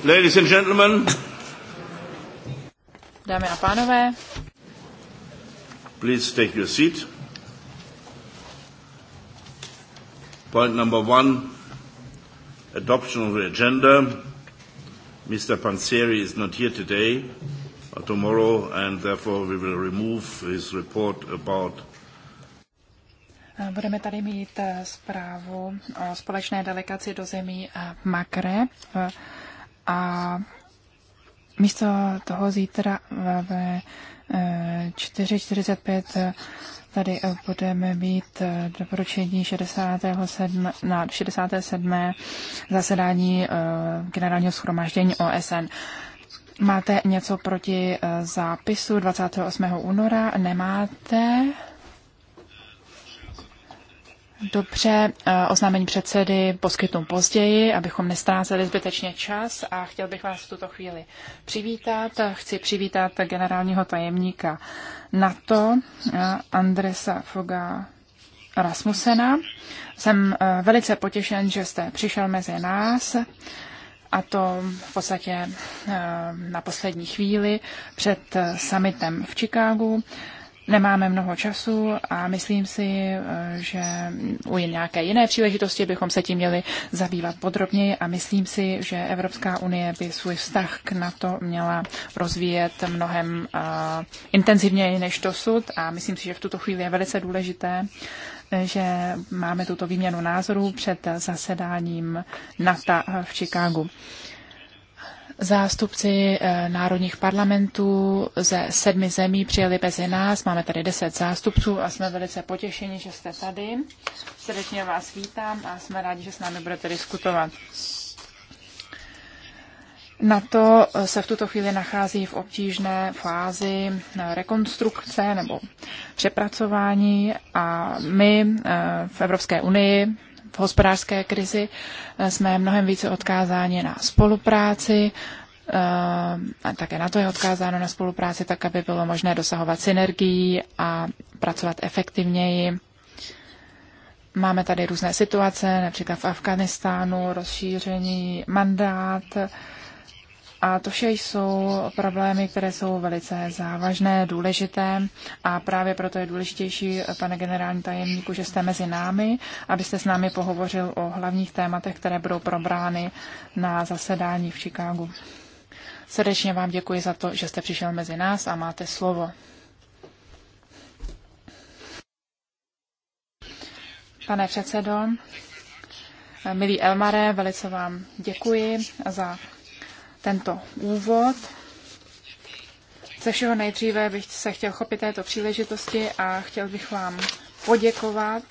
Ladies and gentlemen. Dámy a pánové. Please take your seat. Point number one, adoption of the agenda. Mr. Panzeri is not here today or tomorrow, and therefore we will remove his report about Budeme tady mít eh, zprávu o společné delegaci do zemí eh, Makre. A místo toho zítra ve 4.45 eh, eh, tady eh, budeme mít doporučení 67, na 67. zasedání generálního schromaždění OSN. Máte něco proti zápisu 28. února? Nemáte? Dobře, eh, oznámení předsedy poskytnu později, abychom nestráceli zbytečně čas a chtěl bych vás v tuto chvíli přivítat. Chci přivítat generálního tajemníka NATO eh, Andresa Foga Rasmusena. Jsem eh, velice potěšen, že jste přišel mezi nás a to v podstatě na poslední chvíli před summitem v Chicagu. Nemáme mnoho času a myslím si, eh, že u nějaké jiné příležitosti bychom se tím měli zabývat podrobněji a myslím si, že Evropská unie by svůj vztah k NATO měla rozvíjet mnohem eh, intenzivněji než dosud a myslím si, že v tuto chvíli je velice důležité, eh, že máme tuto výměnu názorů před zasedáním NATO v Chicagu. Zástupci eh, národních parlamentů ze sedmi zemí přijeli mezi nás. Máme tady deset zástupců a jsme velice potěšeni, že jste tady. Srdečně vás vítám a jsme rádi, že s námi budete diskutovat. NATO eh, se v tuto chvíli nachází v obtížné fázi eh, rekonstrukce nebo přepracování a my v Evropské unii v hospodářské krizi eh, jsme mnohem více odkázáni na spolupráci, eh, a také na to je odkázáno na spolupráci, tak aby bylo možné dosahovat synergií a pracovat efektivněji. Máme tady různé situace, například v Afganistánu, rozšíření mandát, a to vše jsou problémy, které jsou velice závažné, důležité a právě proto je důležitější, pane generální tajemníku, že jste mezi námi, abyste s námi pohovořil o hlavních tématech, které budou probrány na zasedání v Chicagu. Srdečně vám děkuji za to, že jste přišel mezi nás a máte slovo. Pane předsedo, milý Elmare, velice vám děkuji za tento úvod. Ze všeho nejdříve bych se chtěl chopit této příležitosti a chtěl bych vám poděkovat.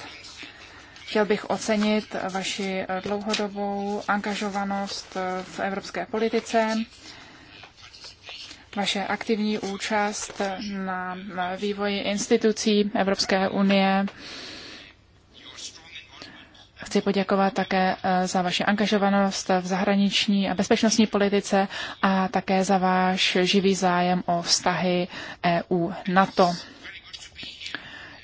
Chtěl bych ocenit vaši dlouhodobou angažovanost v evropské politice, vaše aktivní účast na vývoji institucí Evropské unie, Chci poděkovat také eh, za vaši angažovanost v zahraniční a bezpečnostní politice a také za váš živý zájem o vztahy EU-NATO.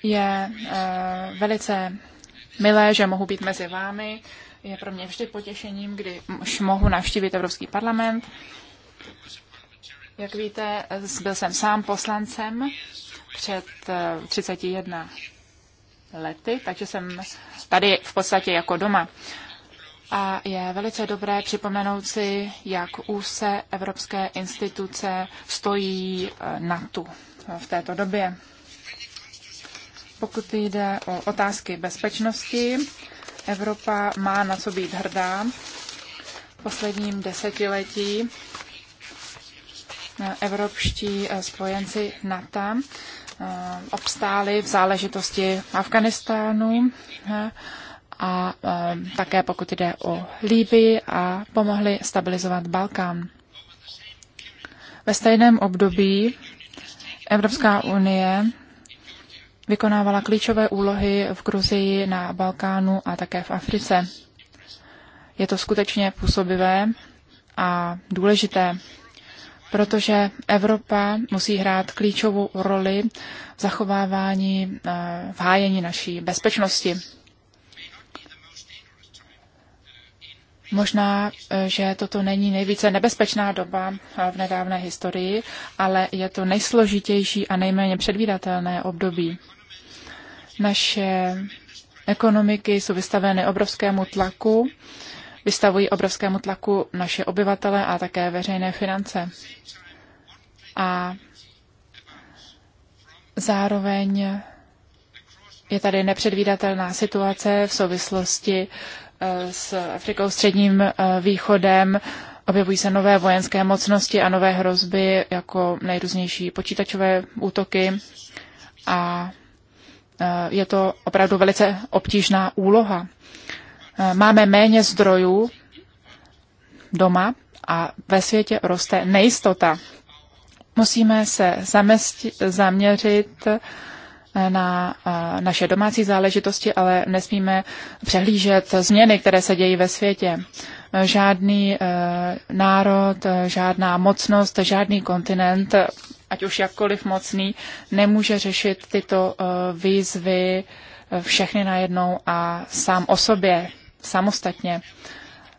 Je eh, velice milé, že mohu být mezi vámi. Je pro mě vždy potěšením, když mohu navštívit Evropský parlament. Jak víte, byl jsem sám poslancem před 31 eh, lety, takže jsem tady v podstatě jako doma. A je velice dobré připomenout si, jak úse evropské instituce stojí e, na tu e, v této době. Pokud jde o otázky bezpečnosti, Evropa má na co být hrdá. V posledním desetiletí e, evropští spojenci NATO Eh, obstáli v záležitosti Afganistánu eh, a eh, také pokud jde o Líbii a pomohli stabilizovat Balkán. Ve stejném období Evropská unie vykonávala klíčové úlohy v Gruzii, na Balkánu a také v Africe. Je to skutečně působivé a důležité protože Evropa musí hrát klíčovou roli v zachovávání, eh, v hájení naší bezpečnosti. Možná, eh, že toto není nejvíce nebezpečná doba eh, v nedávné historii, ale je to nejsložitější a nejméně předvídatelné období. Naše ekonomiky jsou vystaveny obrovskému tlaku vystavují obrovskému tlaku naše obyvatele a také veřejné finance. A zároveň je tady nepředvídatelná situace v souvislosti eh, s Afrikou, středním eh, východem. Objevují se nové vojenské mocnosti a nové hrozby, jako nejrůznější počítačové útoky. A eh, je to opravdu velice obtížná úloha máme méně zdrojů doma a ve světě roste nejistota. Musíme se zaměřit eh, na eh, naše domácí záležitosti, ale nesmíme přehlížet změny, které se dějí ve světě. Žádný eh, národ, žádná mocnost, žádný kontinent, ať už jakkoliv mocný, nemůže řešit tyto výzvy všechny najednou a sám o sobě samostatně.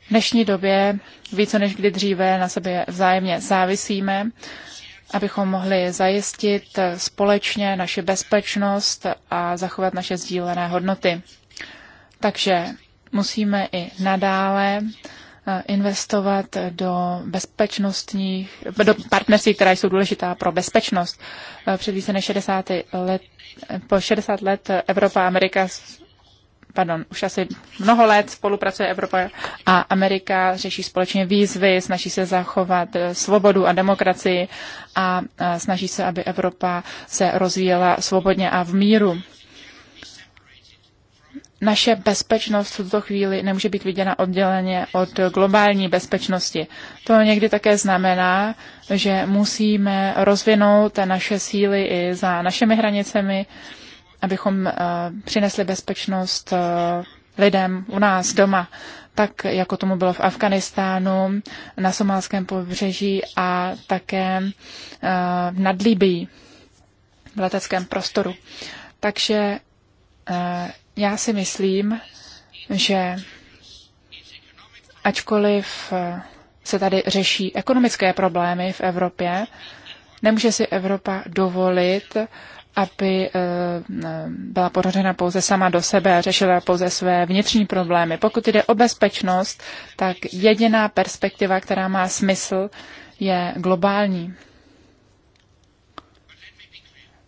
V dnešní době více než kdy dříve na sebe vzájemně závisíme, abychom mohli zajistit společně naši bezpečnost a zachovat naše sdílené hodnoty. Takže musíme i nadále eh, investovat do bezpečnostních, do partnerství, která jsou důležitá pro bezpečnost. Eh, před více než 60 let, eh, po 60 let Evropa a Amerika pardon, už asi mnoho let spolupracuje Evropa a Amerika, řeší společně výzvy, snaží se zachovat eh, svobodu a demokracii a snaží se, aby Evropa se rozvíjela svobodně a v míru. Naše bezpečnost v tuto chvíli nemůže být viděna odděleně od globální bezpečnosti. To někdy také znamená, že musíme rozvinout naše síly i za našimi hranicemi, abychom eh, přinesli bezpečnost eh, lidem u nás doma, tak jako tomu bylo v Afganistánu, na somálském pobřeží a také eh, nad Libií v leteckém prostoru. Takže já si myslím, že ačkoliv se tady řeší ekonomické problémy v Evropě, nemůže si Evropa dovolit, aby eh, byla pořařena pouze sama do sebe a řešila pouze své vnitřní problémy. Pokud jde o bezpečnost, tak jediná perspektiva, která má smysl, je globální.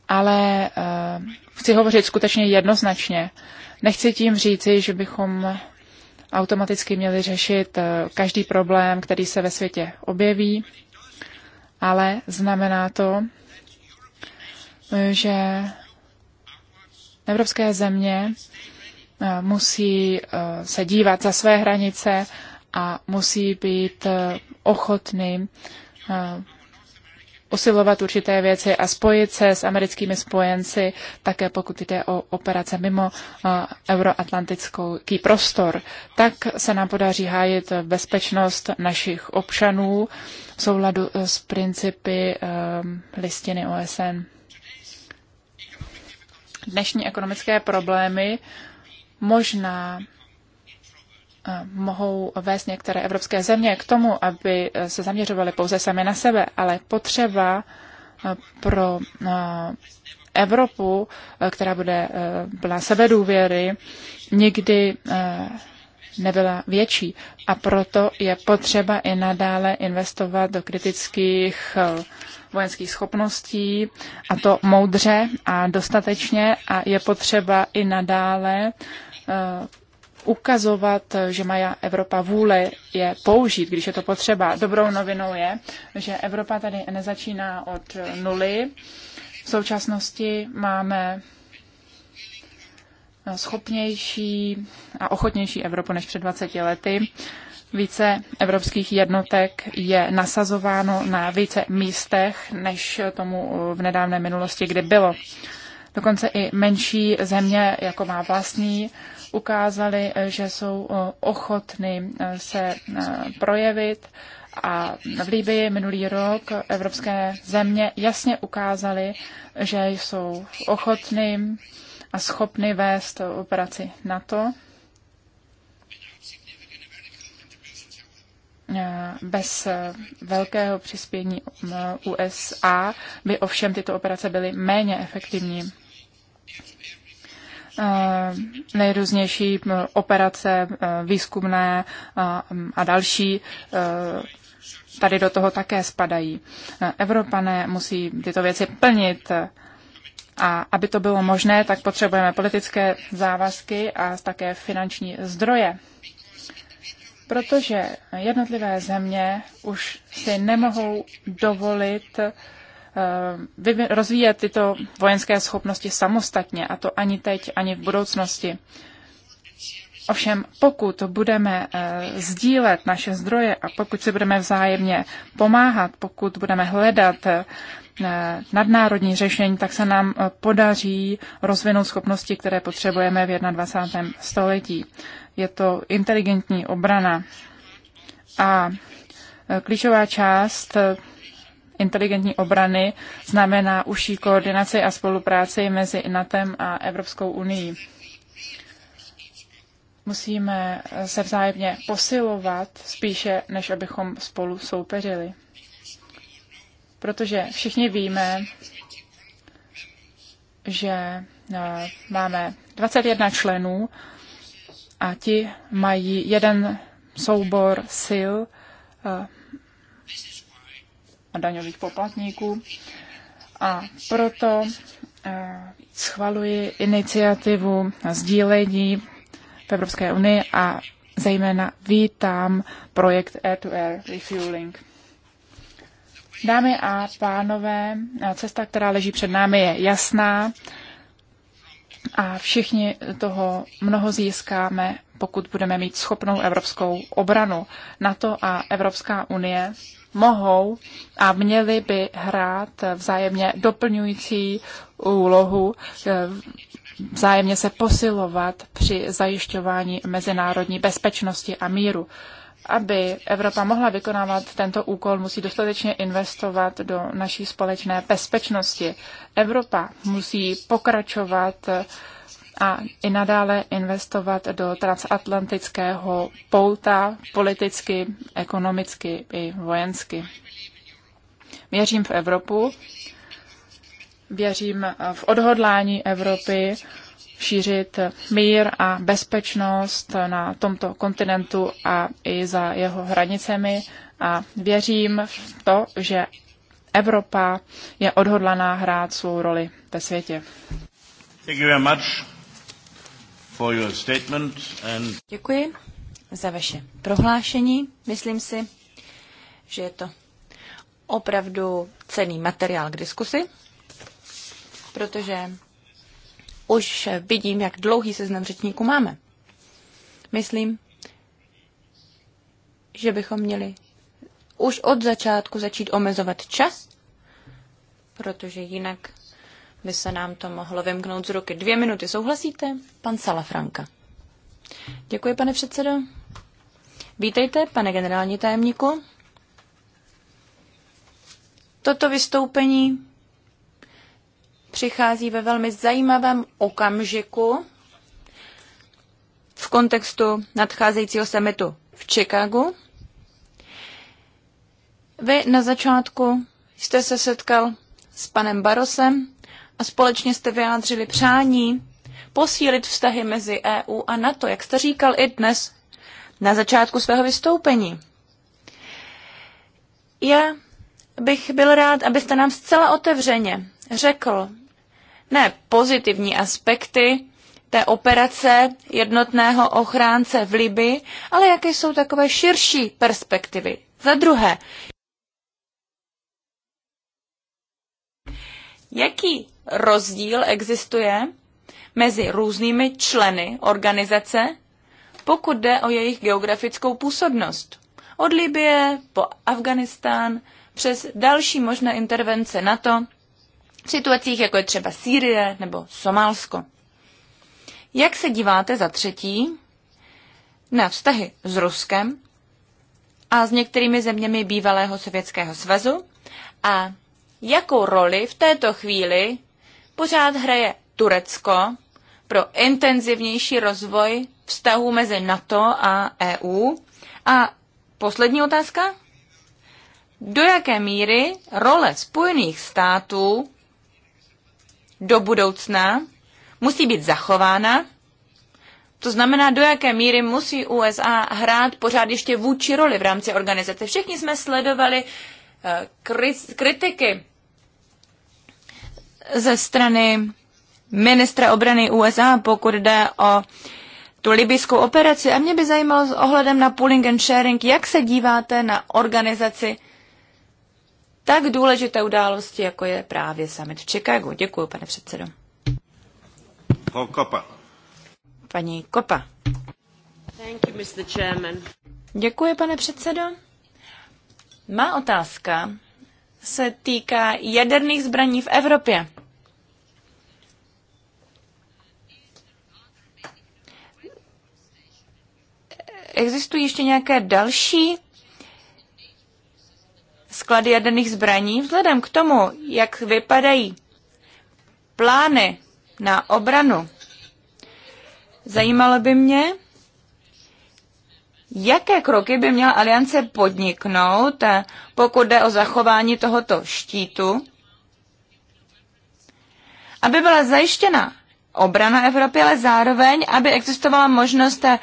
Ale eh, chci hovořit skutečně jednoznačně. Nechci tím říci, že bychom automaticky měli řešit eh, každý problém, který se ve světě objeví, ale znamená to, že evropské země eh, musí eh, se dívat za své hranice a musí být eh, ochotný usilovat určité věci a spojit se s americkými spojenci, také pokud jde o operace mimo euroatlantický prostor, tak se nám podaří hájit bezpečnost našich občanů v souladu s principy listiny OSN dnešní ekonomické problémy možná eh, mohou vést některé evropské země k tomu, aby eh, se zaměřovaly pouze sami na sebe, ale potřeba eh, pro Evropu, která bude byla sebedůvěry, nikdy nebyla větší. A proto je potřeba i nadále investovat do kritických vojenských schopností a to moudře a dostatečně a je potřeba i nadále eh, ukazovat, že má Evropa vůle je použít, když je to potřeba. Dobrou novinou je, že Evropa tady nezačíná od nuly. V současnosti máme eh, schopnější a ochotnější Evropu než před 20 lety. Více evropských jednotek je nasazováno na více místech, než tomu v nedávné minulosti kdy bylo. Dokonce i menší země, jako má vlastní, ukázali, že jsou eh, ochotny eh, se eh, projevit a v Líbii minulý rok evropské země jasně ukázaly, že jsou ochotny a schopny vést operaci NATO. Eh, bez eh, velkého přispění eh, USA by ovšem tyto operace byly méně efektivní nejrůznější operace výzkumné a další tady do toho také spadají. Evropané musí tyto věci plnit a aby to bylo možné, tak potřebujeme politické závazky a také finanční zdroje protože jednotlivé země už si nemohou dovolit eh, rozvíjet tyto vojenské schopnosti samostatně, a to ani teď, ani v budoucnosti. Ovšem, pokud budeme eh, sdílet naše zdroje a pokud si budeme vzájemně pomáhat, pokud budeme hledat eh, nadnárodní řešení, tak se nám podaří rozvinout schopnosti, které potřebujeme v 21. století. Je to inteligentní obrana. A e, klíčová část e, inteligentní obrany znamená užší koordinaci a spolupráci mezi NATEM a Evropskou unii. Musíme e, se vzájemně posilovat spíše, než abychom spolu soupeřili. Protože všichni víme, že máme 21 členů a ti mají jeden soubor sil eh, a daňových poplatníků. A proto eh, schvaluji iniciativu sdílení v Evropské unii a zejména vítám projekt Air-to-Air -air Refueling. Dámy a pánové, cesta, která leží před námi, je jasná a všichni toho mnoho získáme, pokud budeme mít schopnou evropskou obranu. NATO a Evropská unie mohou a měly by hrát vzájemně doplňující úlohu, eh, vzájemně se posilovat při zajišťování mezinárodní bezpečnosti a míru aby Evropa mohla vykonávat tento úkol, musí dostatečně investovat do naší společné bezpečnosti. Evropa musí pokračovat a i nadále investovat do transatlantického pouta politicky, ekonomicky i vojensky. Věřím v Evropu, věřím v odhodlání Evropy šířit mír a bezpečnost na tomto kontinentu a i za jeho hranicemi. A věřím v to, že Evropa je odhodlaná hrát svou roli ve světě. Děkuji za vaše prohlášení. Myslím si, že je to opravdu cený materiál k diskusi, protože už vidím, jak dlouhý seznam řečníků máme. Myslím, že bychom měli už od začátku začít omezovat čas, protože jinak by se nám to mohlo vymknout z ruky. Dvě minuty, souhlasíte? Pan Salafranka. Děkuji, pane předsedo. Vítejte, pane generální tajemníku. Toto vystoupení přichází ve velmi zajímavém okamžiku v kontextu nadcházejícího summitu v Chicagu. Vy na začátku jste se setkal s panem Barosem a společně jste vyjádřili přání posílit vztahy mezi EU a NATO, jak jste říkal i dnes na začátku svého vystoupení. Já bych byl rád, abyste nám zcela otevřeně řekl, ne pozitivní aspekty té operace jednotného ochránce v Libii, ale jaké jsou takové širší perspektivy. Za druhé, jaký rozdíl existuje mezi různými členy organizace, pokud jde o jejich geografickou působnost. Od Libie po Afganistán přes další možné intervence NATO v situacích, jako je třeba Sýrie nebo Somálsko. Jak se díváte za třetí na vztahy s Ruskem a s některými zeměmi bývalého Sovětského svazu a jakou roli v této chvíli pořád hraje Turecko pro intenzivnější rozvoj vztahů mezi NATO a EU? A poslední otázka. Do jaké míry role Spojených států do budoucna musí být zachována. To znamená, do jaké míry musí USA hrát pořád ještě vůči roli v rámci organizace. Všichni jsme sledovali eh, kritiky ze strany ministra obrany USA, pokud jde o tu libyskou operaci. A mě by zajímalo s ohledem na pooling and sharing, jak se díváte na organizaci tak důležité události, jako je právě summit v Chicagu. Děkuji, pane předsedo. Kopa. Paní Kopa. Thank you, Mr. Chairman. Děkuji, pane předsedo. Má otázka se týká jaderných zbraní v Evropě. Existují ještě nějaké další sklady jaderných zbraní, vzhledem k tomu, jak vypadají plány na obranu, zajímalo by mě, jaké kroky by měla aliance podniknout, eh, pokud jde o zachování tohoto štítu, aby byla zajištěna obrana Evropy, ale zároveň, aby existovala možnost eh,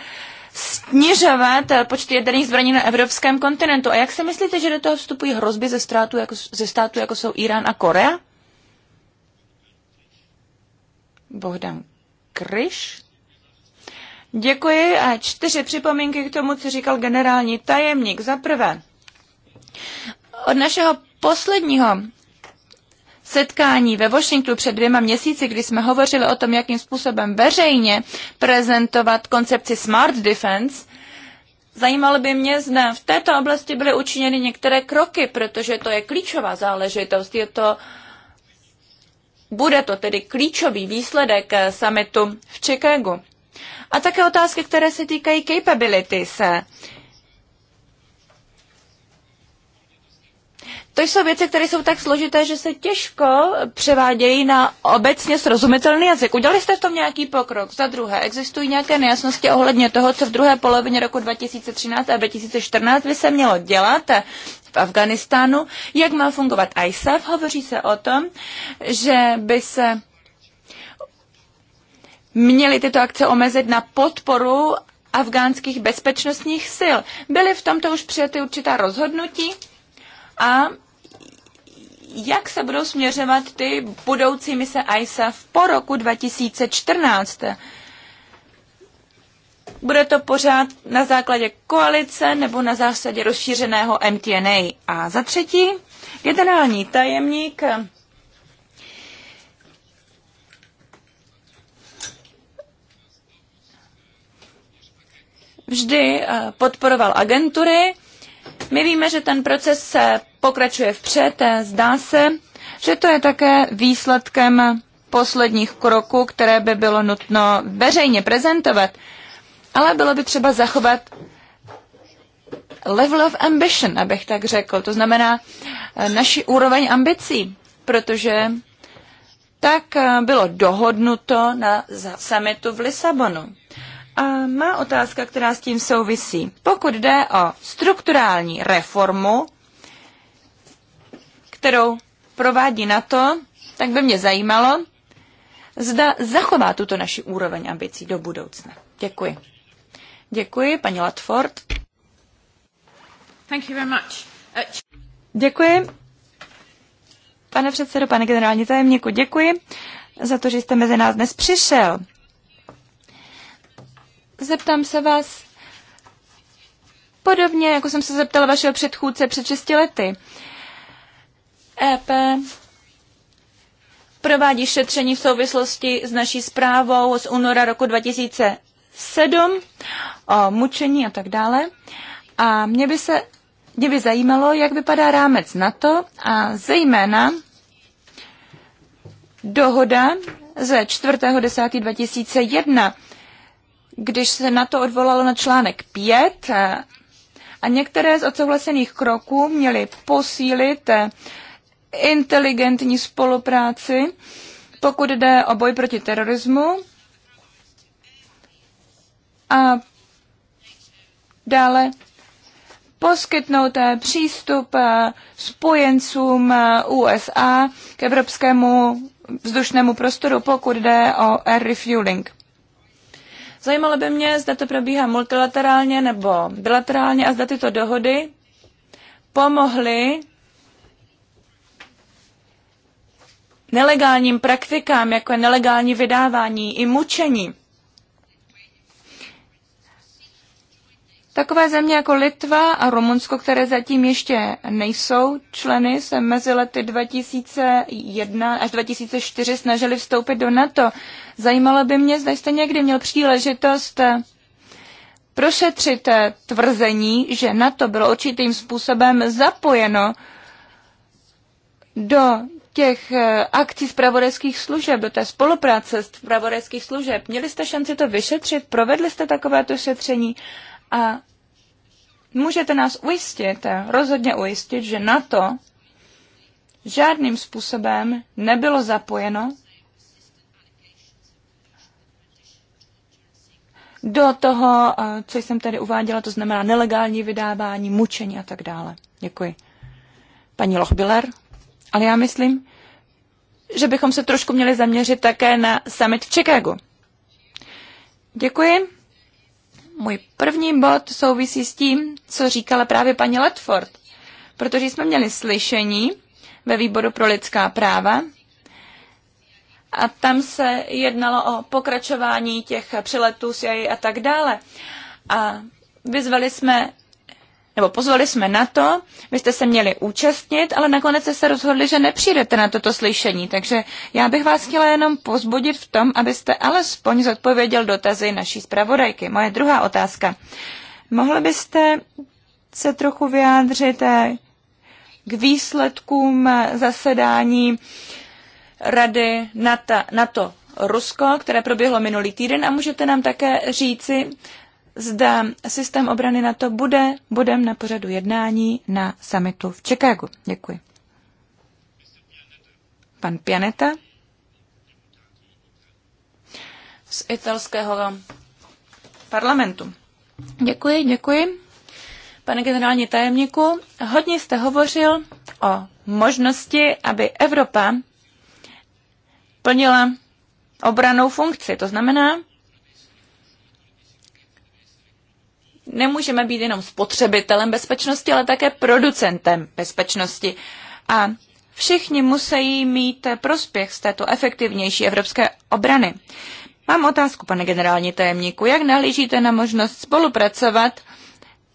snižovat eh, počty jaderných zbraní na evropském kontinentu. A jak si myslíte, že do toho vstupují hrozby ze, státu, jako, ze států, jako jsou Irán a Korea? Bohdan Kryš. Děkuji a čtyři připomínky k tomu, co říkal generální tajemník. Za prvé, od našeho posledního setkání ve Washingtonu před dvěma měsíci, kdy jsme hovořili o tom, jakým způsobem veřejně prezentovat koncepci Smart Defense, Zajímalo by mě, zda v této oblasti byly učiněny některé kroky, protože to je klíčová záležitost. Je to, bude to tedy klíčový výsledek eh, summitu v Chicagu. A také otázky, které se týkají capabilities. To jsou věci, které jsou tak složité, že se těžko převádějí na obecně srozumitelný jazyk. Udělali jste v tom nějaký pokrok? Za druhé, existují nějaké nejasnosti ohledně toho, co v druhé polovině roku 2013 a 2014 by se mělo dělat? v Afganistánu, jak má fungovat ISAF. Hovoří se o tom, že by se měly tyto akce omezit na podporu afgánských bezpečnostních sil. Byly v tomto už přijaty určitá rozhodnutí a jak se budou směřovat ty budoucí mise ISAF po roku 2014. Bude to pořád na základě koalice nebo na zásadě rozšířeného MTNA. A za třetí, generální tajemník vždy eh, podporoval agentury. My víme, že ten proces se pokračuje vpřed. Zdá se, že to je také výsledkem posledních kroků, které by bylo nutno veřejně prezentovat, ale bylo by třeba zachovat level of ambition, abych tak řekl, to znamená eh, naši úroveň ambicí, protože tak eh, bylo dohodnuto na summitu v Lisabonu. A má otázka, která s tím souvisí. Pokud jde o strukturální reformu kterou provádí na to, tak by mě zajímalo, zda zachová tuto naši úroveň ambicí do budoucna. Děkuji. Děkuji, paní Latford. Thank you very much. Uh, děkuji. Pane předsedo, pane generální tajemníku, děkuji za to, že jste mezi nás dnes přišel. Zeptám se vás podobně, jako jsem se zeptala vašeho předchůdce před 6 lety. Uh, EP provádí šetření v souvislosti s naší zprávou z února roku 2007 o mučení a tak dále. A mě by se mě by zajímalo, jak vypadá rámec na to a zejména dohoda ze 4.10.2001, když se na to odvolalo na článek 5 a některé z odsouhlasených kroků měly posílit inteligentní spolupráci, pokud jde o boj proti terorismu a dále poskytnout eh, přístup eh, spojencům eh, USA k evropskému vzdušnému prostoru, pokud jde o air refueling. Zajímalo by mě, zda to probíhá multilaterálně nebo bilaterálně a zda tyto dohody pomohly nelegálním praktikám, jako je nelegální vydávání i mučení. Takové země jako Litva a Rumunsko, které zatím ještě nejsou členy, se mezi lety 2001 až 2004 snažili vstoupit do NATO. Zajímalo by mě, zda jste někdy měl příležitost prošetřit tvrzení, že NATO bylo určitým způsobem zapojeno do těch eh, akcí zpravodajských služeb, do té spolupráce zpravodajských služeb? Měli jste šanci to vyšetřit? Provedli jste takovéto šetření? A můžete nás ujistit, eh, rozhodně ujistit, že na to žádným způsobem nebylo zapojeno do toho, eh, co jsem tady uváděla, to znamená nelegální vydávání, mučení a tak dále. Děkuji. Paní Lochbiller. Ale já myslím, že bychom se trošku měli zaměřit také na summit v Chicagu. Děkuji. Můj první bod souvisí s tím, co říkala právě paní Ledford, protože jsme měli slyšení ve výboru pro lidská práva a tam se jednalo o pokračování těch přiletů CIA a tak dále. A vyzvali jsme nebo pozvali jsme na to, vy jste se měli účastnit, ale nakonec jste se rozhodli, že nepřijdete na toto slyšení. Takže já bych vás chtěla jenom pozbudit v tom, abyste alespoň zodpověděl dotazy naší zpravodajky. Moje druhá otázka. Mohli byste se trochu vyjádřit eh, k výsledkům eh, zasedání Rady NATO, NATO Rusko, které proběhlo minulý týden a můžete nám také říci, zda systém obrany NATO bude bodem na pořadu jednání na summitu v Chicagu. Děkuji. Pan Pianeta z italského parlamentu. Děkuji, děkuji. Pane generální tajemníku, hodně jste hovořil o možnosti, aby Evropa plnila obranou funkci. To znamená, nemůžeme být jenom spotřebitelem bezpečnosti, ale také producentem bezpečnosti. A všichni musí mít prospěch z této efektivnější evropské obrany. Mám otázku, pane generální tajemníku. Jak nahlížíte na možnost spolupracovat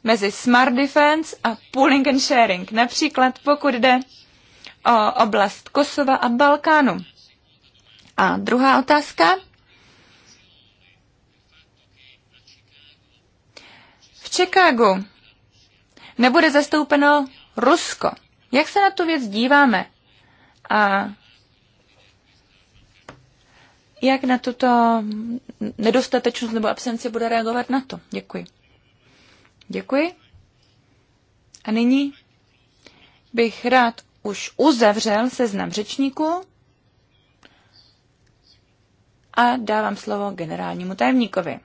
mezi Smart Defense a Pooling and Sharing, například pokud jde o oblast Kosova a Balkánu? A druhá otázka. v Chicagu nebude zastoupeno Rusko. Jak se na tu věc díváme? A jak na tuto nedostatečnost nebo absenci bude reagovat na to? Děkuji. Děkuji. A nyní bych rád už uzavřel seznam řečníků a dávám slovo generálnímu tajemníkovi.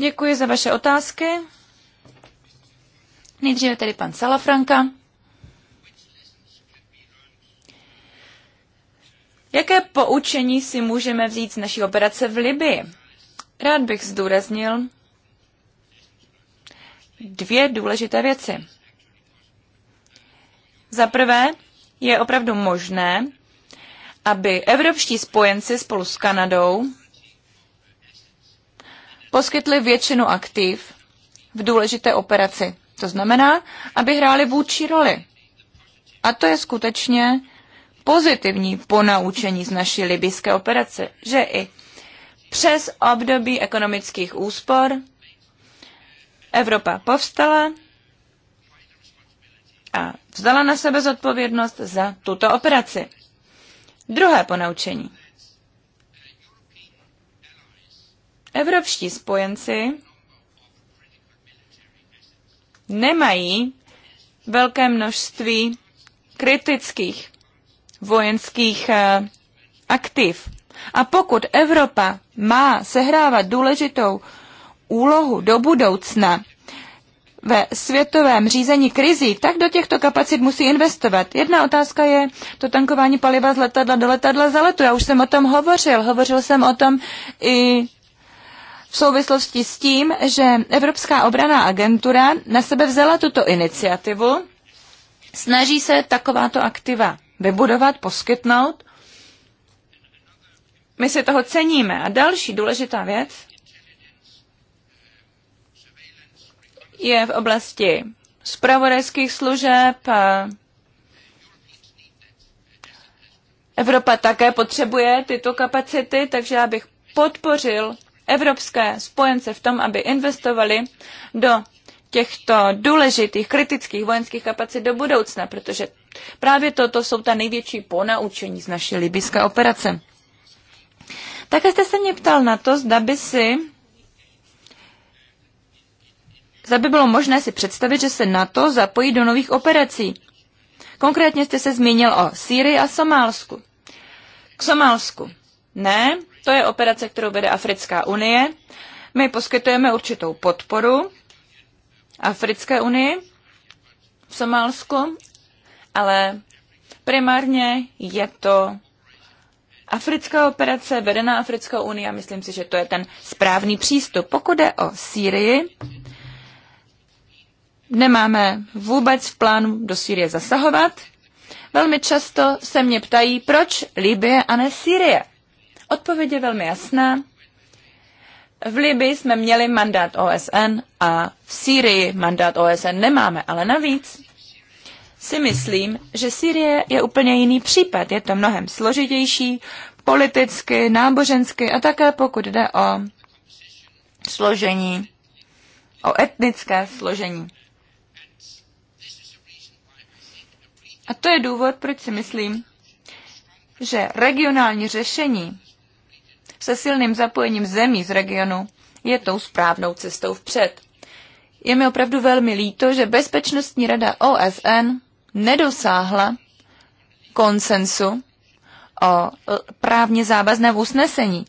Děkuji za vaše otázky. Nejdříve tedy pan Salafranka. Jaké poučení si můžeme vzít z naší operace v Libii? Rád bych zdůraznil dvě důležité věci. Za prvé, je opravdu možné, aby evropští spojenci spolu s Kanadou poskytli většinu aktiv v důležité operaci. To znamená, aby hráli vůči roli. A to je skutečně pozitivní ponaučení z naší libyské operace, že i přes období ekonomických úspor Evropa povstala a vzala na sebe zodpovědnost za tuto operaci. Druhé ponaučení. Evropští spojenci nemají velké množství kritických vojenských eh, aktiv. A pokud Evropa má sehrávat důležitou úlohu do budoucna ve světovém řízení krizí, tak do těchto kapacit musí investovat. Jedna otázka je to tankování paliva z letadla do letadla za letu. Já už jsem o tom hovořil. Hovořil jsem o tom i v souvislosti s tím, že Evropská obraná agentura na sebe vzala tuto iniciativu, snaží se takováto aktiva vybudovat, poskytnout. My si toho ceníme. A další důležitá věc je v oblasti zpravodajských služeb. Evropa také potřebuje tyto kapacity, takže já bych podpořil evropské spojence v tom, aby investovali do těchto důležitých kritických vojenských kapacit do budoucna, protože právě toto jsou ta největší ponaučení z naší libyské operace. Také jste se mě ptal na to, zda by si zda by bylo možné si představit, že se NATO zapojí do nových operací. Konkrétně jste se zmínil o Sýrii a Somálsku. K Somálsku. Ne, to je operace, kterou vede Africká unie. My poskytujeme určitou podporu Africké unii v Somálsku, ale primárně je to africká operace vedená Africkou unii a myslím si, že to je ten správný přístup. Pokud jde o Sýrii, nemáme vůbec v plánu do Sýrie zasahovat. Velmi často se mě ptají, proč Libie a ne Sýrie. Odpověď je velmi jasná. V Libii jsme měli mandát OSN a v Sýrii mandát OSN nemáme, ale navíc si myslím, že Sýrie je úplně jiný případ. Je to mnohem složitější politicky, nábožensky a také pokud jde o složení, o etnické složení. A to je důvod, proč si myslím, že regionální řešení se silným zapojením zemí z regionu je tou správnou cestou vpřed. Je mi opravdu velmi líto, že Bezpečnostní rada OSN nedosáhla konsensu o e, právně závazném usnesení,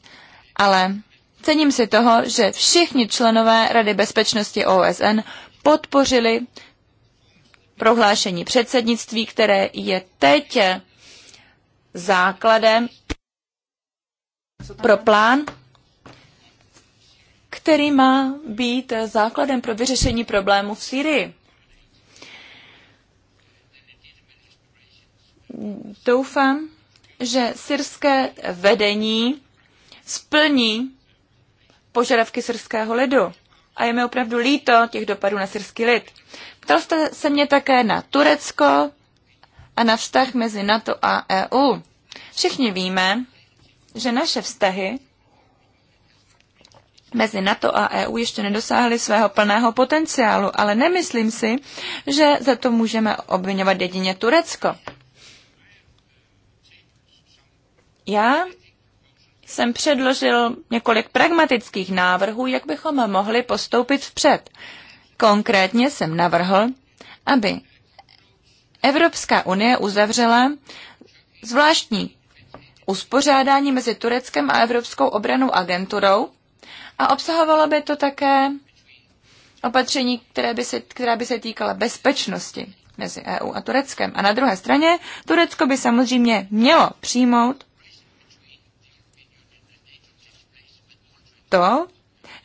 ale cením si toho, že všichni členové Rady bezpečnosti OSN podpořili prohlášení předsednictví, které je teď základem pro plán, který má být základem pro vyřešení problému v Syrii. Doufám, že syrské vedení splní požadavky syrského lidu. A je mi opravdu líto těch dopadů na syrský lid. Ptal jste se mě také na Turecko a na vztah mezi NATO a EU. Všichni víme, že naše vztahy mezi NATO a EU ještě nedosáhly svého plného potenciálu, ale nemyslím si, že za to můžeme obvinovat jedině Turecko. Já jsem předložil několik pragmatických návrhů, jak bychom mohli postoupit vpřed. Konkrétně jsem navrhl, aby Evropská unie uzavřela zvláštní uspořádání mezi Tureckem a Evropskou obranou agenturou a obsahovalo by to také opatření, které by se, která by se týkala bezpečnosti mezi EU a Tureckem. A na druhé straně Turecko by samozřejmě mělo přijmout to,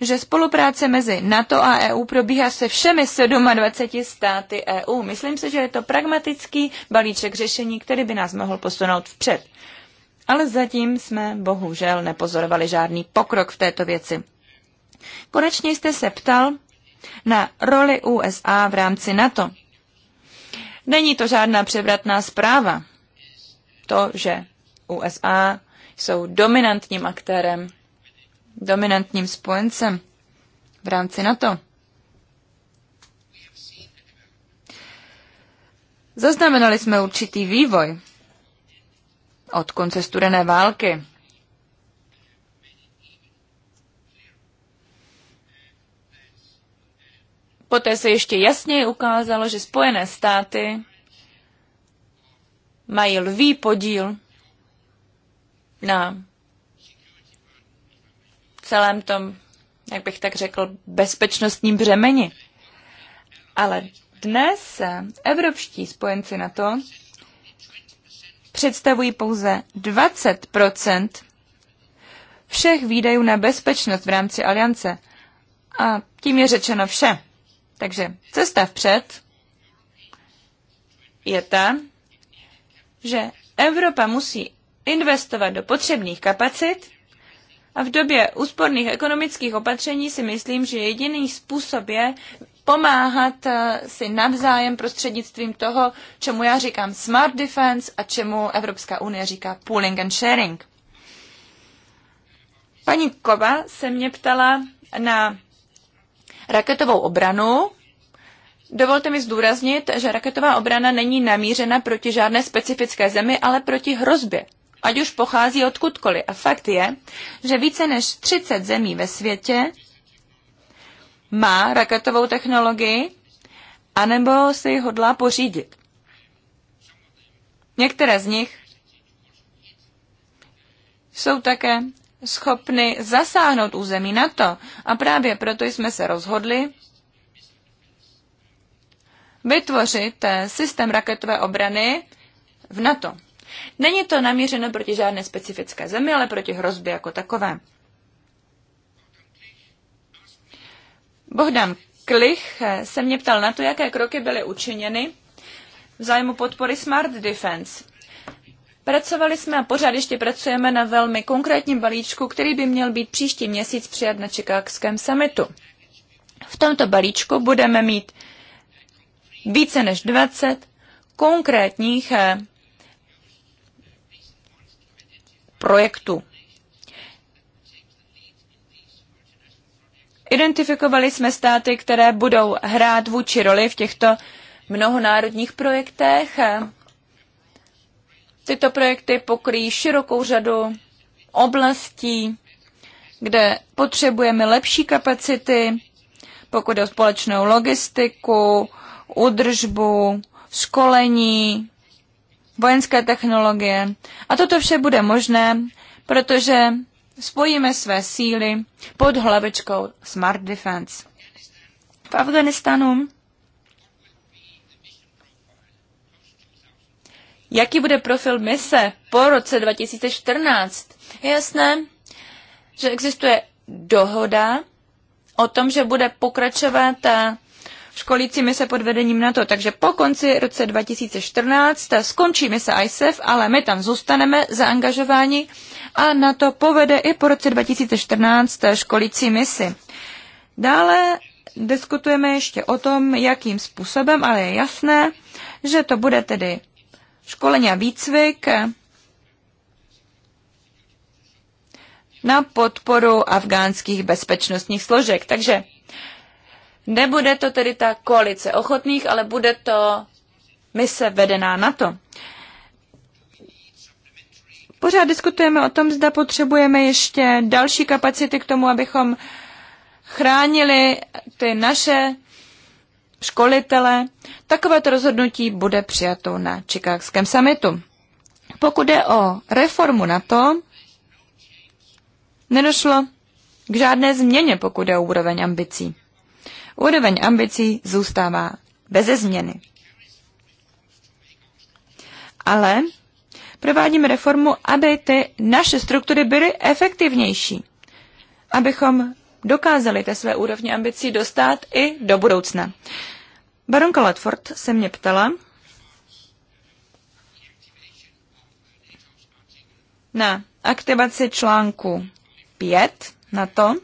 že spolupráce mezi NATO a EU probíhá se všemi 27 státy EU. Myslím si, že je to pragmatický balíček řešení, který by nás mohl posunout vpřed ale zatím jsme bohužel nepozorovali žádný pokrok v této věci. Konečně jste se ptal na roli USA v rámci NATO. Není to žádná převratná zpráva. To, že USA jsou dominantním aktérem, dominantním spojencem v rámci NATO. Zaznamenali jsme určitý vývoj od konce studené války. Poté se ještě jasněji ukázalo, že Spojené státy mají lvý podíl na celém tom, jak bych tak řekl, bezpečnostním břemeni. Ale dnes evropští spojenci na to představují pouze 20 všech výdajů na bezpečnost v rámci aliance. A tím je řečeno vše. Takže cesta vpřed je ta, že Evropa musí investovat do potřebných kapacit a v době úsporných ekonomických opatření si myslím, že jediný způsob je pomáhat eh, si navzájem prostřednictvím toho, čemu já říkám smart defense a čemu Evropská unie říká pooling and sharing. Paní Kova se mě ptala na raketovou obranu. Dovolte mi zdůraznit, že raketová obrana není namířena proti žádné specifické zemi, ale proti hrozbě, ať už pochází odkudkoliv. A fakt je, že více než 30 zemí ve světě má raketovou technologii, anebo si ji hodlá pořídit. Některé z nich jsou také schopny zasáhnout území NATO a právě proto jsme se rozhodli vytvořit eh, systém raketové obrany v NATO. Není to namířeno proti žádné specifické zemi, ale proti hrozbě jako takové. Bohdan Klich se mě ptal na to, jaké kroky byly učiněny v zájmu podpory Smart Defense. Pracovali jsme a pořád ještě pracujeme na velmi konkrétním balíčku, který by měl být příští měsíc přijat na Čikákském summitu. V tomto balíčku budeme mít více než 20 konkrétních eh, projektů. Identifikovali jsme státy, které budou hrát vůči roli v těchto mnohonárodních projektech. Tyto projekty pokryjí širokou řadu oblastí, kde potřebujeme lepší kapacity, pokud je o společnou logistiku, údržbu, školení, vojenské technologie. A toto vše bude možné, protože spojíme své síly pod hlavečkou Smart Defense. V Afganistanu. Jaký bude profil mise po roce 2014? Je jasné, že existuje dohoda o tom, že bude pokračovat školící se pod vedením NATO. Takže po konci roce 2014 skončí mise ISAF, ale my tam zůstaneme zaangažováni a NATO povede i po roce 2014 školící misi. Dále diskutujeme ještě o tom, jakým způsobem, ale je jasné, že to bude tedy školení a výcvik na podporu afgánských bezpečnostních složek. Takže Nebude to tedy ta koalice ochotných, ale bude to mise vedená na to. Pořád diskutujeme o tom, zda potřebujeme ještě další kapacity k tomu, abychom chránili ty naše školitele. Takovéto rozhodnutí bude přijato na Čikákském samitu. Pokud jde o reformu na to nedošlo k žádné změně, pokud jde o úroveň ambicí. Úroveň ambicí zůstává beze změny. Ale provádíme reformu, aby ty naše struktury byly efektivnější, abychom dokázali té své úrovně ambicí dostat i do budoucna. Baronka Ledford se mě ptala na aktivaci článku 5 na to.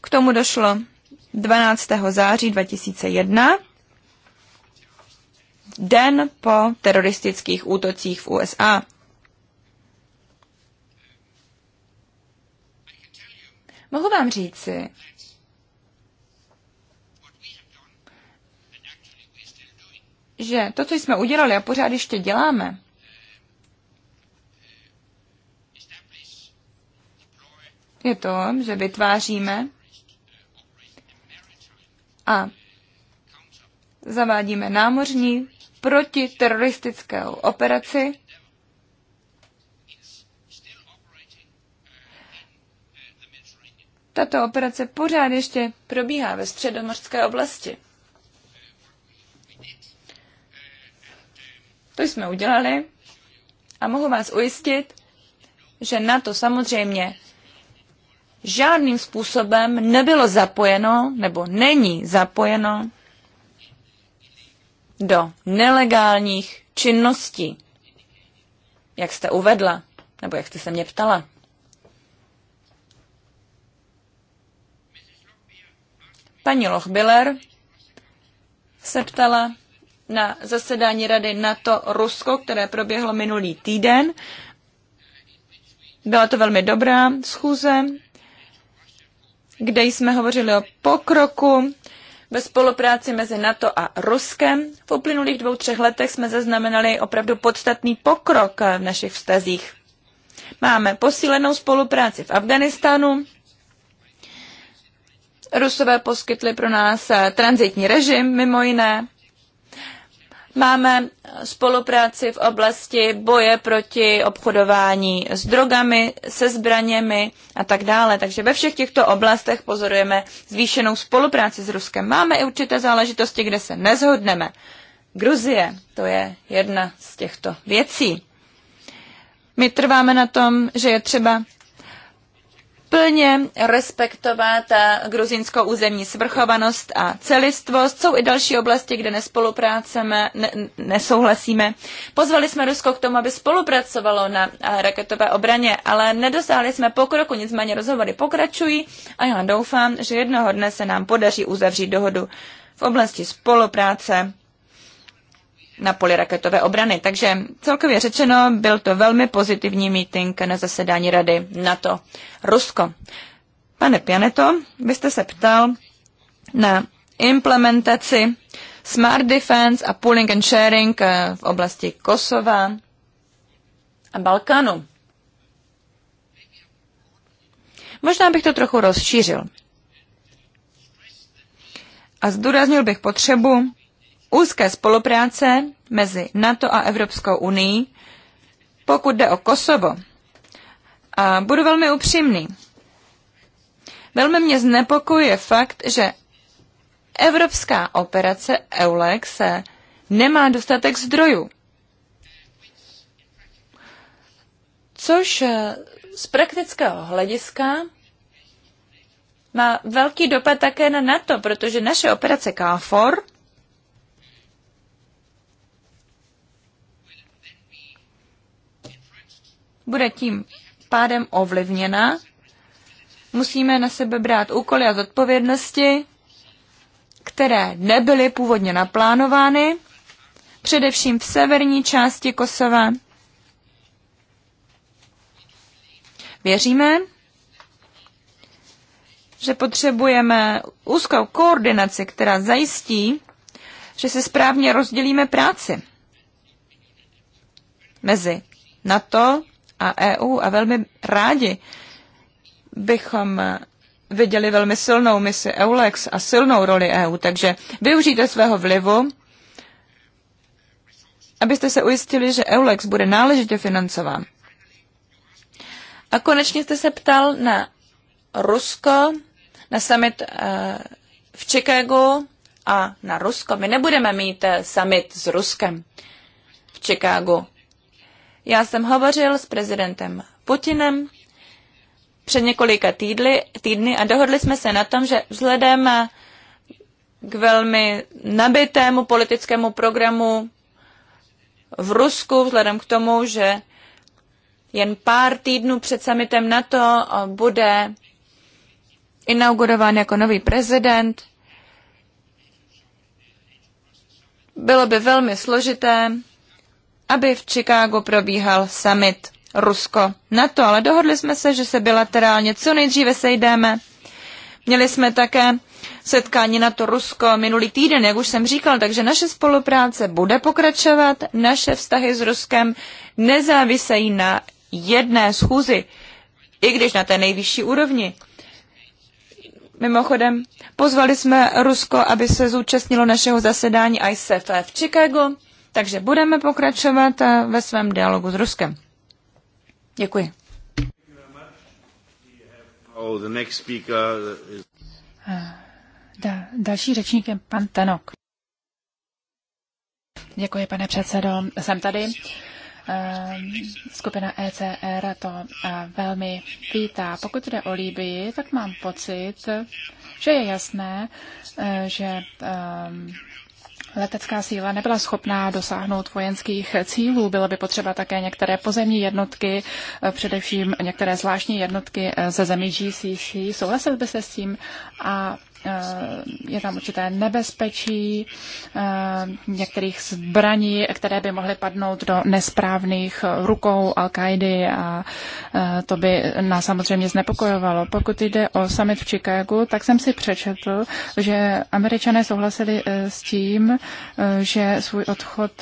K tomu došlo 12. září 2001, den po teroristických útocích v USA. Mohu vám říci, že to, co jsme udělali a pořád ještě děláme, je to, že vytváříme a zavádíme námořní protiteroristickou operaci, Tato operace pořád ještě probíhá ve středomorské oblasti. To jsme udělali a mohu vás ujistit, že na to samozřejmě žádným způsobem nebylo zapojeno nebo není zapojeno do nelegálních činností, jak jste uvedla, nebo jak jste se mě ptala. Paní Lochbiller se ptala na zasedání Rady NATO Rusko, které proběhlo minulý týden. Byla to velmi dobrá schůze, kde jsme hovořili o pokroku ve spolupráci mezi NATO a Ruskem. V uplynulých dvou, třech letech jsme zaznamenali opravdu podstatný pokrok v našich vztazích. Máme posílenou spolupráci v Afganistánu. Rusové poskytli pro nás transitní režim, mimo jiné. Máme spolupráci v oblasti boje proti obchodování s drogami, se zbraněmi a tak dále. Takže ve všech těchto oblastech pozorujeme zvýšenou spolupráci s Ruskem. Máme i určité záležitosti, kde se nezhodneme. Gruzie, to je jedna z těchto věcí. My trváme na tom, že je třeba plně respektovat gruzínskou územní svrchovanost a celistvost. Jsou i další oblasti, kde nespolupráceme, ne, nesouhlasíme. Pozvali jsme Rusko k tomu, aby spolupracovalo na raketové obraně, ale nedosáhli jsme pokroku, nicméně rozhovory pokračují a já doufám, že jednoho dne se nám podaří uzavřít dohodu v oblasti spolupráce na poli raketové obrany. Takže celkově řečeno, byl to velmi pozitivní meeting na zasedání Rady NATO Rusko. Pane Pianeto, vy jste se ptal na implementaci Smart Defense a Pooling and Sharing eh, v oblasti Kosova a Balkánu. Možná bych to trochu rozšířil. A zdůraznil bych potřebu úzké spolupráce mezi NATO a Evropskou unii, pokud jde o Kosovo. A budu velmi upřímný. Velmi mě znepokojuje fakt, že evropská operace EULEX nemá dostatek zdrojů. Což eh, z praktického hlediska má velký dopad také na NATO, protože naše operace KFOR – bude tím pádem ovlivněna. Musíme na sebe brát úkoly a zodpovědnosti, které nebyly původně naplánovány, především v severní části Kosova. Věříme, že potřebujeme úzkou koordinaci, která zajistí, že si správně rozdělíme práci mezi NATO a EU a velmi rádi bychom viděli velmi silnou misi EULEX a silnou roli EU, takže využijte svého vlivu, abyste se ujistili, že EULEX bude náležitě financován. A konečně jste se ptal na Rusko, na summit eh, v Chicagu a na Rusko. My nebudeme mít eh, summit s Ruskem v Chicagu. Já jsem hovořil s prezidentem Putinem před několika týdly, týdny a dohodli jsme se na tom, že vzhledem k velmi nabitému politickému programu v Rusku, vzhledem k tomu, že jen pár týdnů před samitem NATO bude inaugurován jako nový prezident. Bylo by velmi složité aby v Chicagu probíhal summit Rusko na to, ale dohodli jsme se, že se bilaterálně co nejdříve sejdeme. Měli jsme také setkání na to Rusko minulý týden, jak už jsem říkal, takže naše spolupráce bude pokračovat, naše vztahy s Ruskem nezávisejí na jedné schůzi, i když na té nejvyšší úrovni. Mimochodem, pozvali jsme Rusko, aby se zúčastnilo našeho zasedání ICF v Chicagu. Takže budeme pokračovat eh, ve svém dialogu s Ruskem. Děkuji. Oh, eh, da, další řečník je pan Tanok. Děkuji, pane předsedo. Jsem tady. Eh, skupina ECR to velmi vítá. Pokud jde o Líbii, tak mám pocit, že je jasné, že letecká síla nebyla schopná dosáhnout vojenských cílů. Bylo by potřeba také některé pozemní jednotky, eh, především některé zvláštní jednotky eh, ze zemí GCC. Souhlasil by se s tím a Eh, je tam určité nebezpečí eh, některých zbraní, které by mohly padnout do nesprávných rukou al kaidy a eh, to by nás samozřejmě znepokojovalo. Pokud jde o summit v Chicagu, tak jsem si přečetl, že američané souhlasili s tím, že svůj odchod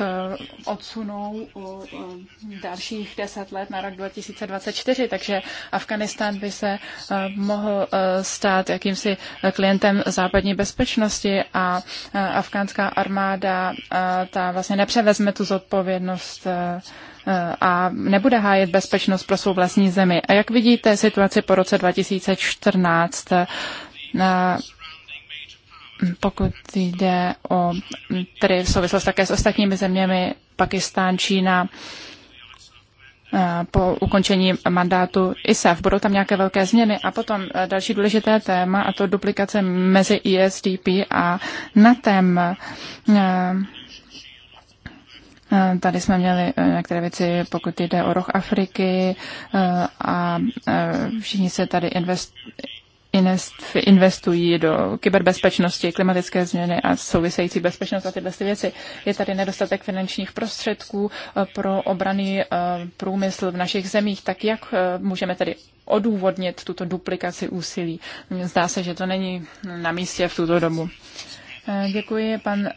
odsunou o dalších deset let na rok 2024, takže Afganistán by se mohl stát jakýmsi klientem systém západní bezpečnosti a afgánská armáda ta vlastně nepřevezme tu zodpovědnost a nebude hájet bezpečnost pro svou vlastní zemi. A jak vidíte situaci po roce 2014, pokud jde o, tedy v souvislost také s ostatními zeměmi, Pakistán, Čína, Eh, po ukončení mandátu ISAF. Budou tam nějaké velké změny a potom eh, další důležité téma a to duplikace mezi ISDP a NATEM. Eh, tady jsme měli některé věci, pokud jde o roh Afriky a všichni se tady invest, investují do kyberbezpečnosti, klimatické změny a související bezpečnost a tyhle věci. Je tady nedostatek finančních prostředků eh, pro obraný eh, průmysl v našich zemích, tak jak eh, můžeme tedy odůvodnit tuto duplikaci úsilí? Zdá se, že to není na místě v tuto dobu. Děkuji, pan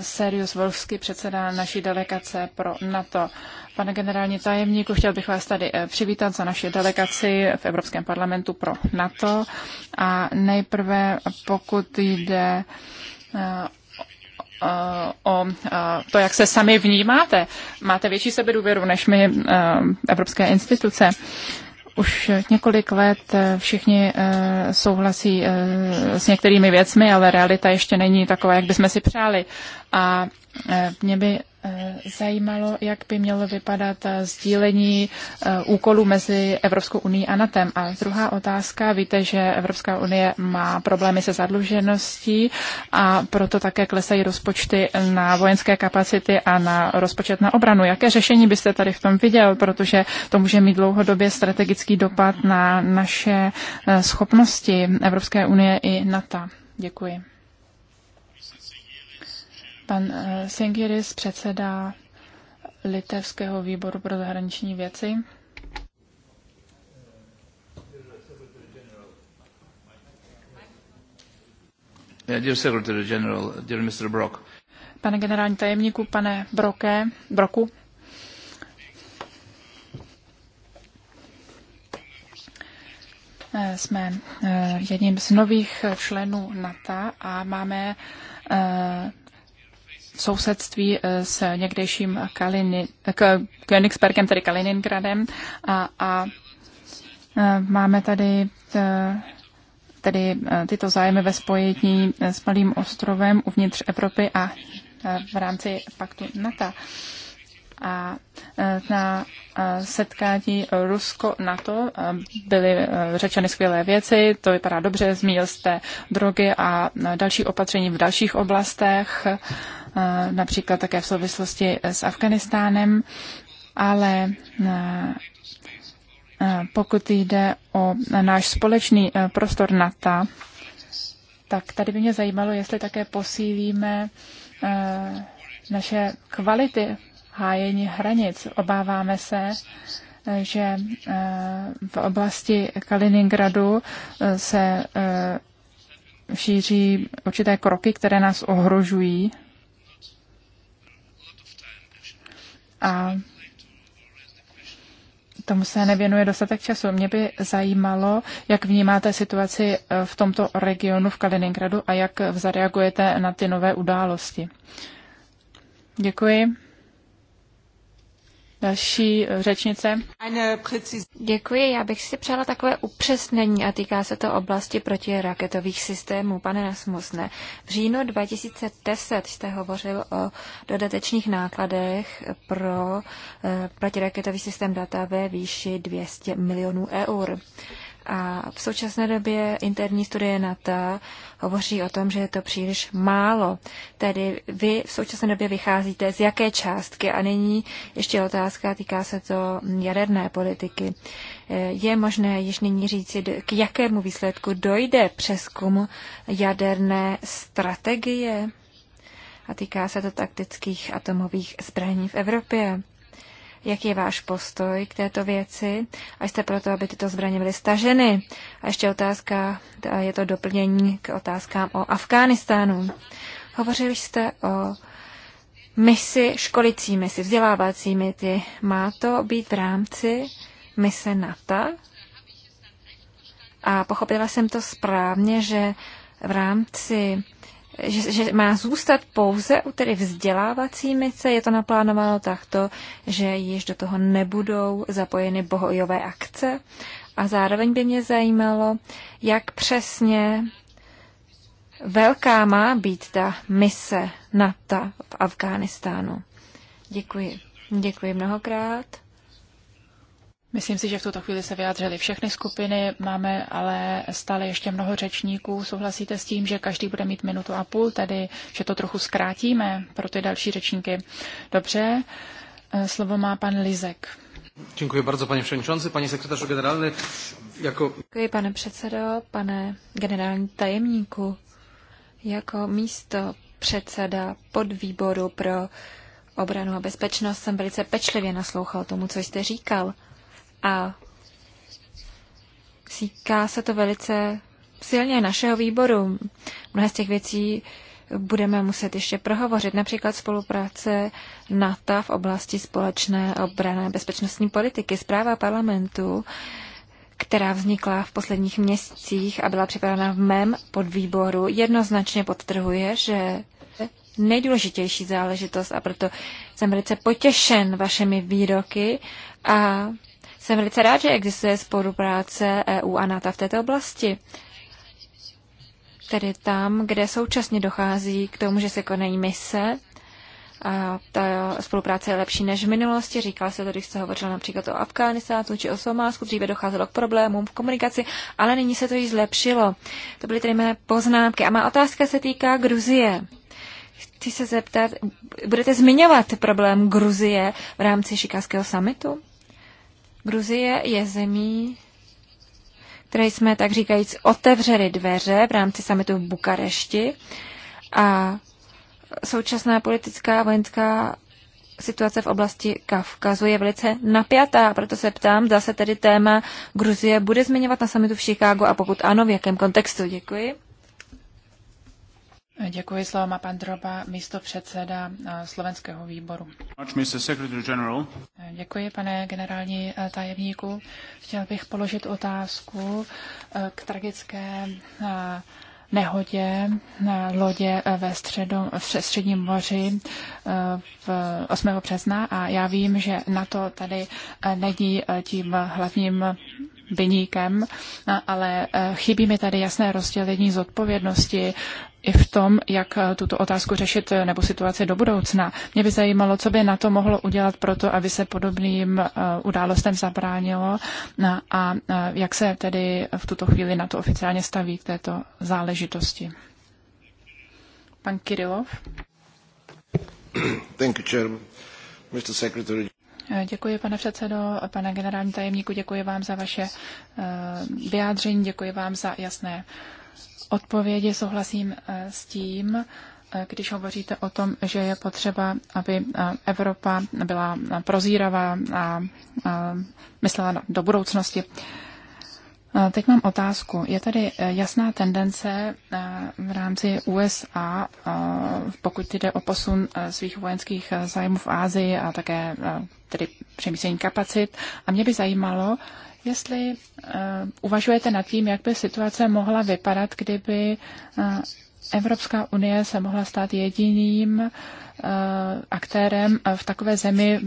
Serius Volsky, předseda naší delegace pro NATO. Pane generální tajemníku, chtěl bych vás tady eh, přivítat za naši delegaci v Evropském parlamentu pro NATO. A nejprve, pokud jde eh, o eh, to, jak se sami vnímáte, máte větší sebedůvěru než my evropské instituce. Už několik let všichni souhlasí s některými věcmi, ale realita ještě není taková, jak bychom si přáli. A mě by Eh, zajímalo, jak by mělo vypadat eh, sdílení eh, úkolů mezi Evropskou unii a NATO. A druhá otázka, víte, že Evropská unie má problémy se zadlužeností a proto také klesají rozpočty na vojenské kapacity a na rozpočet na obranu. Jaké řešení byste tady v tom viděl, protože to může mít dlouhodobě strategický dopad na naše schopnosti Evropské unie i NATO? Děkuji. Pan eh, Singiris, předseda Litevského výboru pro zahraniční věci. Pane generální tajemníku, pane Broke, Broku, eh, jsme eh, jedním z nových členů NATO a máme sousedství eh, s někdejším Kalini, eh, k, Königsbergem, tedy Kaliningradem a, a eh, máme tady tedy tyto zájmy ve spojení s Malým ostrovem uvnitř Evropy a v rámci paktu NATO a e, na e, setkání Rusko-NATO e, byly řečeny skvělé věci, to vypadá dobře, zmínil jste drogy a další opatření v dalších oblastech, například také v souvislosti s Afganistánem, ale pokud jde o náš společný prostor NATO, tak tady by mě zajímalo, jestli také posílíme naše kvality hájení hranic. Obáváme se, že eh, v oblasti Kaliningradu eh, se eh, šíří určité kroky, které nás ohrožují. A tomu se nevěnuje dostatek času. Mě by zajímalo, jak vnímáte situaci v tomto regionu v Kaliningradu a jak zareagujete na ty nové události. Děkuji. Další eh, řečnice. Děkuji, já bych si přála takové upřesnění a týká se to oblasti proti raketových systémů. Pane Nasmusne, v říjnu 2010 jste hovořil o dodatečných nákladech pro eh, protiraketový systém data ve výši 200 milionů eur. A v současné době interní studie NATO hovoří o tom, že je to příliš málo. Tedy vy v současné době vycházíte z jaké částky? A nyní ještě otázka, týká se to jaderné politiky. E, je možné již nyní říci, k jakému výsledku dojde přeskum jaderné strategie? A týká se to taktických atomových zbraní v Evropě. Jaký je váš postoj k této věci? A jste proto, aby tyto zbraně byly staženy? A ještě otázka, je to doplnění k otázkám o Afghánistánu. Hovořili jste o misi školicí misi, vzdělávacími ty. Má to být v rámci mise NATO? A pochopila jsem to správně, že v rámci že, že má zůstat pouze u tedy vzdělávací mise, je to naplánováno takto, že již do toho nebudou zapojeny bohojové akce. A zároveň by mě zajímalo, jak přesně velká má být ta mise NATO v Afghánistánu. Děkuji. Děkuji mnohokrát. Myslím si, že v tuto chvíli se vyjádřily všechny skupiny, máme ale stále ještě mnoho řečníků. Souhlasíte s tím, že každý bude mít minutu a půl, tedy že to trochu zkrátíme pro ty další řečníky? Dobře, eh, slovo má pan Lizek. Děkuji bardzo, pane předsedající, paní sekretářu generální. Jako... Děkuji, pane předsedo, pane generální tajemníku. Jako místo předseda podvýboru pro obranu a bezpečnost jsem velice pečlivě naslouchal tomu, co jste říkal. A říká se to velice silně našeho výboru. Mnohé z těch věcí budeme muset ještě prohovořit, například spolupráce NATO v oblasti společné obrané bezpečnostní politiky. Zpráva parlamentu, která vznikla v posledních měsících a byla připravena v mém podvýboru, jednoznačně podtrhuje, že nejdůležitější záležitost a proto jsem velice potěšen vašemi výroky a jsem velice rád, že existuje spolupráce EU a NATO v této oblasti. Tedy tam, kde současně dochází k tomu, že se konají mise, a ta spolupráce je lepší než v minulosti. Říkal se to, když se hovořil například o Afghánistánu či o Somálsku, dříve docházelo k problémům v komunikaci, ale nyní se to již zlepšilo. To byly tedy mé poznámky. A má otázka se týká Gruzie. Chci se zeptat, budete zmiňovat problém Gruzie v rámci šikáského samitu? Gruzie je zemí, které jsme tak říkajíc otevřeli dveře v rámci samitu v Bukarešti a současná politická a vojenská situace v oblasti Kavkazu je velice napjatá, proto se ptám, zase se tedy téma Gruzie bude zmiňovat na samitu v Chicagu a pokud ano, v jakém kontextu. Děkuji. Děkuji, slovo má pan Droba, místo předseda eh, slovenského výboru. Eh, děkuji, pane generální eh, tajemníku. Chtěl bych položit otázku k tragické nehodě na lodě ve, středu, Středním moři v 8. března a já vím, že na to tady není tím hlavním vyníkem, ale chybí mi tady jasné rozdělení zodpovědnosti i v tom, jak eh, tuto otázku řešit eh, nebo situaci do budoucna. Mě by zajímalo, co by na to mohlo udělat proto, aby se podobným eh, událostem zabránilo a jak se tedy v tuto chvíli na to oficiálně staví k této záležitosti. Pan Kirilov. Thank you, Chairman. Mr. Secretary. Děkuji, pane předsedo, pane generální tajemníku, děkuji vám za vaše vyjádření, děkuji vám za jasné uh, odpovědi souhlasím eh, s tím, eh, když hovoříte o tom, že je potřeba, aby eh, Evropa byla prozíravá a myslela do budoucnosti. Teď mám otázku. Je tady jasná tendence v rámci USA, pokud jde o posun svých vojenských zájmů v Ázii a také tedy přemístění kapacit. A mě by zajímalo, jestli eh, uvažujete nad tím, jak by situace mohla vypadat, kdyby eh, Evropská unie se mohla stát jediným eh, aktérem v takové zemi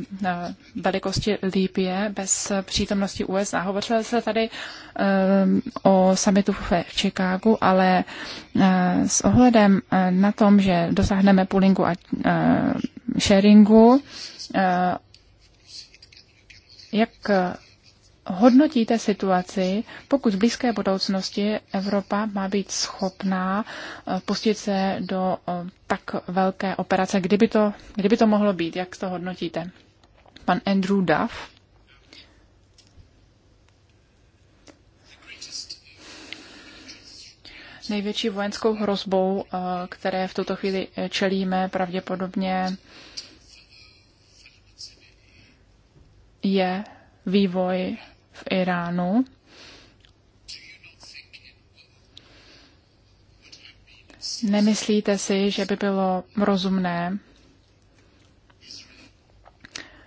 velikosti Líbie bez přítomnosti USA. Hovořilo se tady o summitu v Chicagu, ale s ohledem na tom, že dosáhneme poolingu a sharingu, jak hodnotíte situaci, pokud v blízké budoucnosti Evropa má být schopná eh, pustit se do eh, tak velké operace, kdyby to, kdyby to mohlo být, jak to hodnotíte? Pan Andrew Duff. Největší vojenskou hrozbou, eh, které v tuto chvíli čelíme, pravděpodobně je vývoj v Iránu. Nemyslíte si, že by bylo rozumné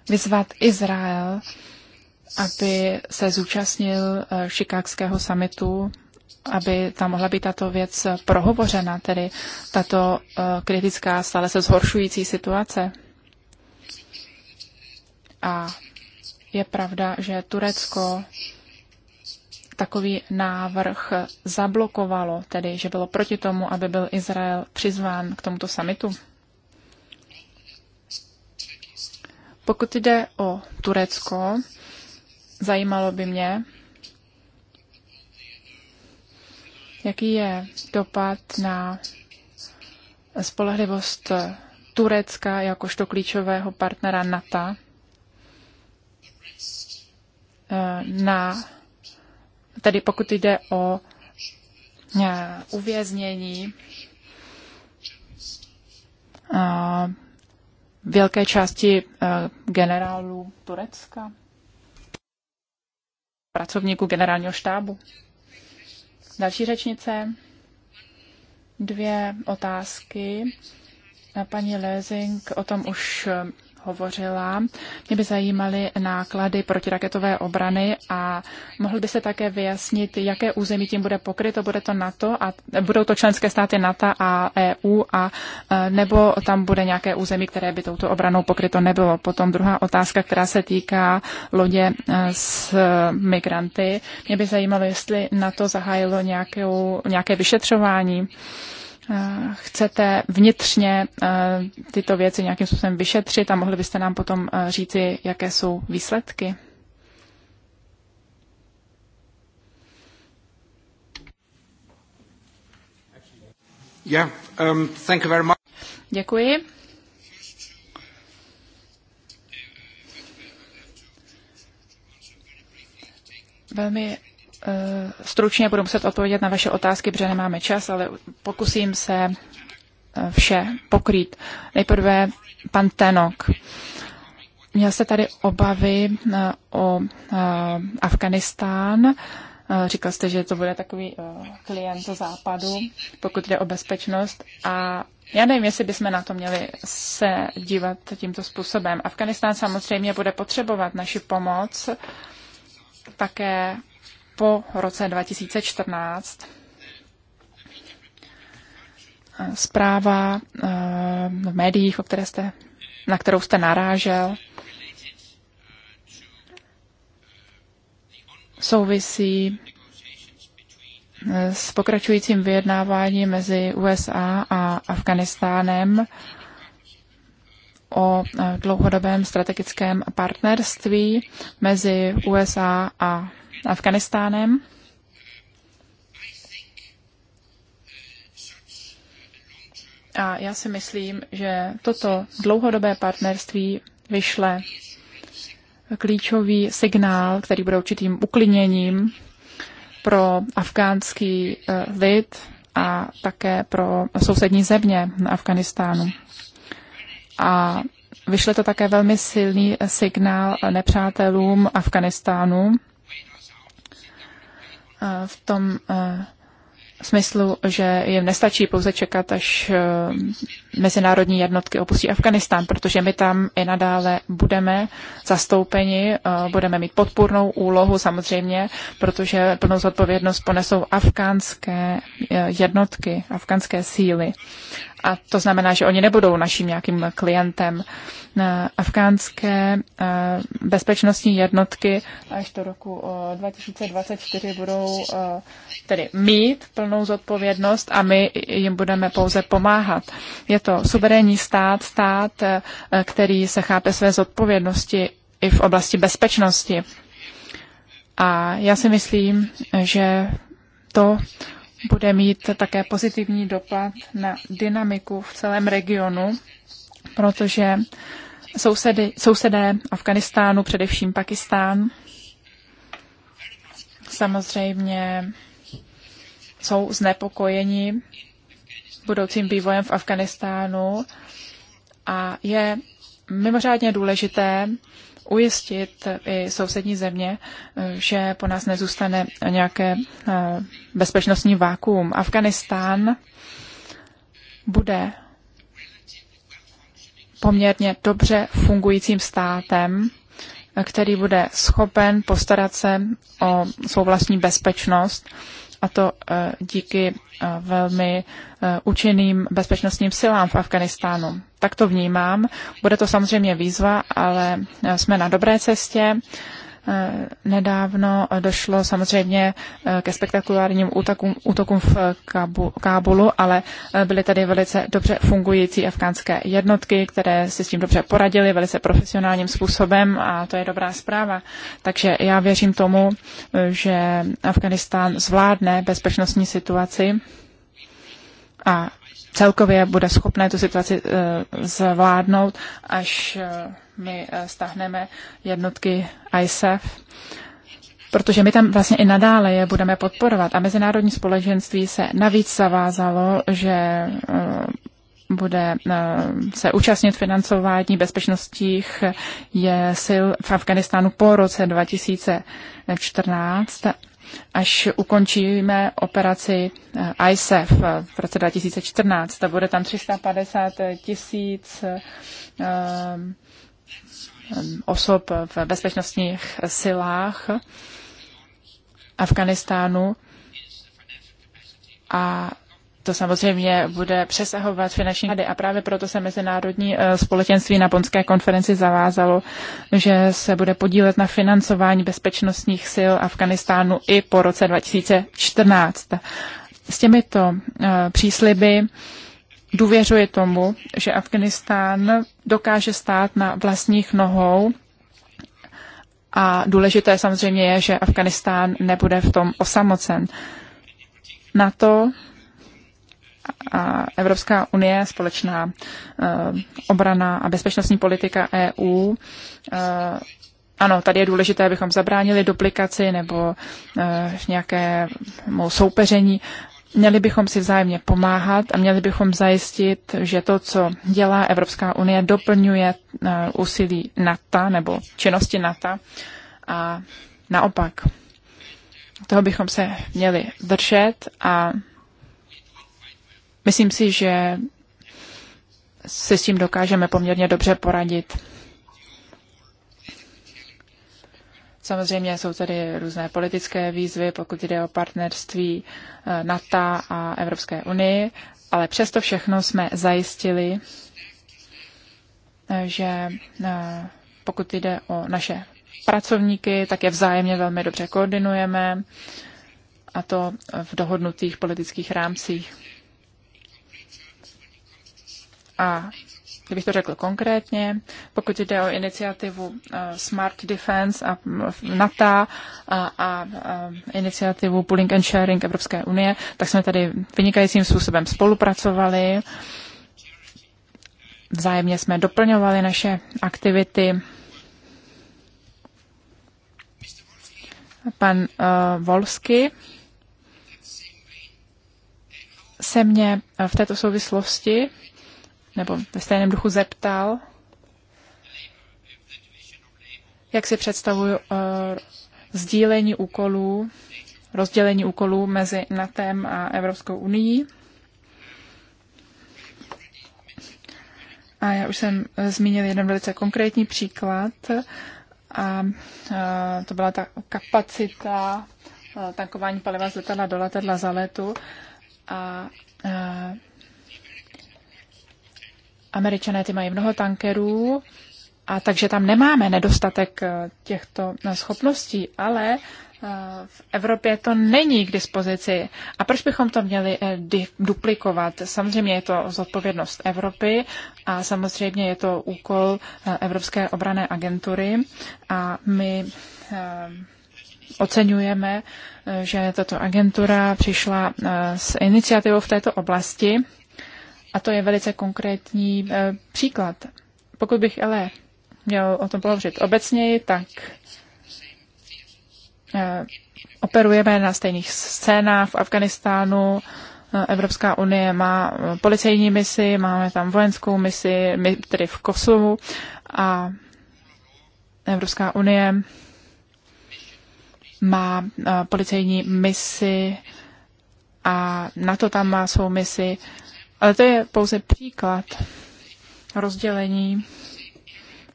vyzvat Izrael, aby se zúčastnil eh, šikákského samitu, aby tam mohla být tato věc prohovořena, tedy tato eh, kritická, stále se zhoršující situace? A je pravda, že Turecko takový návrh zablokovalo, tedy že bylo proti tomu, aby byl Izrael přizván k tomuto samitu? Pokud jde o Turecko, zajímalo by mě, jaký je dopad na spolehlivost Turecka jakožto klíčového partnera NATO Eh, na, tedy pokud jde o eh, uvěznění eh, velké části generálů Turecka, pracovníků generálního štábu. Další řečnice, dvě otázky. Paní Lezing o tom už hovořila. Mě by zajímaly náklady protiraketové obrany a mohl by se také vyjasnit, jaké území tím bude pokryto. Bude to NATO a budou to členské státy NATO a EU a e, nebo tam bude nějaké území, které by touto obranou pokryto nebylo. Potom druhá otázka, která se týká lodě e, s migranty. Mě by zajímalo, jestli NATO zahájilo nějakou, nějaké vyšetřování Eh, chcete vnitřně eh, tyto věci nějakým způsobem vyšetřit a mohli byste nám potom eh, říci, jaké jsou výsledky? Yeah, um, thank you very much. Děkuji. Velmi Eh, stručně, budu muset odpovědět na vaše otázky, protože nemáme čas, ale pokusím se eh, vše pokrýt. Nejprve pan Tenok. Měl se tady obavy eh, o Afganistán. Říkal jste, že to bude takový klient západu, pokud jde o bezpečnost. A já nevím, jestli bychom na to měli se dívat tímto způsobem. Afganistán samozřejmě bude potřebovat naši pomoc, také po roce 2014. Zpráva eh, v médiích, o které jste, na kterou jste narážel, souvisí eh, s pokračujícím vyjednáváním mezi USA a Afganistánem o eh, dlouhodobém strategickém partnerství mezi USA a Afganistánem. A já si myslím, že toto dlouhodobé partnerství vyšle klíčový signál, který bude určitým uklidněním pro afgánský eh, lid a také pro sousední země Afganistánu. A vyšle to také velmi silný signál nepřátelům Afganistánu v tom eh, smyslu, že jim nestačí pouze čekat, až eh, mezinárodní jednotky opustí Afganistán, protože my tam i nadále budeme zastoupeni, eh, budeme mít podpůrnou úlohu samozřejmě, protože plnou zodpovědnost ponesou afgánské jednotky, afgánské síly. A to znamená, že oni nebudou naším nějakým klientem. E, Afgánské e, bezpečnostní jednotky až do roku 2024 budou e, tedy mít plnou zodpovědnost a my jim budeme pouze pomáhat. Je to suverénní stát, stát, který se chápe své zodpovědnosti i v oblasti bezpečnosti. A já si myslím, že to bude mít také pozitivní dopad na dynamiku v celém regionu, protože sousedy, sousedé Afganistánu, především Pakistán, samozřejmě jsou znepokojeni budoucím vývojem v Afganistánu a je mimořádně důležité, ujistit i sousední země, že po nás nezůstane nějaké eh, bezpečnostní vákuum. Afganistán bude poměrně dobře fungujícím státem, který bude schopen postarat se o svou vlastní bezpečnost a to eh, díky eh, velmi eh, účinným bezpečnostním silám v Afganistánu. Tak to vnímám. Bude to samozřejmě výzva, ale jsme na dobré cestě. Eh, nedávno došlo samozřejmě eh, ke spektakulárním útokům, útokům v Kábulu, ale eh, byly tady velice dobře fungující afgánské jednotky, které si s tím dobře poradily velice profesionálním způsobem a to je dobrá zpráva. Takže já věřím tomu, že Afganistán zvládne bezpečnostní situaci a celkově bude schopné tu situaci zvládnout, až my eh, stahneme jednotky ISAF, e protože my tam vlastně i nadále je budeme podporovat. A mezinárodní společenství se navíc zavázalo, že eh, bude eh, se účastnit financování bezpečnostních je sil v Afganistánu po roce 2014 až ukončíme operaci ISAF e v roce 2014. Bude tam 350 tisíc osob v bezpečnostních silách Afganistánu a to samozřejmě bude přesahovat finanční hady a právě proto se mezinárodní eh, společenství na Ponské konferenci zavázalo, že se bude podílet na financování bezpečnostních sil Afganistánu i po roce 2014. S těmito eh, přísliby důvěřuje tomu, že Afganistán dokáže stát na vlastních nohou a důležité samozřejmě je, že Afganistán nebude v tom osamocen. Na to a Evropská unie, společná uh, obrana a bezpečnostní politika EU. Uh, eh, ano, tady je důležité, abychom zabránili duplikaci nebo uh, nějakému soupeření, Měli bychom si vzájemně pomáhat a měli bychom zajistit, že to, co dělá Evropská unie, doplňuje eh, úsilí NATO nebo činnosti NATO a naopak. Toho bychom se měli držet a myslím si, že se s tím dokážeme poměrně dobře poradit. Samozřejmě jsou tady různé politické výzvy, pokud jde o partnerství eh, NATO a Evropské unii, ale přesto všechno jsme zajistili, eh, že eh, pokud jde o naše pracovníky, tak je vzájemně velmi dobře koordinujeme a to v dohodnutých politických rámcích. A Kdybych to řekl konkrétně, pokud jde o iniciativu eh, Smart Defense a NATO a, a, eh, iniciativu Pooling and Sharing Evropské unie, tak jsme tady vynikajícím způsobem spolupracovali. Vzájemně jsme doplňovali naše aktivity. Pan uh, Volsky se mě v této souvislosti nebo ve stejném duchu zeptal, jak si představuju uh, sdílení úkolů, rozdělení úkolů mezi NATEM a Evropskou unii. A já už jsem eh, zmínil jeden velice konkrétní příklad a eh, to byla ta kapacita tankování paliva z letadla do letadla za letu a Američané ty mají mnoho tankerů, a takže tam nemáme nedostatek eh, těchto eh, schopností, ale eh, v Evropě to není k dispozici. A proč bychom to měli duplikovat? Samozřejmě je to zodpovědnost Evropy a samozřejmě je to úkol Evropské obrané agentury a my oceňujeme, že tato agentura přišla s iniciativou v této oblasti a to je velice konkrétní e, příklad. Pokud bych ale měl o tom pohovořit obecněji, tak e, operujeme na stejných scénách v Afganistánu. Eh, Evropská unie má policejní misi, máme tam vojenskou misi, my tedy v Kosovu a Evropská unie má policejní misi a NATO tam má svou misi ale to je pouze příklad rozdělení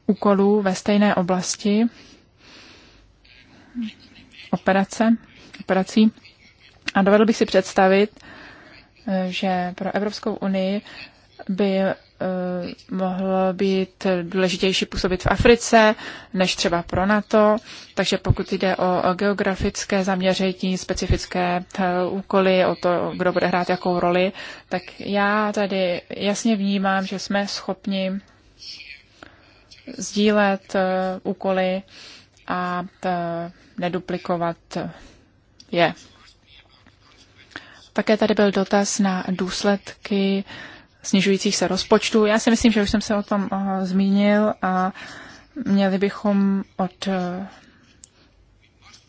úkolů ve stejné oblasti operace, operací. A dovedl bych si představit, že pro Evropskou unii by Eh, mohlo být důležitější působit v Africe než třeba pro NATO. Takže pokud jde o geografické zaměření, specifické eh, úkoly, o to, kdo bude hrát jakou roli, tak já tady jasně vnímám, že jsme schopni sdílet eh, úkoly a neduplikovat je. Také tady byl dotaz na důsledky uh, snižujících se rozpočtů. Já si myslím, že už jsem se o tom eh, zmínil a měli bychom od eh,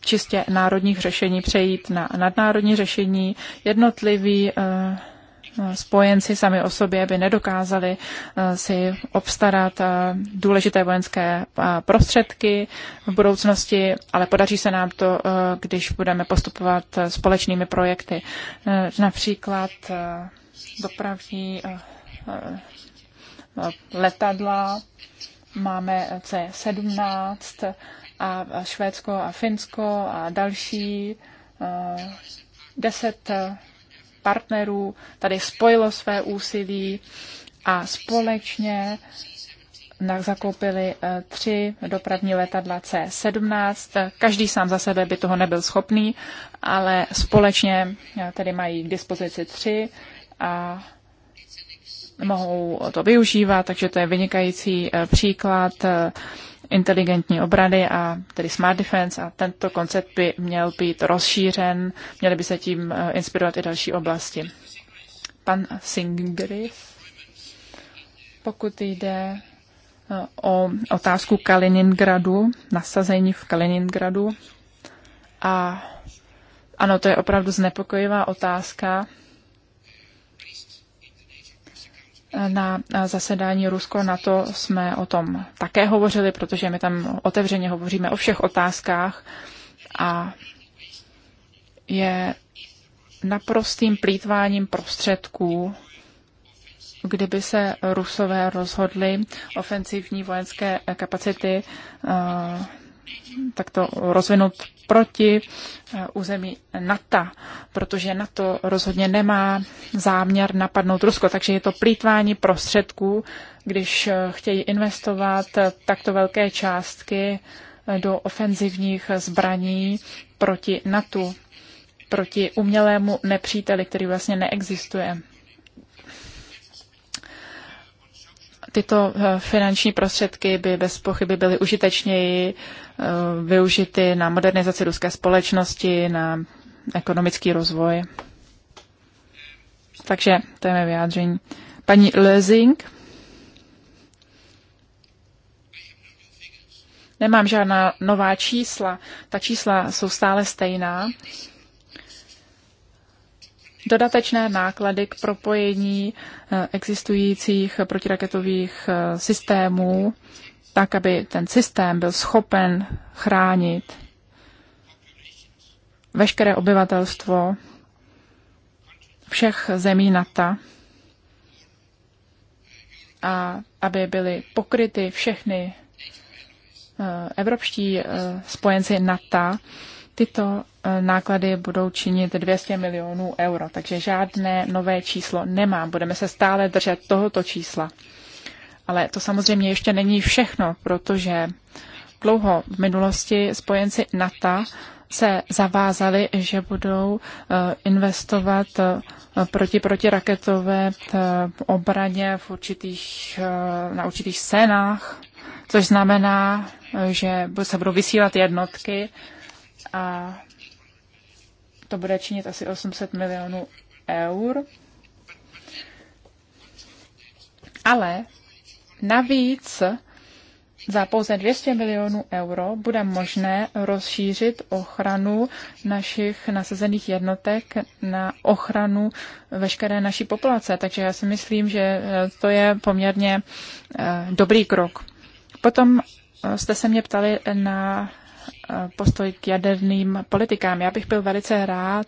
čistě národních řešení přejít na nadnárodní řešení. Jednotliví eh, spojenci sami o sobě by nedokázali si obstarat důležité vojenské prostředky v budoucnosti, ale podaří se nám to, když budeme postupovat společnými projekty. Například dopravní eh, eh, letadla, máme C17 a Švédsko a Finsko a další eh, deset partnerů tady spojilo své úsilí a společně zakoupili tři dopravní letadla C-17. Každý sám za sebe by toho nebyl schopný, ale společně tedy mají k dispozici tři a mohou to využívat, takže to je vynikající eh, příklad eh, inteligentní obrany a tedy smart defense a tento koncept by měl být rozšířen, měly by se tím eh, inspirovat i další oblasti. Pan Singriff, pokud jde o otázku Kaliningradu, nasazení v Kaliningradu a ano, to je opravdu znepokojivá otázka, na zasedání Rusko na to jsme o tom také hovořili, protože my tam otevřeně hovoříme o všech otázkách a je naprostým plítváním prostředků, kdyby se Rusové rozhodli ofensivní vojenské kapacity eh, takto rozvinut proti eh, území NATO, protože NATO rozhodně nemá záměr napadnout Rusko, takže je to plítvání prostředků, když eh, chtějí investovat eh, takto velké částky do ofenzivních zbraní proti NATO, proti umělému nepříteli, který vlastně neexistuje. tyto eh, finanční prostředky by bez pochyby byly užitečněji eh, využity na modernizaci ruské společnosti, na ekonomický rozvoj. Takže to je mé vyjádření. Paní Lezing. Nemám žádná nová čísla. Ta čísla jsou stále stejná dodatečné náklady k propojení eh, existujících protiraketových eh, systémů, tak aby ten systém byl schopen chránit veškeré obyvatelstvo všech zemí NATO a aby byly pokryty všechny eh, evropští spojenci NATO Tyto eh, náklady budou činit 200 milionů euro, takže žádné nové číslo nemám. Budeme se stále držet tohoto čísla. Ale to samozřejmě ještě není všechno, protože dlouho v minulosti spojenci NATO se zavázali, že budou eh, investovat eh, proti protiraketové obraně v určitých, na určitých scénách, což znamená, že se budou vysílat jednotky a to bude činit asi 800 milionů eur. Ale navíc za pouze 200 milionů euro bude možné rozšířit ochranu našich nasazených jednotek na ochranu veškeré naší populace. Takže já si myslím, že to je poměrně eh, dobrý krok. Potom eh, jste se mě ptali na postoj k jaderným politikám. Já bych byl velice rád,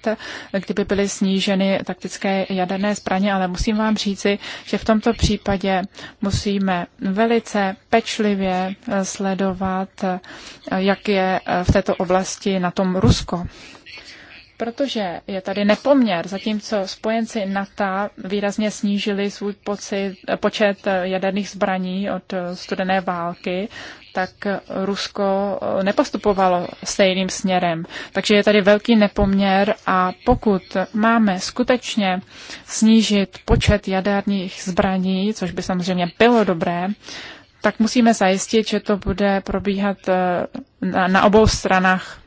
kdyby byly sníženy taktické jaderné zbraně, ale musím vám říci, že v tomto případě musíme velice pečlivě sledovat, jak je v této oblasti na tom Rusko. Protože je tady nepoměr, zatímco spojenci NATO výrazně snížili svůj pocit, počet jaderných zbraní od studené války, tak Rusko eh, nepostupovalo stejným směrem. Takže je tady velký nepoměr a pokud máme skutečně snížit počet jaderných zbraní, což by samozřejmě bylo dobré, tak musíme zajistit, že to bude probíhat eh, na, na obou stranách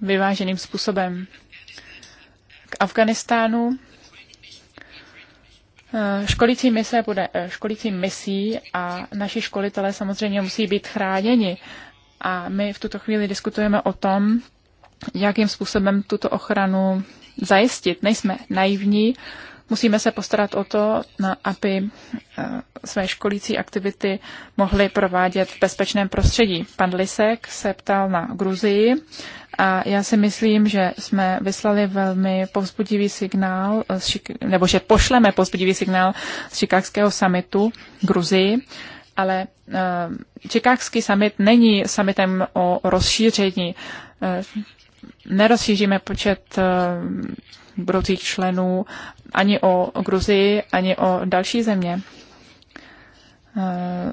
vyváženým způsobem. K Afganistánu Eh, školící mise bude eh, školící misí a naši školitelé samozřejmě musí být chráněni. A my v tuto chvíli diskutujeme o tom, jakým způsobem tuto ochranu zajistit. Nejsme naivní, Musíme se postarat o to, no, aby eh, své školící aktivity mohli provádět v bezpečném prostředí. Pan Lisek se ptal na Gruzii a já si myslím, že jsme vyslali velmi povzbudivý signál, eh, nebo že pošleme povzbudivý signál z Čikákského samitu Gruzii, ale Čikákský eh, summit není summitem o rozšíření nerozšíříme počet budoucích členů ani o Gruzii, ani o další země. Eh,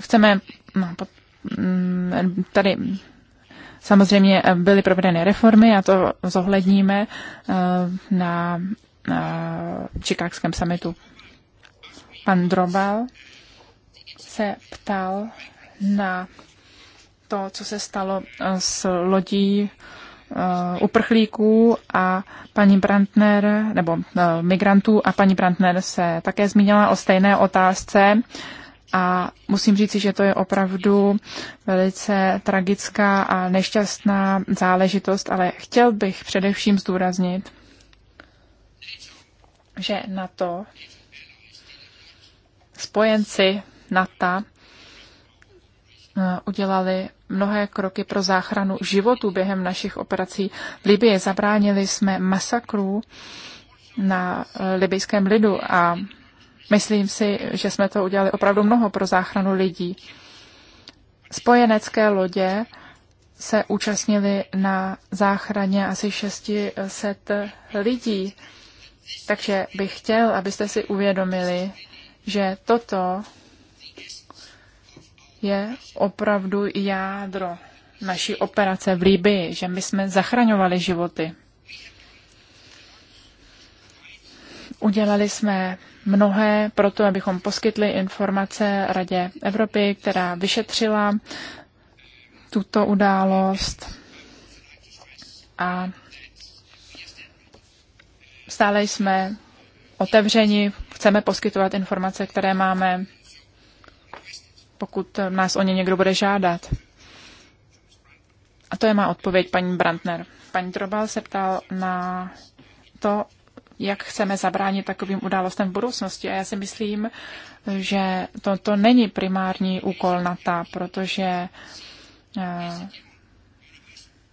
chceme no, mm, tady samozřejmě byly provedeny reformy a to zohledníme eh, na, Čikákském eh, samitu. Pan Drobal se ptal na to, co se stalo s lodí Eh, uprchlíků a paní Brandner, nebo eh, migrantů a paní Brandner se také zmínila o stejné otázce. A musím říci, že to je opravdu velice tragická a nešťastná záležitost, ale chtěl bych především zdůraznit, že na to spojenci NATO, eh, udělali mnohé kroky pro záchranu životů během našich operací v Libii. Zabránili jsme masakrů na eh, libijském lidu a myslím si, že jsme to udělali opravdu mnoho pro záchranu lidí. Spojenecké lodě se účastnili na záchraně asi 600 lidí. Takže bych chtěl, abyste si uvědomili, že toto je opravdu jádro naší operace v Líbii, že my jsme zachraňovali životy. Udělali jsme mnohé pro to, abychom poskytli informace Radě Evropy, která vyšetřila tuto událost. A stále jsme otevřeni, chceme poskytovat informace, které máme pokud nás o ně někdo bude žádat. A to je má odpověď, paní Brandner. Paní Trobal se ptal na to, jak chceme zabránit takovým událostem v budoucnosti. A já si myslím, že to, to není primární úkol NATO, protože eh,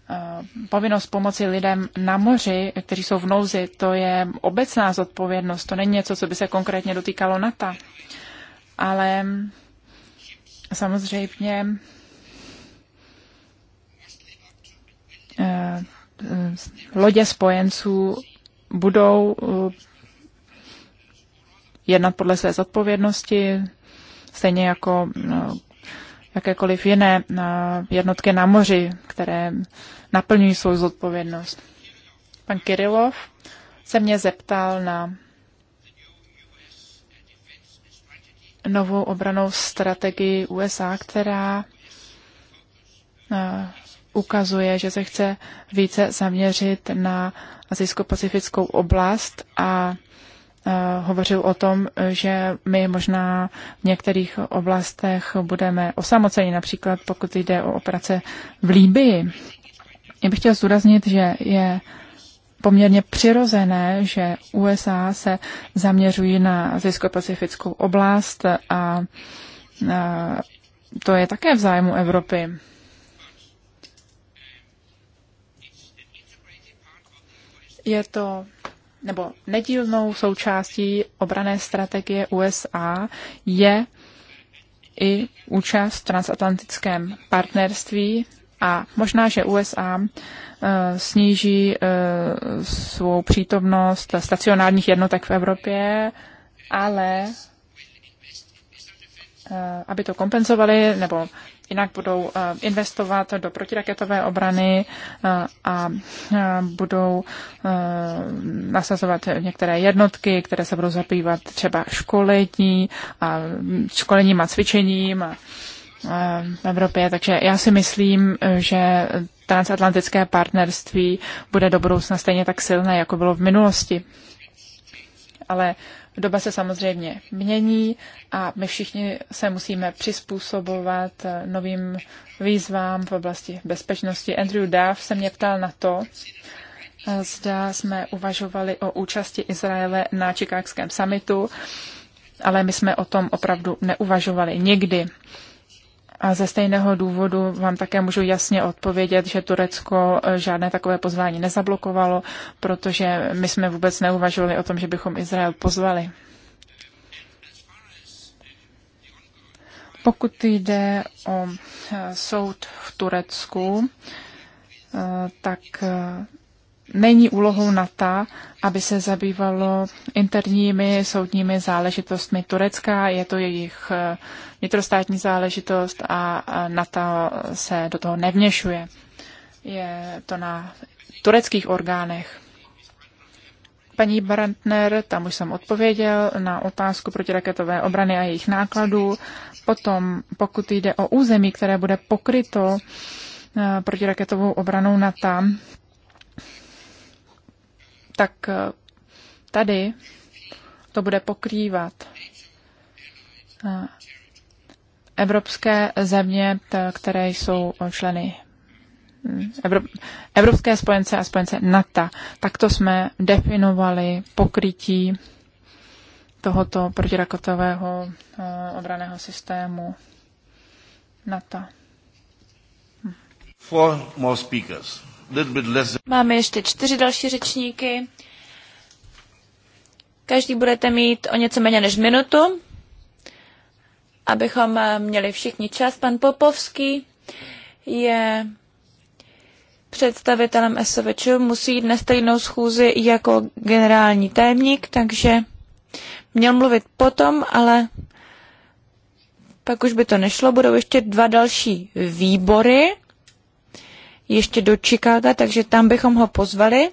eh, povinnost pomoci lidem na moři, kteří jsou v nouzi, to je obecná zodpovědnost, to není něco, co by se konkrétně dotýkalo NATO. Ale samozřejmě eh, lodě spojenců budou eh, jednat podle své zodpovědnosti, stejně jako eh, jakékoliv jiné jednotky na moři, které naplňují svou zodpovědnost. Pan Kirilov se mě zeptal na novou obranou strategii USA, která eh, ukazuje, že se chce více zaměřit na azijsko-pacifickou oblast a eh, hovořil o tom, že my možná v některých oblastech budeme osamoceni, například pokud jde o operace v Líbii. Já bych chtěl zdůraznit, že je poměrně přirozené, že USA se zaměřují na ziskopacifickou oblast a, a to je také v zájmu Evropy. Je to nebo nedílnou součástí obrané strategie USA je i účast v transatlantickém partnerství a možná, že USA eh, sníží eh, svou přítomnost stacionárních jednotek v Evropě, ale eh, aby to kompenzovali, nebo jinak budou investovat do protiraketové obrany a budou nasazovat některé jednotky, které se budou zabývat třeba školení a školením a cvičením a v Evropě. Takže já si myslím, že transatlantické partnerství bude do budoucna stejně tak silné, jako bylo v minulosti. Ale doba se samozřejmě mění a my všichni se musíme přizpůsobovat novým výzvám v oblasti bezpečnosti. Andrew Duff se mě ptal na to, zda jsme uvažovali o účasti Izraele na Čikákském samitu, ale my jsme o tom opravdu neuvažovali nikdy. A ze stejného důvodu vám také můžu jasně odpovědět, že Turecko eh, žádné takové pozvání nezablokovalo, protože my jsme vůbec neuvažovali o tom, že bychom Izrael pozvali. Pokud jde o eh, soud v Turecku, eh, tak není úlohou NATO, aby se zabývalo interními soudními záležitostmi Turecka. Je to jejich eh, vnitrostátní záležitost a NATO se do toho nevněšuje. Je to na tureckých orgánech. Paní Brandner, tam už jsem odpověděl na otázku protiraketové obrany a jejich nákladů. Potom, pokud jde o území, které bude pokryto eh, protiraketovou obranou NATO, tak eh, tady to bude pokrývat eh, evropské země, které jsou eh, členy hm, Evropské spojence a spojence NATO. Takto jsme definovali pokrytí tohoto protirakotového obraného systému NATO. Hm. Four more speakers. Máme ještě čtyři další řečníky. Každý budete mít o něco méně než minutu, abychom eh, měli všichni čas. Pan Popovský je představitelem SVČ, musí jít na stejnou schůzi jako generální tajemník, takže měl mluvit potom, ale pak už by to nešlo. Budou ještě dva další výbory ještě do Chicaga, takže tam bychom ho pozvali,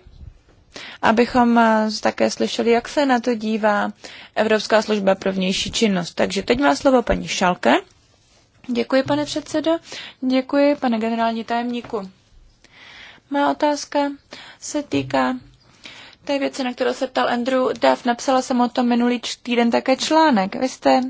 abychom eh, také slyšeli, jak se na to dívá Evropská služba pro vnější činnost. Takže teď má slovo paní Šalke. Děkuji, pane předsedo. Děkuji, pane generální tajemníku. Má otázka se týká té věci, na kterou se ptal Andrew Duff. Napsala jsem o tom minulý týden také článek. Vy jste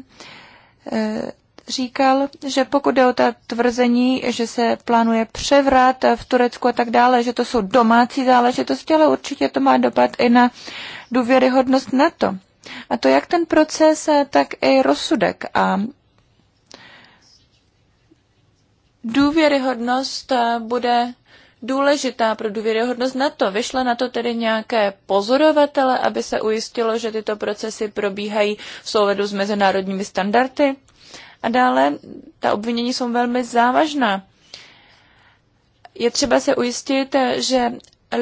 eh, říkal, že pokud jde o ta tvrzení, že se plánuje převrat v Turecku a tak dále, že to jsou domácí záležitosti, ale určitě to má dopad i na důvěryhodnost NATO. A to jak ten proces, tak i rozsudek. A důvěryhodnost eh, bude důležitá pro důvěryhodnost NATO. Vyšle na to tedy nějaké pozorovatele, aby se ujistilo, že tyto procesy probíhají v souladu s mezinárodními standardy? A dále ta obvinění jsou velmi závažná. Je třeba se ujistit, že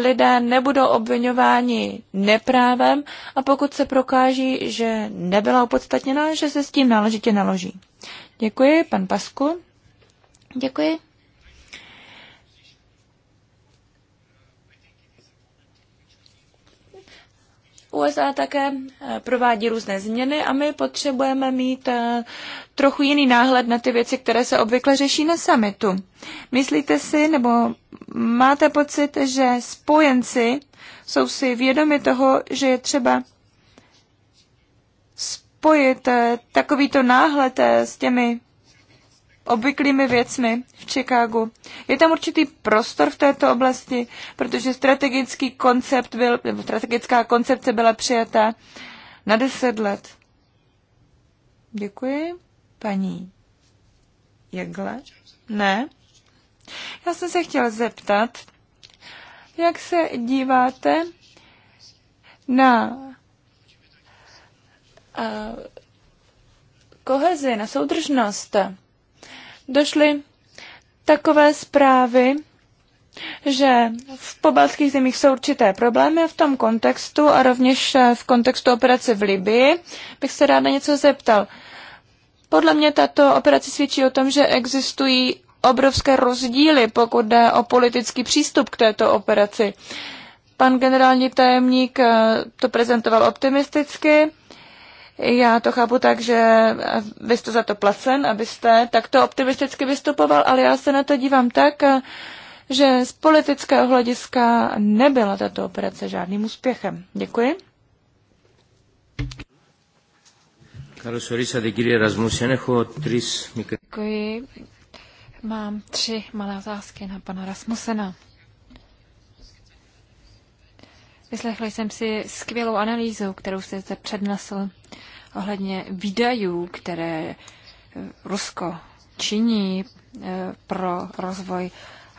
lidé nebudou obvinováni neprávem a pokud se prokáží, že nebyla opodstatněna, že se s tím náležitě naloží. Děkuji, pan Pasku. Děkuji. USA také eh, provádí různé změny a my potřebujeme mít eh, trochu jiný náhled na ty věci, které se obvykle řeší na summitu. Myslíte si, nebo máte pocit, že spojenci jsou si vědomi toho, že je třeba spojit eh, takovýto náhled s těmi obvyklými věcmi v Chicagu. Je tam určitý prostor v této oblasti, protože strategický koncept byl, nebo strategická koncepce byla přijata na deset let. Děkuji. Paní Jegle? Ne. Já jsem se chtěla zeptat, jak se díváte na eh, kohezi, na soudržnost došly takové zprávy, že v pobaltských zemích jsou určité problémy v tom kontextu a rovněž eh, v kontextu operace v Libii bych se ráda něco zeptal. Podle mě tato operace svědčí o tom, že existují obrovské rozdíly, pokud jde o politický přístup k této operaci. Pan generální tajemník eh, to prezentoval optimisticky, já to chápu tak, že vy jste za to placen, abyste takto optimisticky vystupoval, ale já se na to dívám tak, že z politického hlediska nebyla tato operace žádným úspěchem. Děkuji. Děkuji. Mám tři malé otázky na pana Rasmusena. Vyslechli jsem si skvělou analýzu, kterou jste zde přednesl ohledně výdajů, které Rusko činí eh, pro rozvoj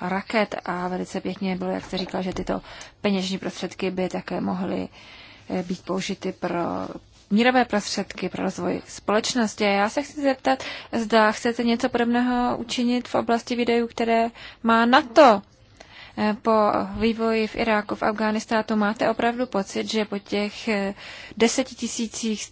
raket a velice pěkně bylo, jak jste říkal, že tyto peněžní prostředky by také mohly eh, být použity pro mírové prostředky pro rozvoj společnosti. já se chci zeptat, zda chcete něco podobného učinit v oblasti videů, které má NATO. Eh, po vývoji v Iráku, v Afghánistánu máte opravdu pocit, že po těch deseti tisících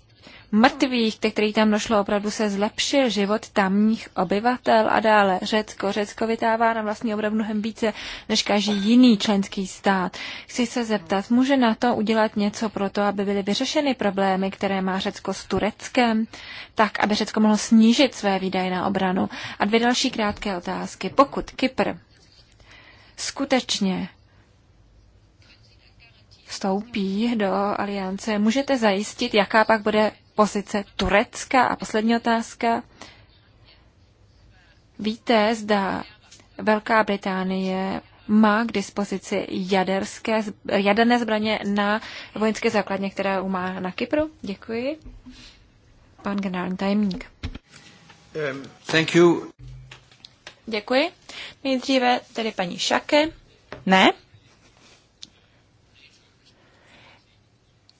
mrtvých, těch, kterých tam došlo, opravdu se zlepšil život tamních obyvatel a dále Řecko. Řecko vytává na vlastní obrov mnohem více než každý jiný členský stát. Chci se zeptat, může na to udělat něco pro to, aby byly vyřešeny problémy, které má Řecko s Tureckem, tak, aby Řecko mohlo snížit své výdaje na obranu? A dvě další krátké otázky. Pokud Kypr skutečně vstoupí do aliance. Můžete zajistit, jaká pak bude pozice Turecka? A poslední otázka. Víte, zda Velká Británie má k dispozici jaderské, jaderné zbraně na vojenské základně, které má na Kypru? Děkuji. Pan generální tajemník. Um, thank you. Děkuji. Nejdříve tedy paní Šake. Ne,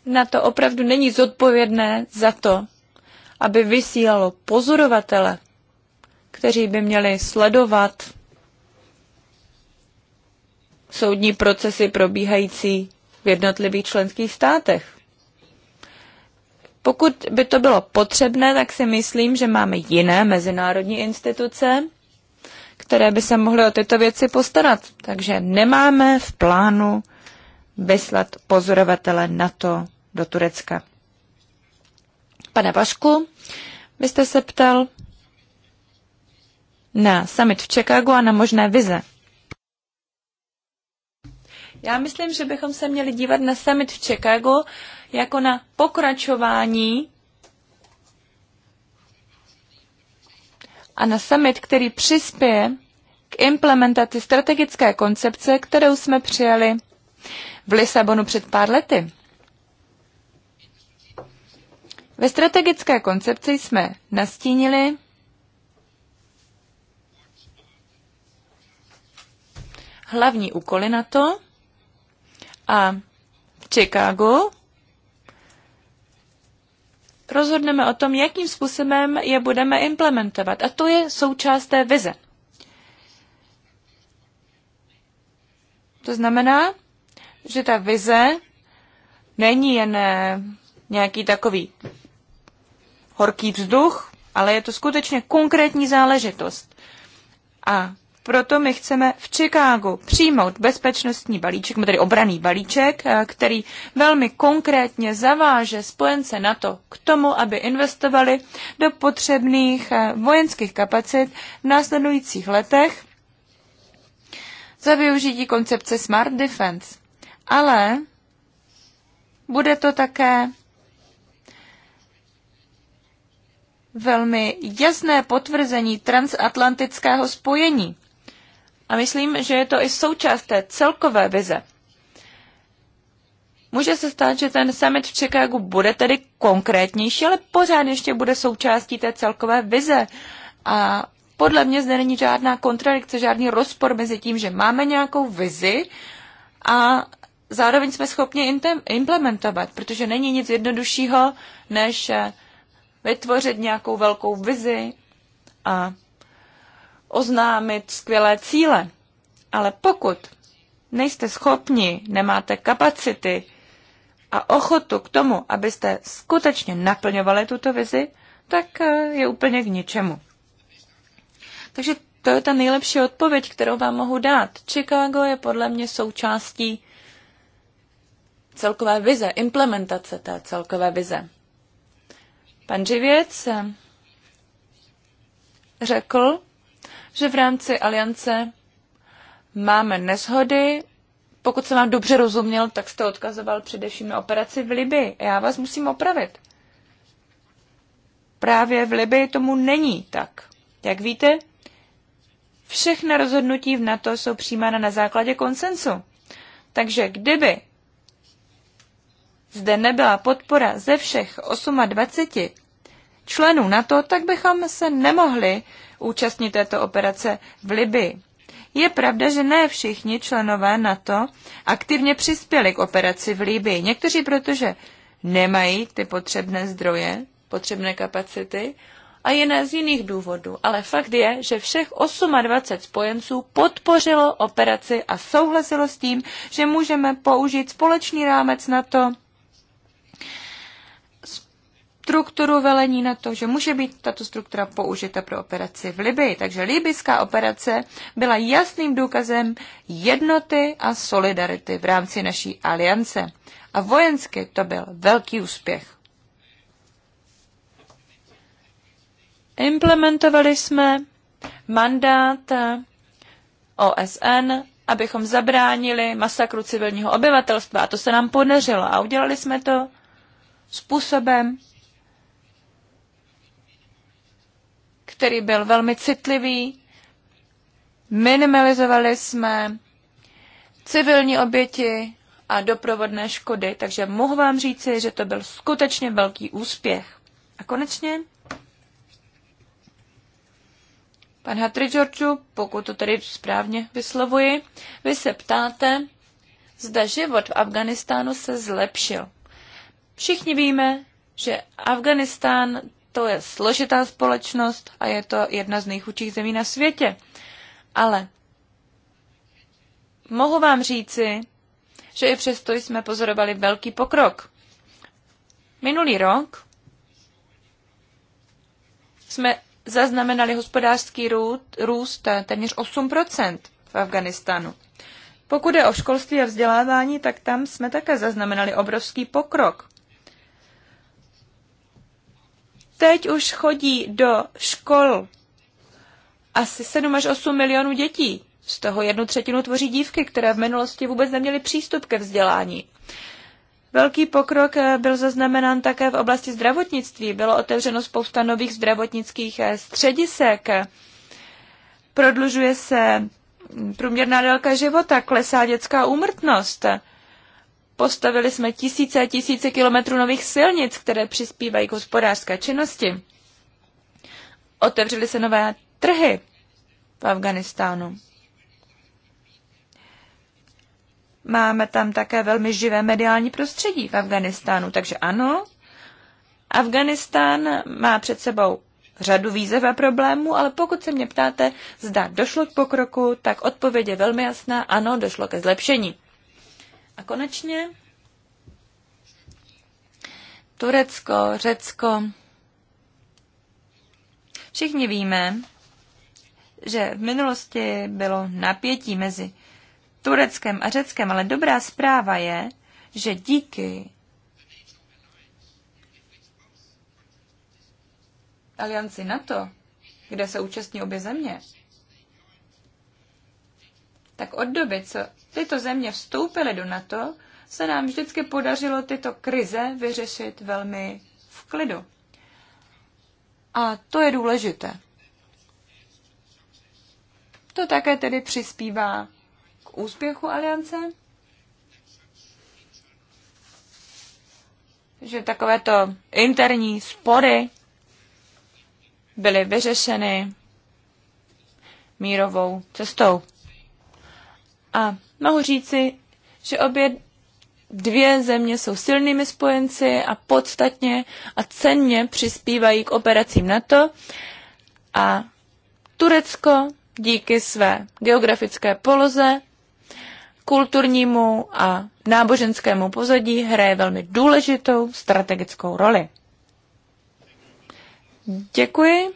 na to opravdu není zodpovědné za to, aby vysílalo pozorovatele, kteří by měli sledovat soudní procesy probíhající v jednotlivých členských státech. Pokud by to bylo potřebné, tak si myslím, že máme jiné mezinárodní instituce, které by se mohly o tyto věci postarat. Takže nemáme v plánu vyslat pozorovatele na to, do Turecka. Pane Vašku, vy jste se ptal na summit v Chicagu a na možné vize. Já myslím, že bychom se měli dívat na summit v Chicagu jako na pokračování a na summit, který přispěje k implementaci strategické koncepce, kterou jsme přijali v Lisabonu před pár lety. Ve strategické koncepci jsme nastínili, hlavní úkoly na to a v Chicagu rozhodneme o tom, jakým způsobem je budeme implementovat. A to je součást té vize. To znamená, že ta vize není jen eh, nějaký takový horký vzduch, ale je to skutečně konkrétní záležitost. A proto my chceme v Chicagu přijmout bezpečnostní balíček, tedy obraný balíček, eh, který velmi konkrétně zaváže spojence na to k tomu, aby investovali do potřebných eh, vojenských kapacit v následujících letech za využití koncepce Smart Defense. Ale bude to také velmi jasné potvrzení transatlantického spojení. A myslím, že je to i součást té celkové vize. Může se stát, že ten summit v Chicagu bude tedy konkrétnější, ale pořád ještě bude součástí té celkové vize. A podle mě zde není žádná kontradikce, žádný rozpor mezi tím, že máme nějakou vizi a zároveň jsme schopni implementovat, protože není nic jednoduššího, než eh, vytvořit nějakou velkou vizi a oznámit skvělé cíle. Ale pokud nejste schopni, nemáte kapacity a ochotu k tomu, abyste skutečně naplňovali tuto vizi, tak eh, je úplně k ničemu. Takže to je ta nejlepší odpověď, kterou vám mohu dát. Chicago je podle mě součástí celkové vize, implementace té celkové vize. Pan Živěc eh, řekl, že v rámci aliance máme neshody. Pokud jsem vám dobře rozuměl, tak jste odkazoval především na operaci v Libii. Já vás musím opravit. Právě v Libii tomu není tak. Jak víte, všechna rozhodnutí v NATO jsou přijímána na základě konsensu. Takže kdyby zde nebyla podpora ze všech 28 členů NATO, tak bychom se nemohli účastnit této operace v Libii. Je pravda, že ne všichni členové NATO aktivně přispěli k operaci v Libii. Někteří, protože nemají ty potřebné zdroje, potřebné kapacity, a jiné z jiných důvodů. Ale fakt je, že všech 28 spojenců podpořilo operaci a souhlasilo s tím, že můžeme použít společný rámec na to, strukturu velení na to, že může být tato struktura použita pro operaci v Libii. Takže libyská operace byla jasným důkazem jednoty a solidarity v rámci naší aliance. A vojensky to byl velký úspěch. Implementovali jsme mandát OSN, abychom zabránili masakru civilního obyvatelstva. A to se nám podařilo. A udělali jsme to způsobem, který byl velmi citlivý. Minimalizovali jsme civilní oběti a doprovodné škody, takže mohu vám říci, že to byl skutečně velký úspěch. A konečně Pan Georgiou, pokud to tedy správně vyslovuji, vy se ptáte, zda život v Afganistánu se zlepšil. Všichni víme, že Afganistán to je složitá společnost a je to jedna z nejchudších zemí na světě. Ale mohu vám říci, že i přesto jsme pozorovali velký pokrok. Minulý rok jsme zaznamenali hospodářský růst téměř 8% v Afganistánu. Pokud je o školství a vzdělávání, tak tam jsme také zaznamenali obrovský pokrok. Teď už chodí do škol asi 7 až 8 milionů dětí. Z toho jednu třetinu tvoří dívky, které v minulosti vůbec neměly přístup ke vzdělání. Velký pokrok eh, byl zaznamenán také v oblasti zdravotnictví. Bylo otevřeno spousta nových zdravotnických eh, středisek. Prodlužuje se mm, průměrná délka života, klesá dětská úmrtnost. Postavili jsme tisíce a tisíce kilometrů nových silnic, které přispívají k hospodářské činnosti. Otevřely se nové trhy v Afganistánu. Máme tam také velmi živé mediální prostředí v Afganistánu, takže ano, Afganistán má před sebou řadu výzev a problémů, ale pokud se mě ptáte, zda došlo k pokroku, tak odpověď je velmi jasná, ano, došlo ke zlepšení. A konečně Turecko, Řecko. Všichni víme, že v minulosti bylo napětí mezi Tureckem a Řeckem, ale dobrá zpráva je, že díky alianci NATO, kde se účastní obě země, tak od doby, co tyto země vstoupily do NATO, se nám vždycky podařilo tyto krize vyřešit velmi v klidu. A to je důležité. To také tedy přispívá k úspěchu aliance, že takovéto interní spory byly vyřešeny mírovou cestou. A mohu říci, že obě dvě země jsou silnými spojenci a podstatně a cenně přispívají k operacím NATO. A Turecko díky své geografické poloze, kulturnímu a náboženskému pozadí hraje velmi důležitou strategickou roli. Děkuji.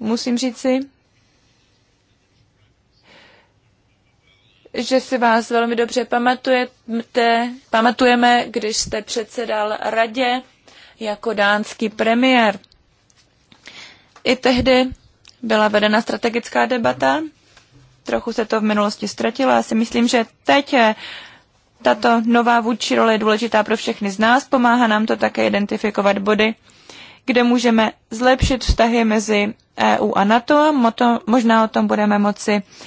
Musím říci, že si vás velmi dobře pamatujete, pamatujeme, když jste předsedal radě jako dánský premiér. I tehdy byla vedena strategická debata, trochu se to v minulosti ztratilo, já si myslím, že teď tato nová vůdčí role je důležitá pro všechny z nás, pomáhá nám to také identifikovat body, kde můžeme zlepšit vztahy mezi EU a NATO. Možná o tom budeme moci uh,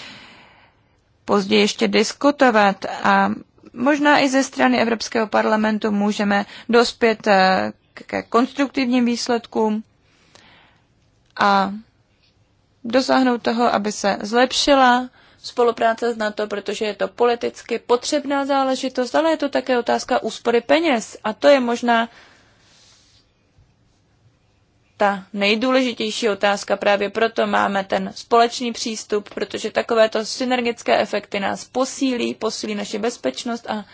později ještě diskutovat a možná i ze strany Evropského parlamentu můžeme dospět eh, ke konstruktivním výsledkům a dosáhnout toho, aby se zlepšila spolupráce s NATO, protože je to politicky potřebná záležitost, ale je to také otázka úspory peněz. A to je možná ta nejdůležitější otázka. Právě proto máme ten společný přístup, protože takovéto synergické efekty nás posílí, posílí naši bezpečnost a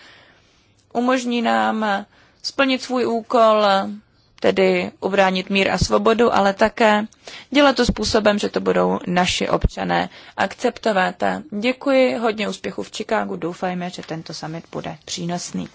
umožní nám splnit svůj úkol, tedy ubránit mír a svobodu, ale také dělat to způsobem, že to budou naši občané akceptovat. Děkuji, hodně úspěchů v Chicagu, doufajme, že tento summit bude přínosný.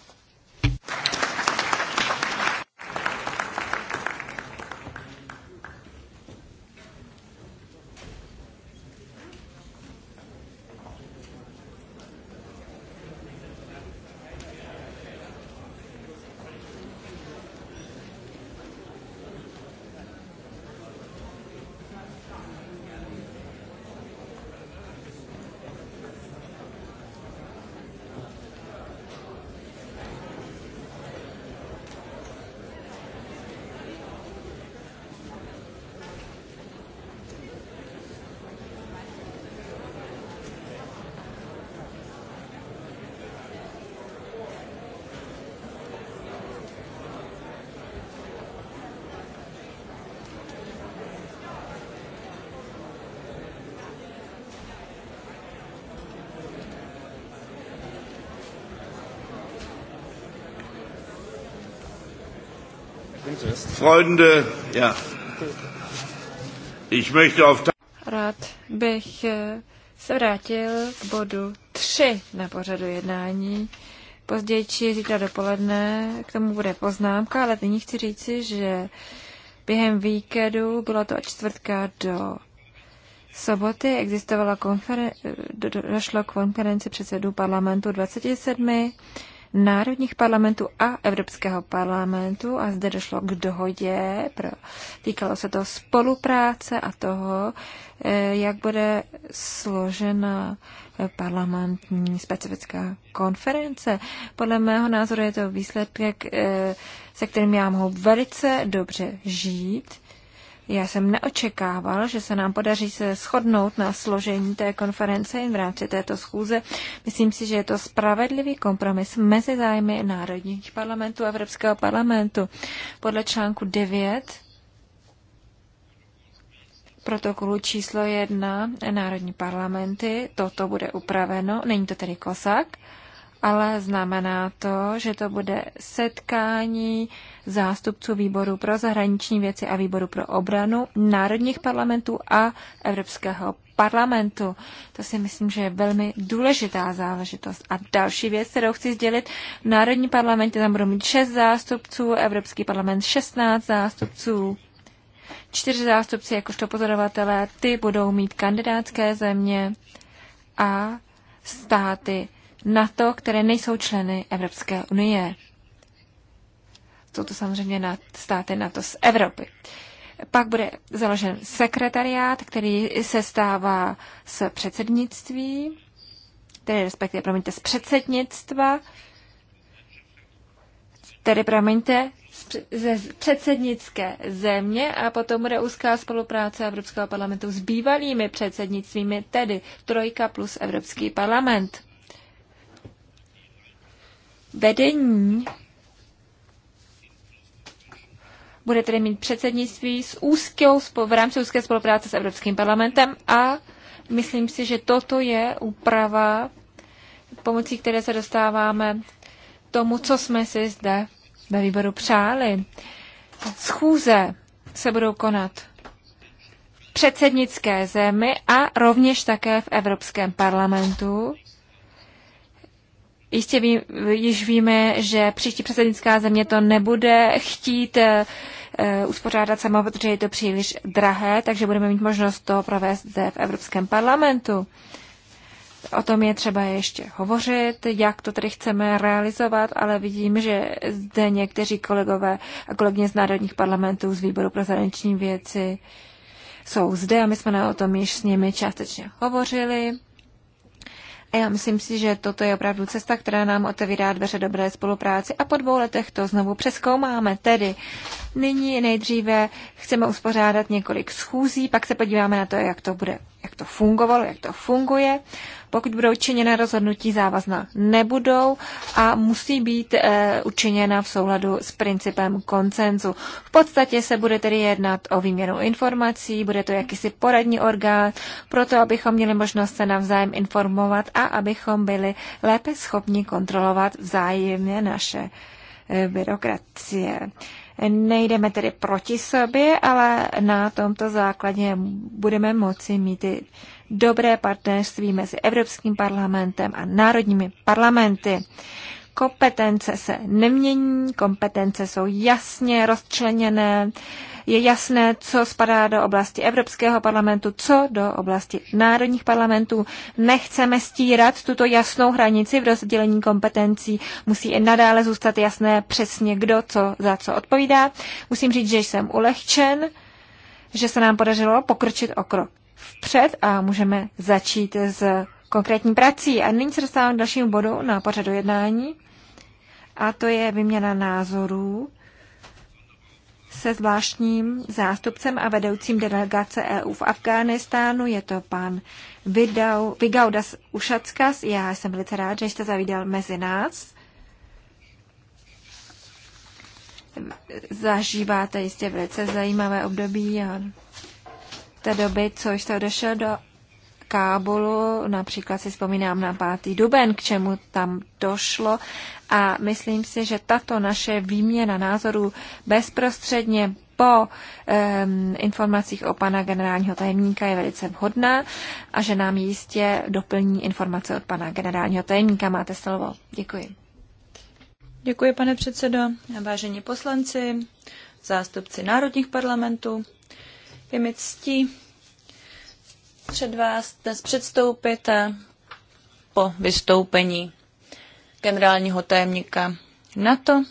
Freunde, ja. Ich möchte auf Rád bych eh, se vrátil k bodu 3 na pořadu jednání. Později či zítra dopoledne k tomu bude poznámka, ale nyní chci říci, že během víkendu, byla to od čtvrtka do soboty, existovala konferen- došlo k konferenci předsedů parlamentu 27 národních parlamentů a Evropského parlamentu a zde došlo k dohodě. Pro, týkalo se to spolupráce a toho, eh, jak bude složena parlamentní specifická konference. Podle mého názoru je to výsledek, eh, se kterým já mohu velice dobře žít já jsem neočekával, že se nám podaří se shodnout na složení té konference v rámci této schůze. Myslím si, že je to spravedlivý kompromis mezi zájmy národních parlamentů a Evropského parlamentu. Podle článku 9 protokolu číslo 1 národní parlamenty toto bude upraveno, není to tedy kosak, ale znamená to, že to bude setkání zástupců výboru pro zahraniční věci a výboru pro obranu národních parlamentů a Evropského parlamentu. To si myslím, že je velmi důležitá záležitost. A další věc, kterou chci sdělit, v Národní parlamentě tam budou mít 6 zástupců, Evropský parlament 16 zástupců. Čtyři zástupci jakožto pozorovatelé, ty budou mít kandidátské země a státy NATO, které nejsou členy Evropské unie. Jsou to samozřejmě na státy NATO z Evropy. Pak bude založen sekretariát, který se stává z předsednictví, tedy respektive, promiňte, z předsednictva, tedy, promiňte, ze předsednické země a potom bude úzká spolupráce Evropského parlamentu s bývalými předsednictvími, tedy Trojka plus Evropský parlament vedení bude tedy mít předsednictví s úzkou, v rámci úzké spolupráce s Evropským parlamentem a myslím si, že toto je úprava, pomocí které se dostáváme tomu, co jsme si zde ve výboru přáli. Schůze se budou konat v předsednické zemi a rovněž také v Evropském parlamentu Jistě ví, již víme, že příští předsednická země to nebude chtít eh, eh, uspořádat sama, protože je to příliš drahé, takže budeme mít možnost to provést zde v Evropském parlamentu. O tom je třeba ještě hovořit, jak to tedy chceme realizovat, ale vidím, že zde někteří kolegové a kolegyně z národních parlamentů z výboru pro zahraniční věci jsou zde a my jsme o tom již s nimi částečně hovořili. A já myslím si, že toto je opravdu cesta, která nám otevírá dveře dobré spolupráci a po dvou letech to znovu přeskoumáme. Tedy nyní nejdříve chceme uspořádat několik schůzí, pak se podíváme na to, jak to bude jak to fungovalo, jak to funguje. Pokud budou učiněna rozhodnutí závazná, nebudou a musí být e, učiněna v souladu s principem koncenzu. V podstatě se bude tedy jednat o výměnu informací, bude to jakýsi poradní orgán, proto abychom měli možnost se navzájem informovat a abychom byli lépe schopni kontrolovat vzájemně naše eh, byrokracie. Nejdeme tedy proti sobě, ale na tomto základě budeme moci mít i dobré partnerství mezi Evropským parlamentem a národními parlamenty. Kompetence se nemění, kompetence jsou jasně rozčleněné, je jasné, co spadá do oblasti Evropského parlamentu, co do oblasti národních parlamentů. Nechceme stírat tuto jasnou hranici v rozdělení kompetencí. Musí i nadále zůstat jasné přesně, kdo co za co odpovídá. Musím říct, že jsem ulehčen, že se nám podařilo pokročit o krok vpřed a můžeme začít s konkrétní prací. A nyní se dostávám k dalšímu bodu na pořadu jednání a to je vyměna názorů se zvláštním zástupcem a vedoucím delegace EU v Afghánistánu. Je to pan Vidau, Vigaudas Ušackas. Já jsem velice rád, že jste zavídal mezi nás. Zažíváte jistě velice zajímavé období a té doby, co jste odešel do Kábulu, například si vzpomínám na 5. duben, k čemu tam došlo a myslím si, že tato naše výměna názorů bezprostředně po um, informacích o pana generálního tajemníka je velice vhodná a že nám jistě doplní informace od pana generálního tajemníka. Máte slovo. Děkuji. Děkuji, pane předsedo, vážení poslanci, zástupci národních parlamentů. Je mi ctí před vás dnes předstoupit eh, po vystoupení generálního tajemníka NATO.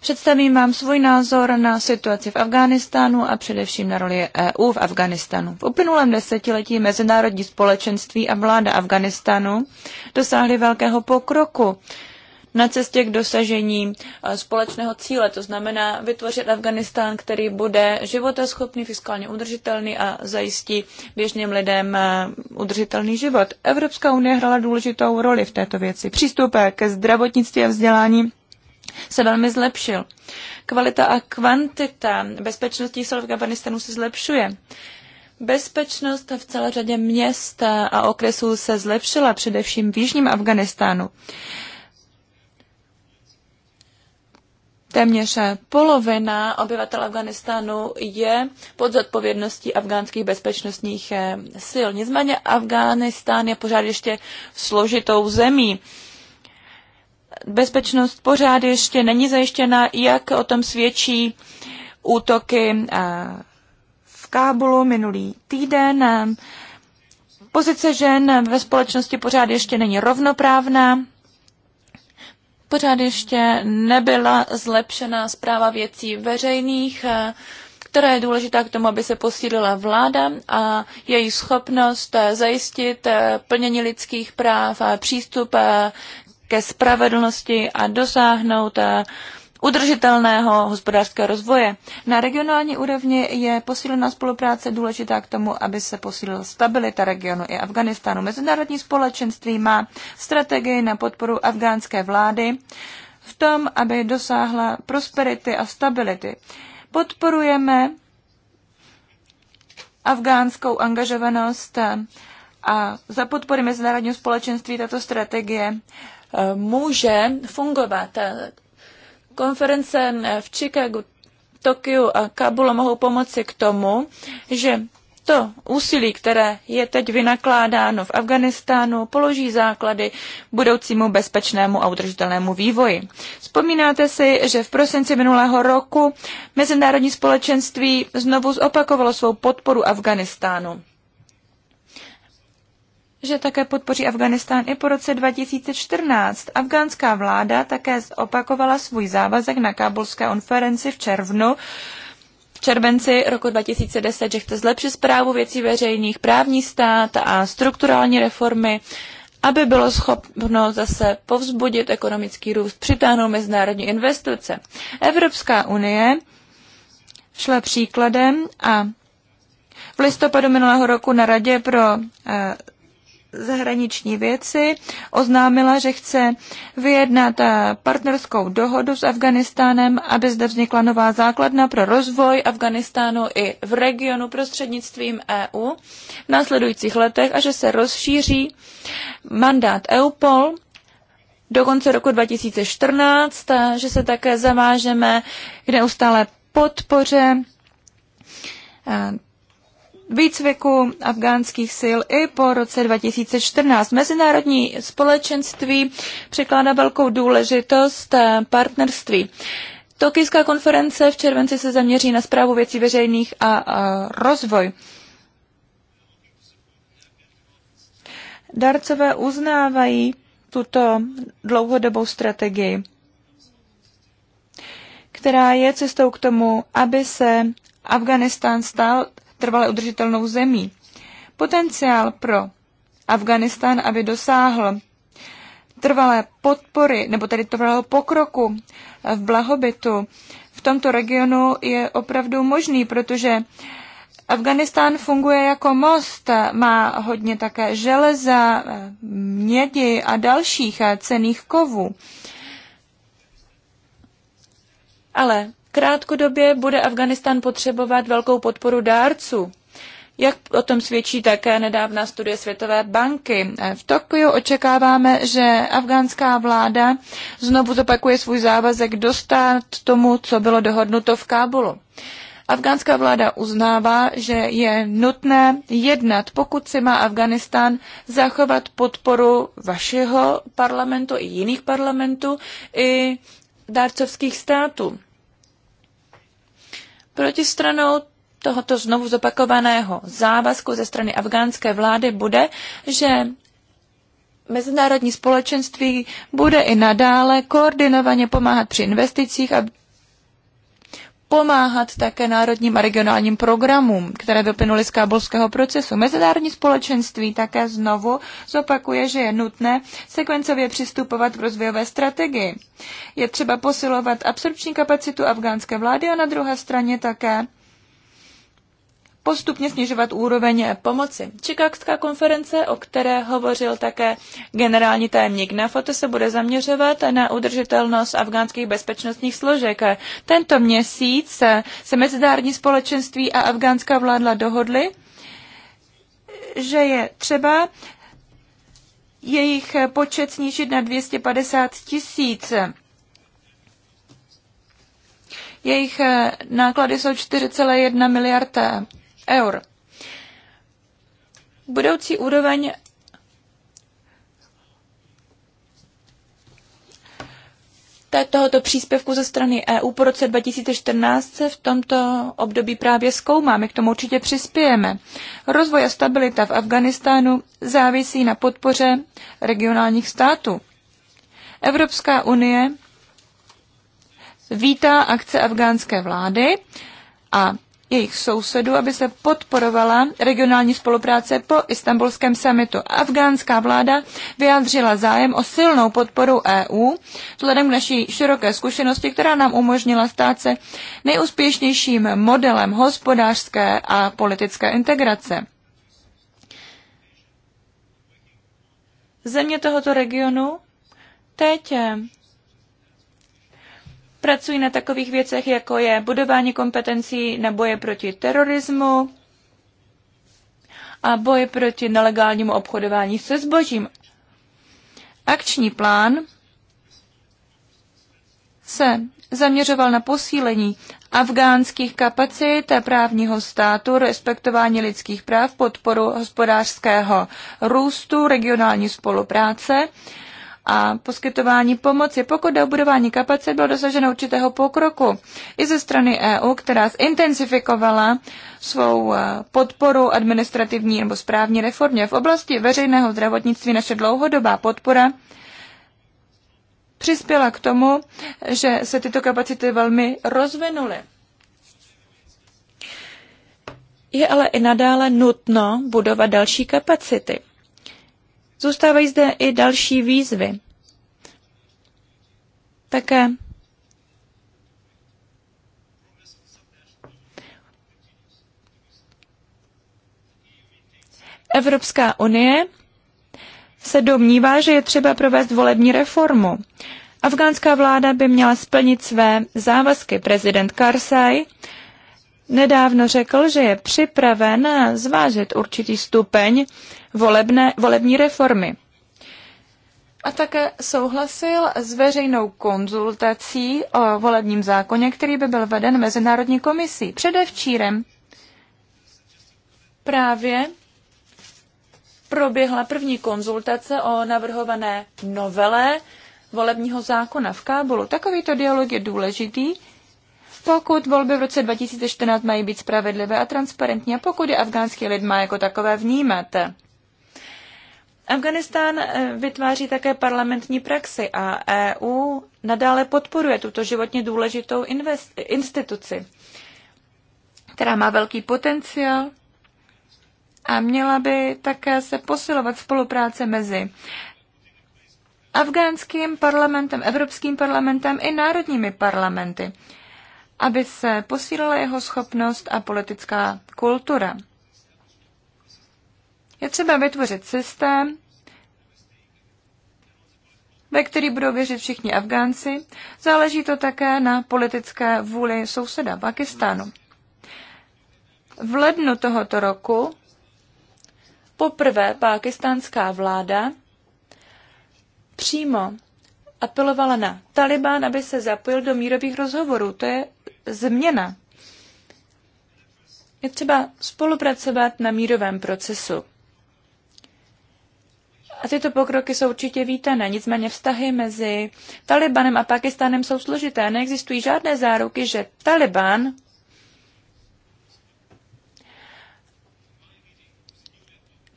Představím vám svůj názor na situaci v Afghánistánu a především na roli EU v Afghánistánu. V uplynulém desetiletí mezinárodní společenství a vláda Afghánistánu dosáhly velkého pokroku na cestě k dosažení eh, společného cíle, to znamená vytvořit Afganistán, který bude životaschopný, fiskálně udržitelný a zajistí běžným lidem eh, udržitelný život. Evropská unie hrala důležitou roli v této věci. Přístup eh, ke zdravotnictví a vzdělání se velmi zlepšil. Kvalita a kvantita bezpečnostních sil v Afganistánu se zlepšuje. Bezpečnost v celé řadě měst a okresů se zlepšila, především v jižním Afganistánu. Téměř polovina obyvatel Afganistánu je pod zodpovědností afgánských bezpečnostních eh, sil. Nicméně Afghánistán je pořád ještě složitou zemí. Bezpečnost pořád ještě není zajištěna, jak o tom svědčí útoky eh, v Kábulu minulý týden. Pozice žen ve společnosti pořád ještě není rovnoprávná. Pořád ještě nebyla zlepšená zpráva věcí veřejných, eh, která je důležitá k tomu, aby se posílila vláda a její schopnost eh, zajistit eh, plnění lidských práv a přístup ke spravedlnosti a dosáhnout udržitelného hospodářského rozvoje. Na regionální úrovni je posílená spolupráce důležitá k tomu, aby se posílila stabilita regionu i Afganistánu. Mezinárodní společenství má strategii na podporu afgánské vlády v tom, aby dosáhla prosperity a stability. Podporujeme afgánskou angažovanost a za podpory mezinárodního společenství tato strategie eh, může fungovat Konference v Chicagu, Tokiu a Kabulu mohou pomoci k tomu, že to úsilí, které je teď vynakládáno v Afganistánu, položí základy budoucímu bezpečnému a udržitelnému vývoji. Vzpomínáte si, že v prosinci minulého roku mezinárodní společenství znovu zopakovalo svou podporu Afganistánu že také podpoří Afganistán i po roce 2014. Afgánská vláda také zopakovala svůj závazek na kábulské konferenci v červnu, v červenci roku 2010, že chce zlepšit zprávu věcí veřejných, právní stát a strukturální reformy, aby bylo schopno zase povzbudit ekonomický růst, přitáhnout mezinárodní investice. Evropská unie šla příkladem a v listopadu minulého roku na Radě pro eh, zahraniční věci oznámila, že chce vyjednat eh, partnerskou dohodu s Afganistánem, aby zde vznikla nová základna pro rozvoj Afganistánu i v regionu prostřednictvím EU v následujících letech a že se rozšíří mandát EUPOL do konce roku 2014, eh, že se také zavážeme k neustále podpoře eh, výcviku afgánských sil i po roce 2014. Mezinárodní společenství překládá velkou důležitost eh, partnerství. Tokijská konference v červenci se zaměří na zprávu věcí veřejných a, rozvoj. Darcové uznávají tuto dlouhodobou strategii, která je cestou k tomu, aby se Afganistán stal trvale udržitelnou zemí. Potenciál pro Afganistán, aby dosáhl trvalé podpory, nebo tedy trvalého pokroku v blahobytu v tomto regionu je opravdu možný, protože Afganistán funguje jako most, má hodně také železa, mědi a dalších cených kovů. Ale Krátkodobě bude Afganistan potřebovat velkou podporu dárců. Jak o tom svědčí také nedávná studie Světové banky. V Tokiu očekáváme, že afgánská vláda znovu zopakuje svůj závazek dostat tomu, co bylo dohodnuto v Kábulu. Afgánská vláda uznává, že je nutné jednat, pokud si má Afganistán zachovat podporu vašeho parlamentu i jiných parlamentů i dárcovských států. Protistranou tohoto znovu zopakovaného závazku ze strany afgánské vlády bude, že mezinárodní společenství bude i nadále koordinovaně pomáhat při investicích a pomáhat také národním a regionálním programům, které vyplynuly z kábulského procesu. Mezinárodní společenství také znovu zopakuje, že je nutné sekvencově přistupovat k rozvojové strategii. Je třeba posilovat absorpční kapacitu afgánské vlády a na druhé straně také postupně snižovat úroveň pomoci. Čikagská konference, o které hovořil také generální tajemník na foto, se bude zaměřovat na udržitelnost afgánských bezpečnostních složek. Tento měsíc se mezinárodní společenství a afgánská vládla dohodly, že je třeba jejich počet snížit na 250 tisíc. Jejich náklady jsou 4,1 miliardy eur. Budoucí úroveň tohoto příspěvku ze strany EU po roce 2014 se v tomto období právě zkoumá. My k tomu určitě přispějeme. Rozvoj a stabilita v Afganistánu závisí na podpoře regionálních států. Evropská unie vítá akce afgánské vlády a jejich sousedů, aby se podporovala regionální spolupráce po istambulském summitu. Afgánská vláda vyjádřila zájem o silnou podporu EU vzhledem k naší široké zkušenosti, která nám umožnila stát se nejúspěšnějším modelem hospodářské a politické integrace. Země tohoto regionu teď Pracují na takových věcech, jako je budování kompetencí na boje proti terorismu a boje proti nelegálnímu obchodování se zbožím. Akční plán se zaměřoval na posílení afgánských kapacit a právního státu, respektování lidských práv, podporu hospodářského růstu, regionální spolupráce a poskytování pomoci, pokud do budování kapacit bylo dosaženo určitého pokroku. I ze strany EU, která zintensifikovala svou eh, podporu administrativní nebo správní reformě v oblasti veřejného zdravotnictví, naše dlouhodobá podpora přispěla k tomu, že se tyto kapacity velmi rozvinuly. Je ale i nadále nutno budovat další kapacity. Zůstávají zde i další výzvy. Také Evropská unie se domnívá, že je třeba provést volební reformu. Afgánská vláda by měla splnit své závazky. Prezident Karzai nedávno řekl, že je připraven zvážit určitý stupeň volebné, volební reformy. A také souhlasil s veřejnou konzultací o volebním zákoně, který by byl veden Mezinárodní komisí. Předevčírem právě proběhla první konzultace o navrhované novele volebního zákona v Kábulu. Takovýto dialog je důležitý, pokud volby v roce 2014 mají být spravedlivé a transparentní a pokud je afgánský lid má jako takové vnímat. Afganistán eh, vytváří také parlamentní praxi a EU nadále podporuje tuto životně důležitou instituci, která má velký potenciál a měla by také se posilovat spolupráce mezi afgánským parlamentem, Evropským parlamentem i národními parlamenty aby se posílila jeho schopnost a politická kultura. Je třeba vytvořit systém, ve který budou věřit všichni Afgánci. Záleží to také na politické vůli souseda Pakistánu. V lednu tohoto roku poprvé pakistánská vláda přímo apelovala na Taliban, aby se zapojil do mírových rozhovorů. To je změna. Je třeba spolupracovat na mírovém procesu. A tyto pokroky jsou určitě vítané, nicméně vztahy mezi Talibanem a Pakistanem jsou složité. Neexistují žádné záruky, že Taliban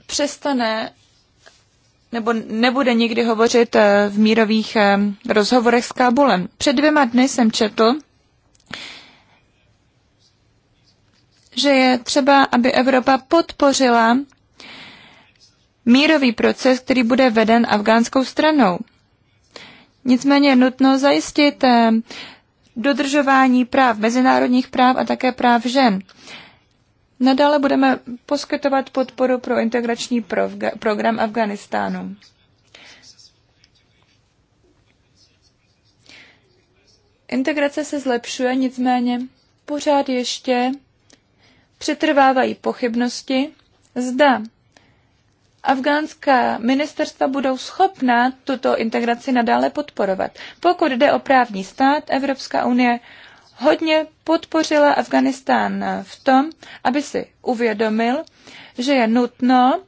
přestane nebo nebude nikdy hovořit eh, v mírových eh, rozhovorech s Kábulem. Před dvěma dny jsem četl, že je třeba, aby Evropa podpořila mírový proces, který bude veden afgánskou stranou. Nicméně je nutno zajistit eh, dodržování práv, mezinárodních práv a také práv žen. Nadále budeme poskytovat podporu pro integrační program Afganistánu. Integrace se zlepšuje, nicméně pořád ještě přetrvávají pochybnosti, zda afgánská ministerstva budou schopná tuto integraci nadále podporovat. Pokud jde o právní stát, Evropská unie hodně podpořila Afganistán v tom, aby si uvědomil, že je nutno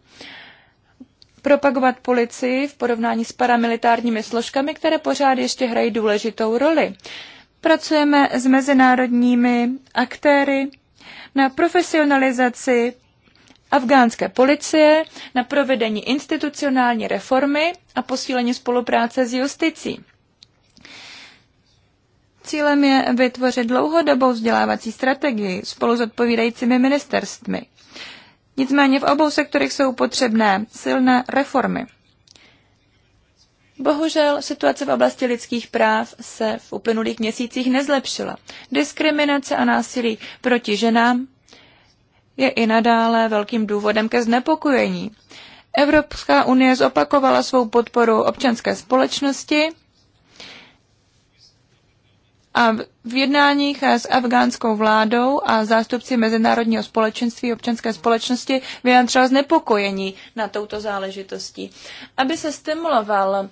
propagovat policii v porovnání s paramilitárními složkami, které pořád ještě hrají důležitou roli. Pracujeme s mezinárodními aktéry, na profesionalizaci afgánské policie, na provedení institucionální reformy a posílení spolupráce s justicí. Cílem je vytvořit dlouhodobou vzdělávací strategii spolu s odpovídajícími ministerstvy. Nicméně v obou sektorech jsou potřebné silné reformy. Bohužel situace v oblasti lidských práv se v uplynulých měsících nezlepšila. Diskriminace a násilí proti ženám je i nadále velkým důvodem ke znepokojení. Evropská unie zopakovala svou podporu občanské společnosti a v jednáních s afgánskou vládou a zástupci Mezinárodního společenství občanské společnosti vyjádřila znepokojení na touto záležitostí. Aby se stimuloval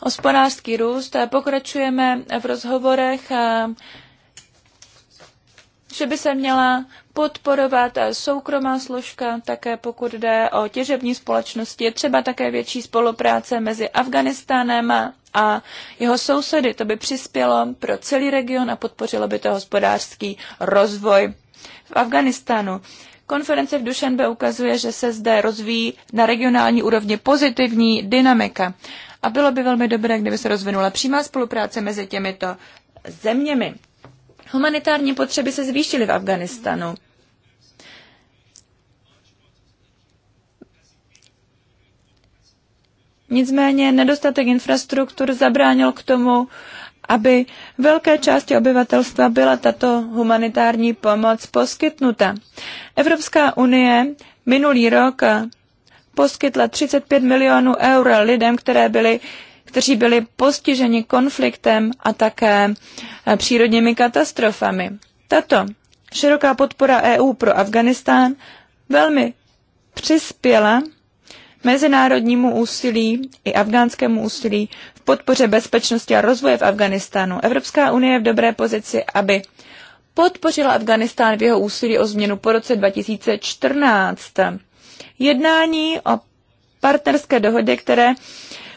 hospodářský růst. Pokračujeme v rozhovorech, že by se měla podporovat soukromá složka, také pokud jde o těžební společnosti. Je třeba také větší spolupráce mezi Afganistánem a jeho sousedy. To by přispělo pro celý region a podpořilo by to hospodářský rozvoj v Afganistánu. Konference v Dušanbe ukazuje, že se zde rozvíjí na regionální úrovni pozitivní dynamika a bylo by velmi dobré, kdyby se rozvinula přímá spolupráce mezi těmito zeměmi. Humanitární potřeby se zvýšily v Afganistanu. Nicméně nedostatek infrastruktur zabránil k tomu, aby velké části obyvatelstva byla tato humanitární pomoc poskytnuta. Evropská unie minulý rok poskytla 35 milionů eur lidem, které byly, kteří byli postiženi konfliktem a také eh, přírodními katastrofami. Tato široká podpora EU pro Afganistán velmi přispěla mezinárodnímu úsilí i afgánskému úsilí v podpoře bezpečnosti a rozvoje v Afganistánu. Evropská unie je v dobré pozici, aby podpořila Afganistán v jeho úsilí o změnu po roce 2014 jednání o partnerské dohody, které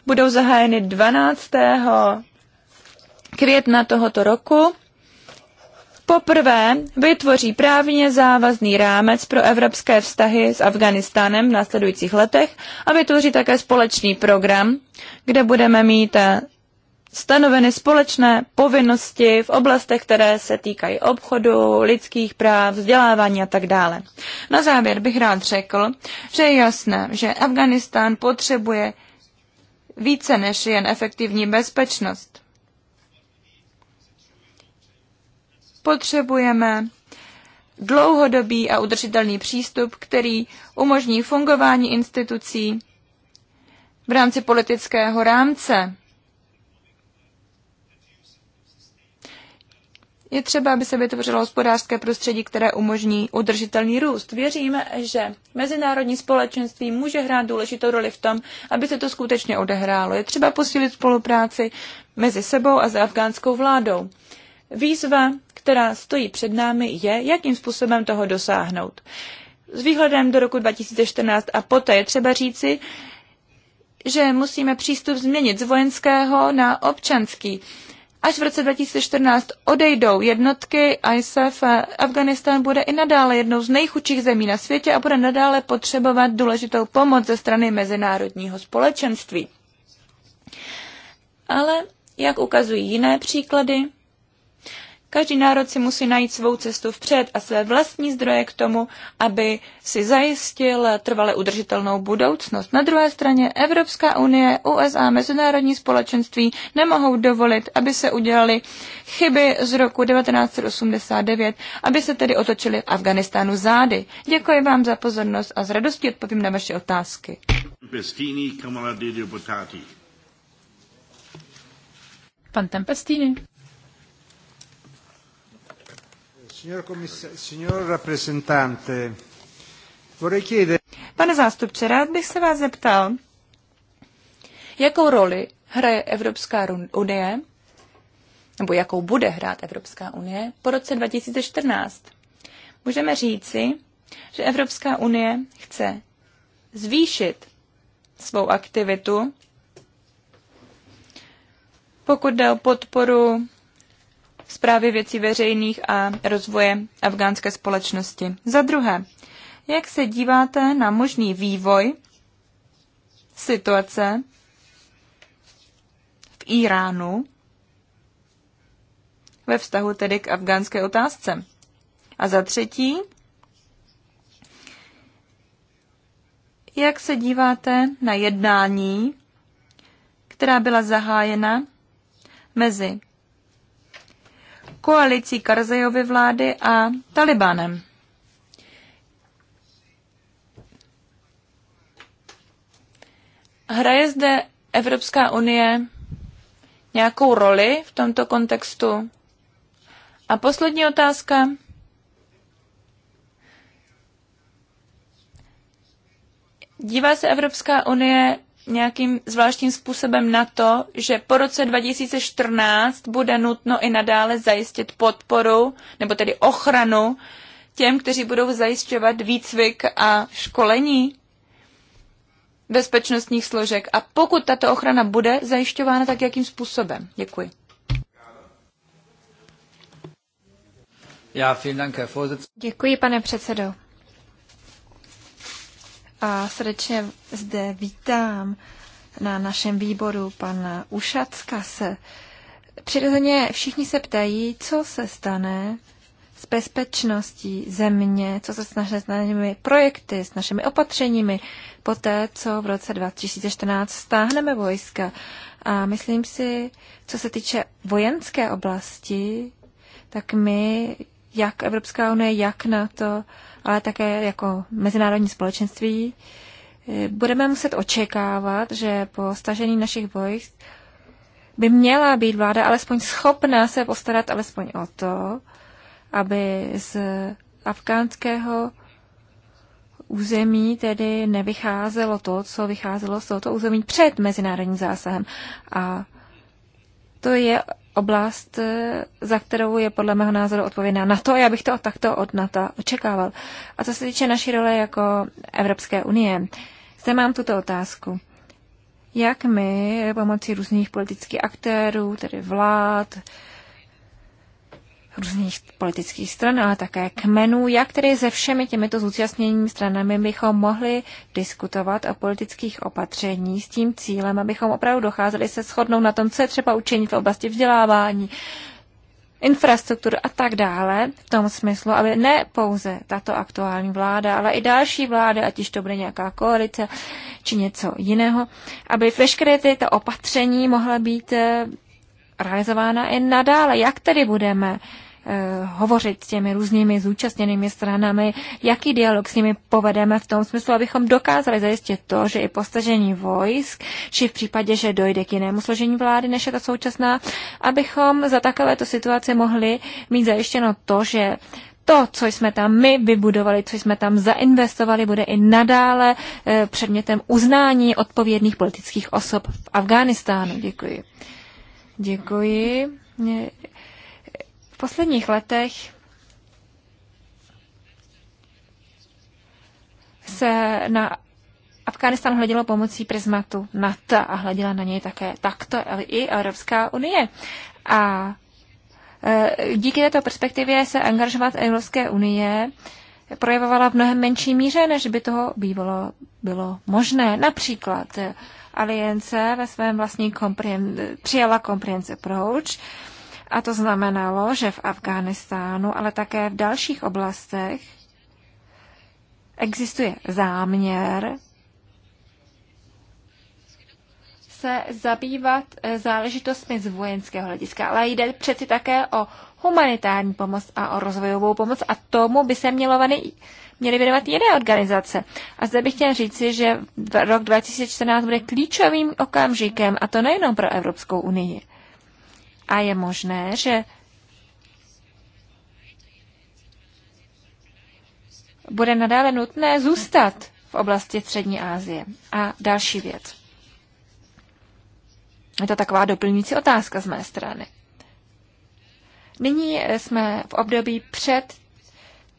budou zahájeny 12. května tohoto roku. Poprvé vytvoří právně závazný rámec pro evropské vztahy s Afganistánem v následujících letech a vytvoří také společný program, kde budeme mít stanoveny společné povinnosti v oblastech, které se týkají obchodu, lidských práv, vzdělávání a tak dále. Na závěr bych rád řekl, že je jasné, že Afganistán potřebuje více než jen efektivní bezpečnost. Potřebujeme dlouhodobý a udržitelný přístup, který umožní fungování institucí v rámci politického rámce Je třeba, aby se vytvořilo hospodářské prostředí, které umožní udržitelný růst. Věříme, že mezinárodní společenství může hrát důležitou roli v tom, aby se to skutečně odehrálo. Je třeba posílit spolupráci mezi sebou a s afgánskou vládou. Výzva, která stojí před námi, je, jakým způsobem toho dosáhnout. S výhledem do roku 2014 a poté je třeba říci, že musíme přístup změnit z vojenského na občanský. Až v roce 2014 odejdou jednotky ISAF, eh, Afganistán bude i nadále jednou z nejchudších zemí na světě a bude nadále potřebovat důležitou pomoc ze strany mezinárodního společenství. Ale, jak ukazují jiné příklady, Každý národ si musí najít svou cestu vpřed a své vlastní zdroje k tomu, aby si zajistil trvale udržitelnou budoucnost. Na druhé straně Evropská unie, USA, mezinárodní společenství nemohou dovolit, aby se udělali chyby z roku 1989, aby se tedy otočili Afganistánu zády. Děkuji vám za pozornost a s radostí odpovím na vaše otázky. Pan Tempestini. Pane zástupče, rád bych se vás zeptal, jakou roli hraje Evropská unie, nebo jakou bude hrát Evropská unie po roce 2014. Můžeme říci, že Evropská unie chce zvýšit svou aktivitu, pokud jde o podporu zprávy věcí veřejných a rozvoje afgánské společnosti. Za druhé, jak se díváte na možný vývoj situace v Iránu ve vztahu tedy k afgánské otázce? A za třetí, jak se díváte na jednání, která byla zahájena mezi koalicí Karzajovy vlády a Talibanem. Hraje zde Evropská unie nějakou roli v tomto kontextu? A poslední otázka. Dívá se Evropská unie nějakým zvláštním způsobem na to, že po roce 2014 bude nutno i nadále zajistit podporu, nebo tedy ochranu těm, kteří budou zajišťovat výcvik a školení bezpečnostních složek. A pokud tato ochrana bude zajišťována, tak jakým způsobem? Děkuji. Děkuji, pane předsedo a srdečně zde vítám na našem výboru pana Ušacka se. Přirozeně všichni se ptají, co se stane s bezpečností země, co se snaží s našimi projekty, s našimi opatřeními, po té, co v roce 2014 stáhneme vojska. A myslím si, co se týče vojenské oblasti, tak my jak Evropská unie, jak na to, ale také jako mezinárodní společenství, eh, budeme muset očekávat, že po stažení našich vojsk by měla být vláda alespoň schopná se postarat alespoň o to, aby z afgánského území tedy nevycházelo to, co vycházelo z tohoto území před mezinárodním zásahem. A to je oblast, eh, za kterou je podle mého názoru odpovědná na to Já bych to takto od NATO očekával. A co se týče naší role jako Evropské unie, zde mám tuto otázku. Jak my pomocí různých politických aktérů, tedy vlád, různých politických stran, ale také kmenů, jak tedy se všemi těmito zúčastněnými stranami bychom mohli diskutovat o politických opatření s tím cílem, abychom opravdu docházeli se shodnout na tom, co je třeba učení v oblasti vzdělávání, infrastruktury a tak dále, v tom smyslu, aby ne pouze tato aktuální vláda, ale i další vláda, ať již to bude nějaká koalice či něco jiného, aby veškeré tyto opatření mohla být eh, realizována i nadále. Jak tedy budeme eh, hovořit s těmi různými zúčastněnými stranami, jaký dialog s nimi povedeme v tom smyslu, abychom dokázali zajistit to, že i postažení vojsk, či v případě, že dojde k jinému složení vlády, než je ta současná, abychom za takovéto situace mohli mít zajištěno to, že to, co jsme tam my vybudovali, co jsme tam zainvestovali, bude i nadále eh, předmětem uznání odpovědných politických osob v Afghánistánu. Děkuji. Děkuji. V posledních letech se na Afghánistán hledělo pomocí prismatu NATO a hleděla na něj také takto, ale i Evropská unie. A e, díky této perspektivě se angažovat Evropské unie projevovala v mnohem menší míře, než by toho bývalo bylo možné. Například aliance ve svém vlastní komprehen- přijala comprehensive approach, a to znamenalo, že v Afghánistánu, ale také v dalších oblastech existuje záměr se zabývat eh, záležitostmi z vojenského hlediska, ale jde přeci také o humanitární pomoc a o rozvojovou pomoc a tomu by se mělo měly vydávat jiné organizace. A zde bych chtěla říci, že rok 2014 bude klíčovým okamžikem, a to nejenom pro Evropskou unii. A je možné, že bude nadále nutné zůstat v oblasti Střední Asie. A další věc. Je to taková doplňující otázka z mé strany. Nyní jsme v období před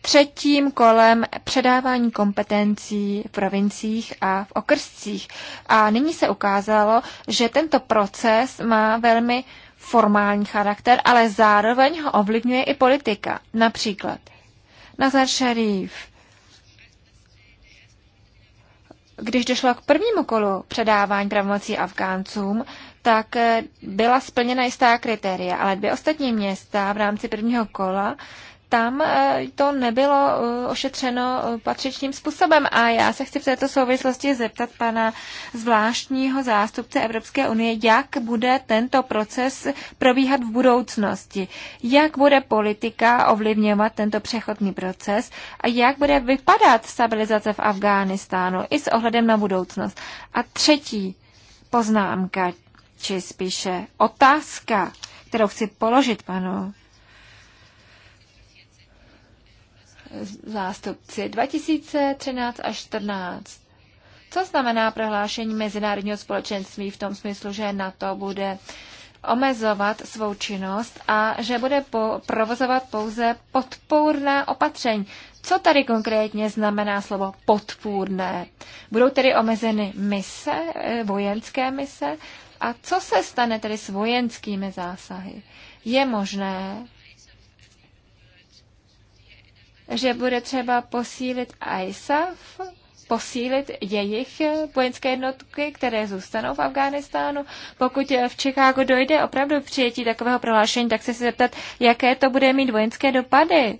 třetím kolem předávání kompetencí v provinciích a v okrscích. A nyní se ukázalo, že tento proces má velmi formální charakter, ale zároveň ho ovlivňuje i politika. Například Nazar šerif. když došlo k prvnímu kolu předávání pravomocí Afgáncům, tak eh, byla splněna jistá kritéria, ale dvě ostatní města v rámci prvního kola tam eh, to nebylo eh, ošetřeno eh, patřičným způsobem. A já se chci v této souvislosti zeptat pana zvláštního zástupce Evropské unie, jak bude tento proces probíhat v budoucnosti. Jak bude politika ovlivňovat tento přechodný proces a jak bude vypadat stabilizace v Afghánistánu i s ohledem na budoucnost. A třetí poznámka, či spíše otázka, kterou chci položit panu zástupci 2013 až 14. Co znamená prohlášení mezinárodního společenství v tom smyslu, že NATO bude omezovat svou činnost a že bude po- provozovat pouze podpůrné opatření. Co tady konkrétně znamená slovo podpůrné? Budou tedy omezeny mise, eh, vojenské mise? A co se stane tedy s vojenskými zásahy? Je možné, že bude třeba posílit ISAF, posílit jejich vojenské jednotky, které zůstanou v Afghánistánu. Pokud v Čechách dojde opravdu přijetí takového prohlášení, tak se zeptat, jaké to bude mít vojenské dopady.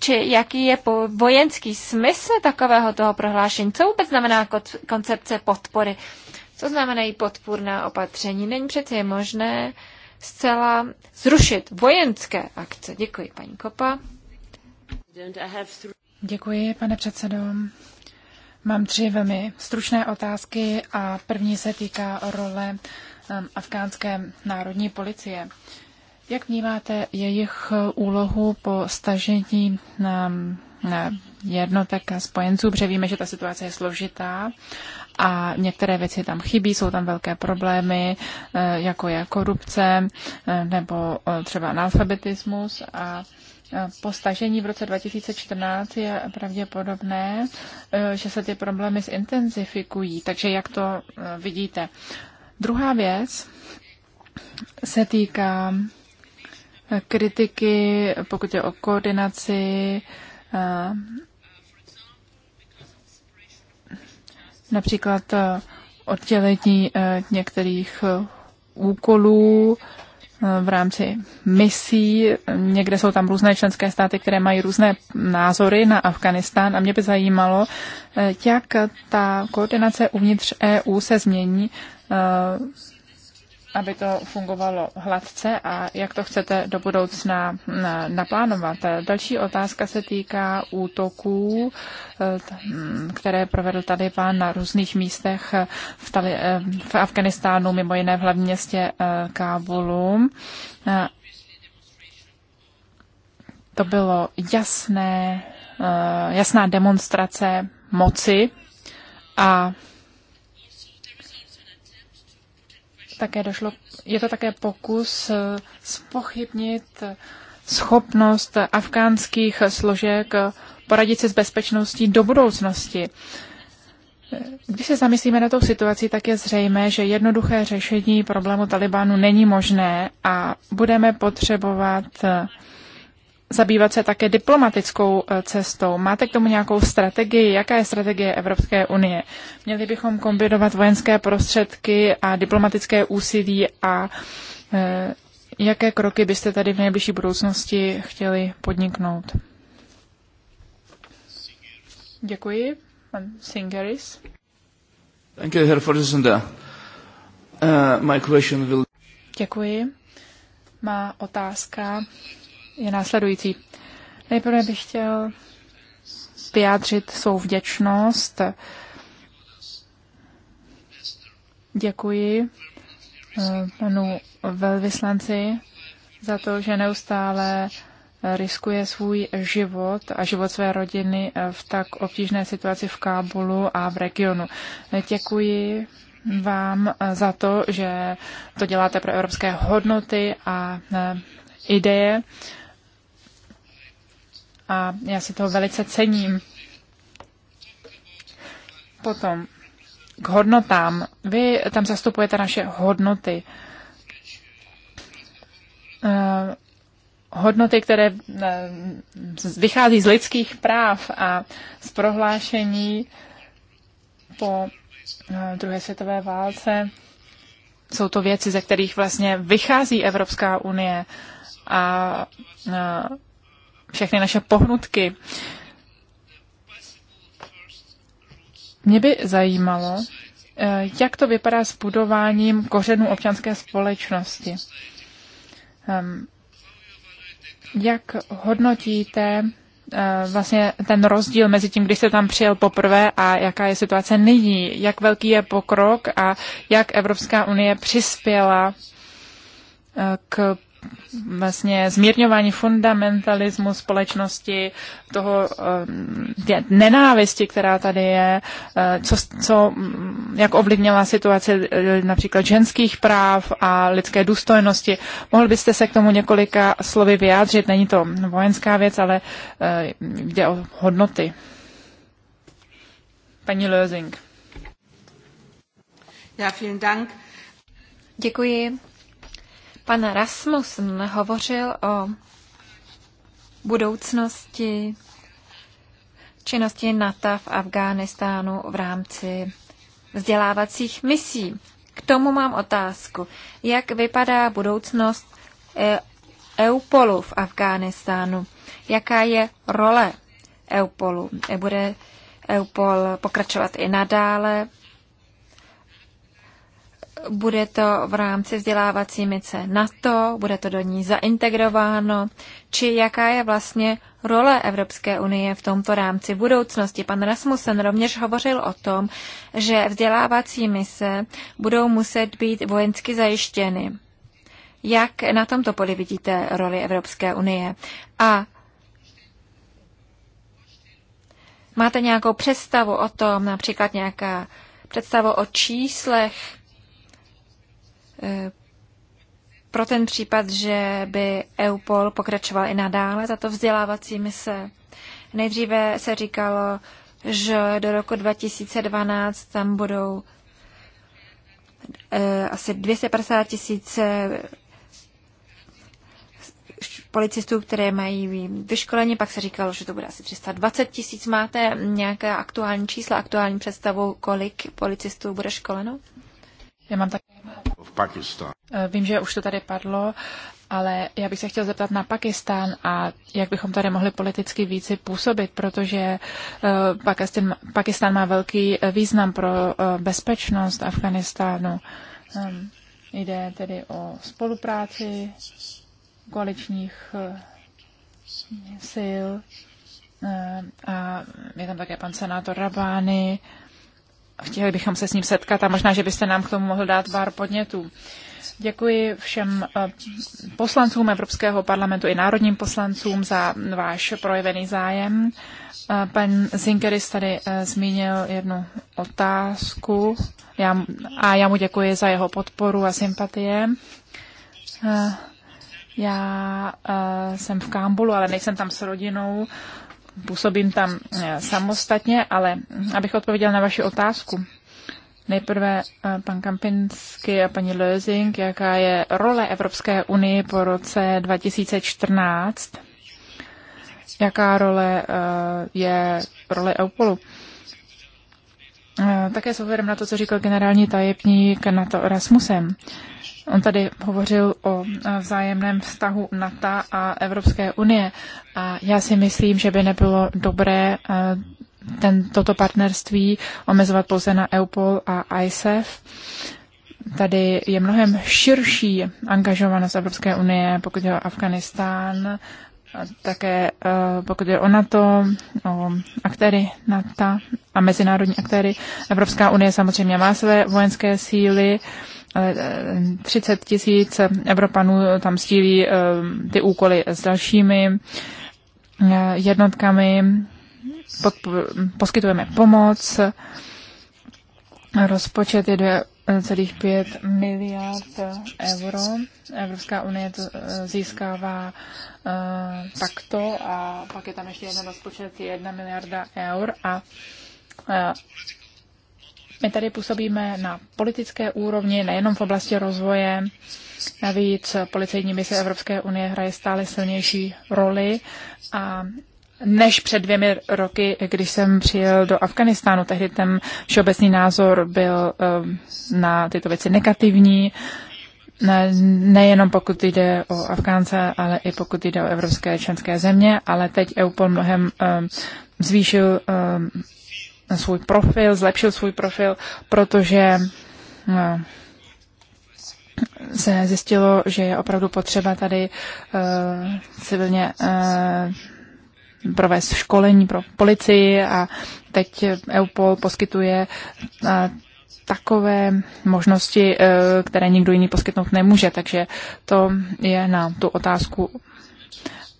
Či jaký je vojenský smysl takového toho prohlášení? Co vůbec znamená koncepce podpory? Co znamenají podpůrná opatření? Není přece možné zcela zrušit vojenské akce. Děkuji, paní Kopa. Děkuji, pane předsedo. Mám tři velmi stručné otázky a první se týká role um, afgánské národní policie. Jak vnímáte jejich úlohu po stažení na, um, na jednotek a spojenců, protože víme, že ta situace je složitá a některé věci tam chybí, jsou tam velké problémy, eh, jako je korupce eh, nebo eh, třeba analfabetismus a po stažení v roce 2014 je pravděpodobné, eh, že se ty problémy zintenzifikují. Takže jak to eh, vidíte? Druhá věc se týká eh, kritiky, pokud je o koordinaci, například oddělení některých úkolů, v rámci misí. Někde jsou tam různé členské státy, které mají různé názory na Afganistán a mě by zajímalo, eh, jak ta koordinace uvnitř EU se změní eh, aby to fungovalo hladce a jak to chcete do budoucna eh, naplánovat. Další otázka se týká útoků, eh, které provedl Taliban na různých místech eh, v, Tali- v Afganistánu, mimo jiné v hlavním městě Kábulu. To bylo jasné, jasná demonstrace moci a také došlo, je to také pokus spochybnit eh, eh, schopnost afgánských složek eh, poradit se s bezpečností do budoucnosti. Když se zamyslíme na tou situaci, tak je zřejmé, že jednoduché řešení problému Talibánu není možné a budeme potřebovat zabývat se také diplomatickou eh, cestou. Máte k tomu nějakou strategii? Jaká je strategie Evropské unie? Měli bychom kombinovat vojenské prostředky a diplomatické úsilí a eh, jaké kroky byste tady v nejbližší budoucnosti chtěli podniknout? Děkuji. Pan Singeris. Danke, Herr Vorsitzender. Uh, my question will... Děkuji. Má otázka je následující. Nejprve bych chtěl vyjádřit svou vděčnost. Děkuji eh, panu velvyslanci za to, že neustále eh, riskuje svůj život a život své rodiny eh, v tak obtížné situaci v Kábulu a v regionu. Děkuji vám za to, že to děláte pro evropské hodnoty a ideje a já si toho velice cením. Potom k hodnotám. Vy tam zastupujete naše hodnoty. Eh, hodnoty, které eh, vychází z lidských práv a z prohlášení po eh, druhé světové válce. Jsou to věci, ze kterých vlastně vychází Evropská unie a všechny naše pohnutky. Mě by zajímalo, eh, jak to vypadá s budováním kořenů občanské společnosti. Ehm, jak hodnotíte eh, vlastně ten rozdíl mezi tím, když jste tam přijel poprvé a jaká je situace nyní, jak velký je pokrok a jak Evropská unie přispěla eh, k vlastně zmírňování fundamentalismu společnosti, toho eh, tě, nenávisti, která tady je, eh, co, co, mm, jak ovlivnila situaci eh, například ženských práv a lidské důstojnosti. Mohl byste se k tomu několika slovy vyjádřit? Není to vojenská věc, ale jde o hodnoty. Paní Lösing. Ja, vielen Dank. Děkuji. Pan Rasmussen hovořil o budoucnosti činnosti NATO v Afghánistánu v rámci vzdělávacích misí. K tomu mám otázku. Jak vypadá budoucnost e, EUPOLu v Afghánistánu? Jaká je role EUPOLu? Bude EUPOL pokračovat i nadále bude to v rámci vzdělávací mice NATO, bude to do ní zaintegrováno, či jaká je vlastně role Evropské unie v tomto rámci budoucnosti. Pan Rasmussen rovněž hovořil o tom, že vzdělávací mise budou muset být vojensky zajištěny. Jak na tomto poli vidíte roli Evropské unie? A máte nějakou představu o tom, například nějaká představu o číslech, Eh, pro ten případ, že by EUPOL pokračoval i nadále, tato vzdělávací mise. Nejdříve se říkalo, že do roku 2012 tam budou eh, asi 250 tisíc eh, policistů, které mají vyškolení, pak se říkalo, že to bude asi 320 tisíc. Máte nějaké aktuální čísla, aktuální představu, kolik policistů bude školeno? Já mám tak Eh, vím, že už to tady padlo, ale já bych se chtěl zeptat na Pakistán a jak bychom tady mohli politicky více působit, protože eh, Pakistán, Pakistán má velký eh, význam pro bezpečnost Afganistánu. Ehm, jde tedy o spolupráci koaličních sil a je tam také pan senátor Rabány, chtěli bychom se s ním setkat a možná, že byste nám k tomu mohl dát pár podnětů. Děkuji všem eh, poslancům Evropského parlamentu i národním poslancům za váš projevený zájem. Eh, pan Zinkeris tady eh, zmínil jednu otázku já, a já mu děkuji za jeho podporu a sympatie. Já jsem v Kámbulu, ale nejsem tam s rodinou působím tam eh, samostatně, ale abych odpověděl na vaši otázku. Nejprve eh, pan Kampinsky a paní Lözing, jaká je role Evropské unie po roce 2014, jaká role eh, je role EUPOLu. Také souhledem na to, co říkal generální tajemník to Rasmusem. On tady hovořil o e, vzájemném vztahu NATO a Evropské unie a já si myslím, že by nebylo dobré e, ten, toto partnerství omezovat pouze na EUPOL a ISEF. Tady je mnohem širší angažovanost Evropské unie, pokud je o Afganistán, také e, pokud je o NATO, o aktéry NATO a mezinárodní aktéry. Evropská unie samozřejmě má své vojenské síly, 30 eh, tisíc Evropanů tam sdílí eh, ty úkoly s dalšími eh, jednotkami, poskytujeme pomoc, rozpočet je 2,5 miliard euro. Evropská unie to získává takto a pak je tam ještě jeden rozpočet 1 miliarda eur a my tady působíme na politické úrovni, nejenom v oblasti rozvoje. Navíc policejní mise Evropské unie hraje stále silnější roli a než před dvěmi roky, když jsem přijel do Afganistánu. Tehdy ten všeobecný názor byl ehm, na tyto věci negativní, nejenom pokud jde o Afgánce, ale i pokud jde o evropské členské země, ale teď EUPOL mnohem ehm, zvýšil ehm, svůj profil, zlepšil svůj profil, protože no, se zjistilo, že je opravdu potřeba tady uh, civilně uh, provést školení pro policii a teď EUPOL poskytuje uh, takové možnosti, uh, které nikdo jiný poskytnout nemůže. Takže to je na tu otázku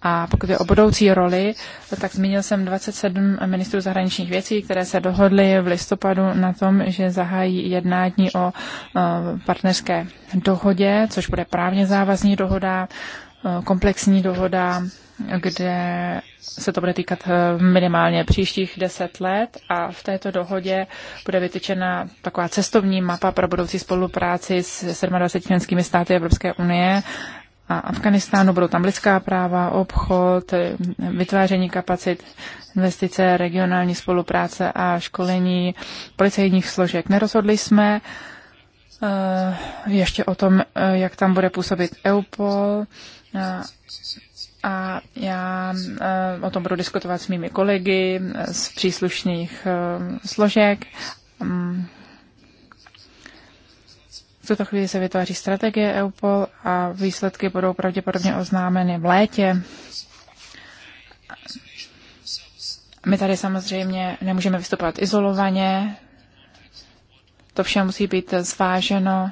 a pokud je o budoucí roli, tak zmínil jsem 27 ministrů zahraničních věcí, které se dohodly v listopadu na tom, že zahájí jednání o e, partnerské dohodě, což bude právně závazní dohoda, e, komplexní dohoda, kde se to bude týkat e, minimálně příštích deset let a v této dohodě bude vytyčena taková cestovní mapa pro budoucí spolupráci s 27 členskými státy Evropské unie a Afganistánu. Budou tam lidská práva, obchod, vytváření kapacit, investice, regionální spolupráce a školení policejních složek. Nerozhodli jsme eh, ještě o tom, eh, jak tam bude působit EUPOL. Eh, a já o tom budu diskutovat s mými kolegy z příslušných složek mm, v tuto chvíli se vytváří strategie EUPOL a výsledky budou pravděpodobně oznámeny v létě. My tady samozřejmě nemůžeme vystupovat izolovaně, to vše musí být zváženo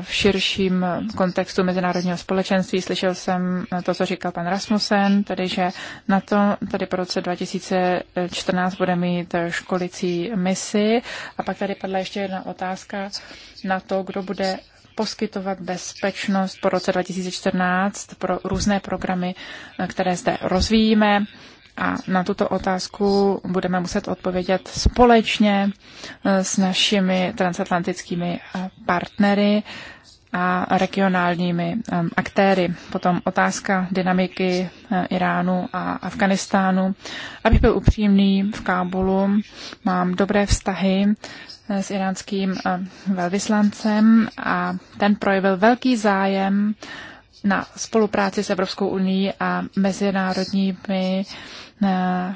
v širším kontextu mezinárodního společenství. Slyšel jsem to, co říkal pan Rasmussen, tedy že na to tady po roce 2014 bude mít školicí misi. A pak tady padla ještě jedna otázka na to, kdo bude poskytovat bezpečnost po roce 2014 pro různé programy, které zde rozvíjíme. A na tuto otázku budeme muset odpovědět společně eh, s našimi transatlantickými eh, partnery a regionálními eh, aktéry. Potom otázka dynamiky Iránu a Afganistánu. Abych byl upřímný, v Kábulu mám dobré vztahy s iránským velvyslancem a ten projevil velký zájem na spolupráci s Evropskou unii a mezinárodními Eh,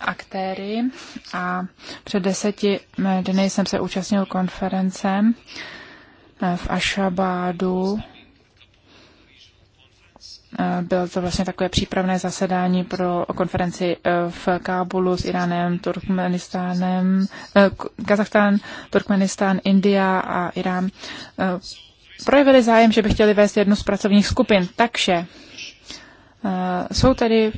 aktéry a před deseti eh, dny jsem se účastnil konference eh, v Ašabádu. Bylo to vlastně takové přípravné zasedání pro konferenci v Kábulu s Iránem, Turkmenistánem, Kazachstán, Turkmenistán, India a Irán. Projevili zájem, že by chtěli vést jednu z pracovních skupin, takže jsou tedy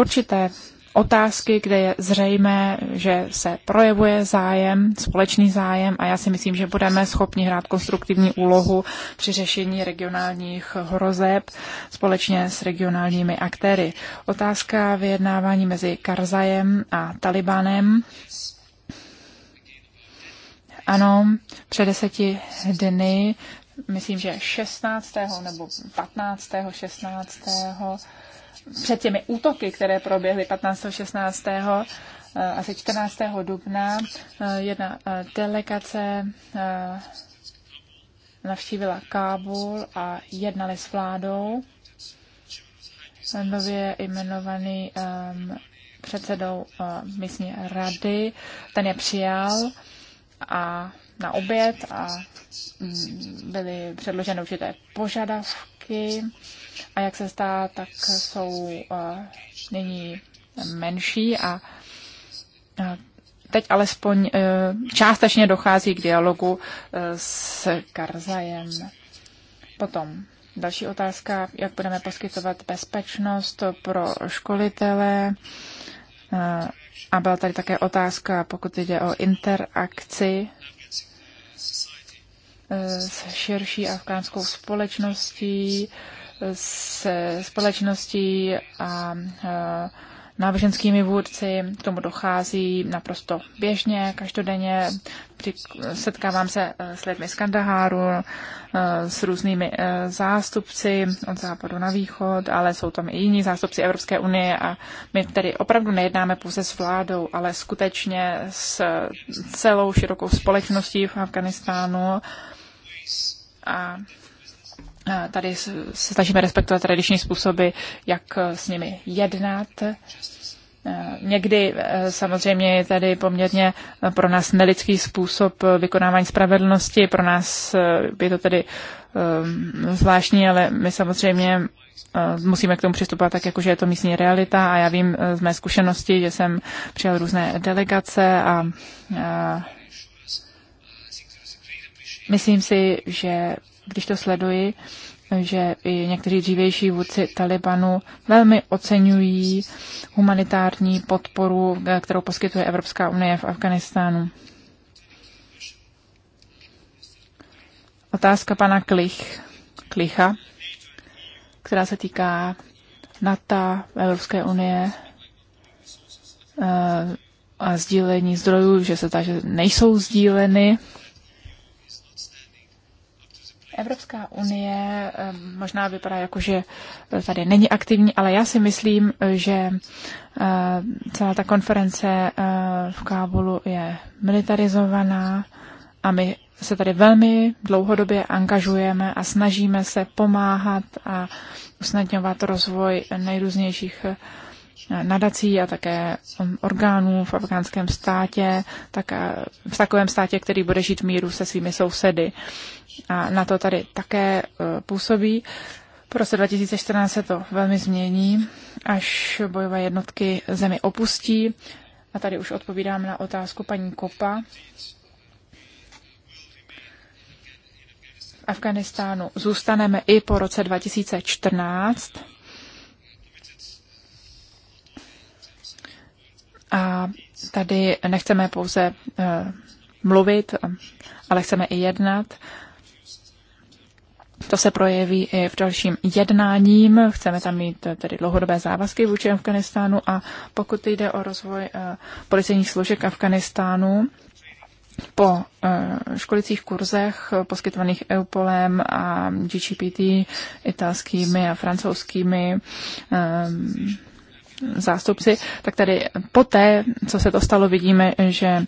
určité otázky, kde je zřejmé, že se projevuje zájem, společný zájem a já si myslím, že budeme schopni hrát konstruktivní úlohu při řešení regionálních hrozeb společně s regionálními aktéry. Otázka vyjednávání mezi Karzajem a Talibanem. Ano, před deseti dny, myslím, že 16. nebo 15. 16 před těmi útoky, které proběhly 15. 16. Eh, asi 14. dubna, eh, jedna eh, delegace navštívila Kábul a jednali s vládou. Nově jmenovaný um, předsedou um, místní rady, ten je přijal a na oběd a mm, byly předloženy určité požadavky a jak se zdá, tak jsou eh, nyní menší a eh, teď alespoň eh, částečně dochází k dialogu s Karzajem. Potom další otázka, jak budeme poskytovat bezpečnost pro školitele. A byla tady také otázka, pokud jde o interakci s širší afgánskou společností, se společností a náboženskými vůdci. K tomu dochází naprosto běžně, každodenně. Setkávám se e, s lidmi z Kandaháru, e, s různými e, zástupci od západu na východ, ale jsou tam i jiní zástupci Evropské unie a my tedy opravdu nejednáme pouze s vládou, ale skutečně s celou širokou společností v Afganistánu. A tady se snažíme respektovat tradiční způsoby, jak eh, s nimi jednat. Eh, někdy eh, samozřejmě je tady poměrně pro nás nelidský způsob vykonávání spravedlnosti, pro nás je to tedy ehm, zvláštní, ale my samozřejmě musíme k tomu přistupovat tak, jako že je to místní realita a já vím z mé zkušenosti, že jsem přijal různé delegace a, a myslím si, že když to sleduji, že i někteří dřívější vůdci Talibanu velmi oceňují humanitární podporu, kterou poskytuje Evropská unie v Afganistánu. Otázka pana Klich, Klicha, která se týká NATO, Evropské unie eh, a sdílení zdrojů, že se tady nejsou sdíleny Evropská unie eh, možná vypadá jako, že tady není aktivní, ale já si myslím, že eh, celá ta konference eh, v Kábulu je militarizovaná a my se tady velmi dlouhodobě angažujeme a snažíme se pomáhat a usnadňovat rozvoj nejrůznějších nadací a také um, orgánů v afgánském státě, tak eh, v takovém státě, který bude žít v míru se svými sousedy. A na to tady také eh, působí. V roce 2014 se to velmi změní, až bojové jednotky zemi opustí. A tady už odpovídám na otázku paní Kopa. V Afganistánu zůstaneme i po roce 2014 A tady nechceme pouze eh, mluvit, ale chceme i jednat. To se projeví i v dalším jednáním. Chceme tam mít eh, tedy dlouhodobé závazky vůči Afganistánu a pokud jde o rozvoj eh, policejních složek Afganistánu, po školicích kurzech poskytovaných EUPOLem a GGPT italskými a francouzskými zástupci, tak tady poté, co se to stalo, vidíme, že eh,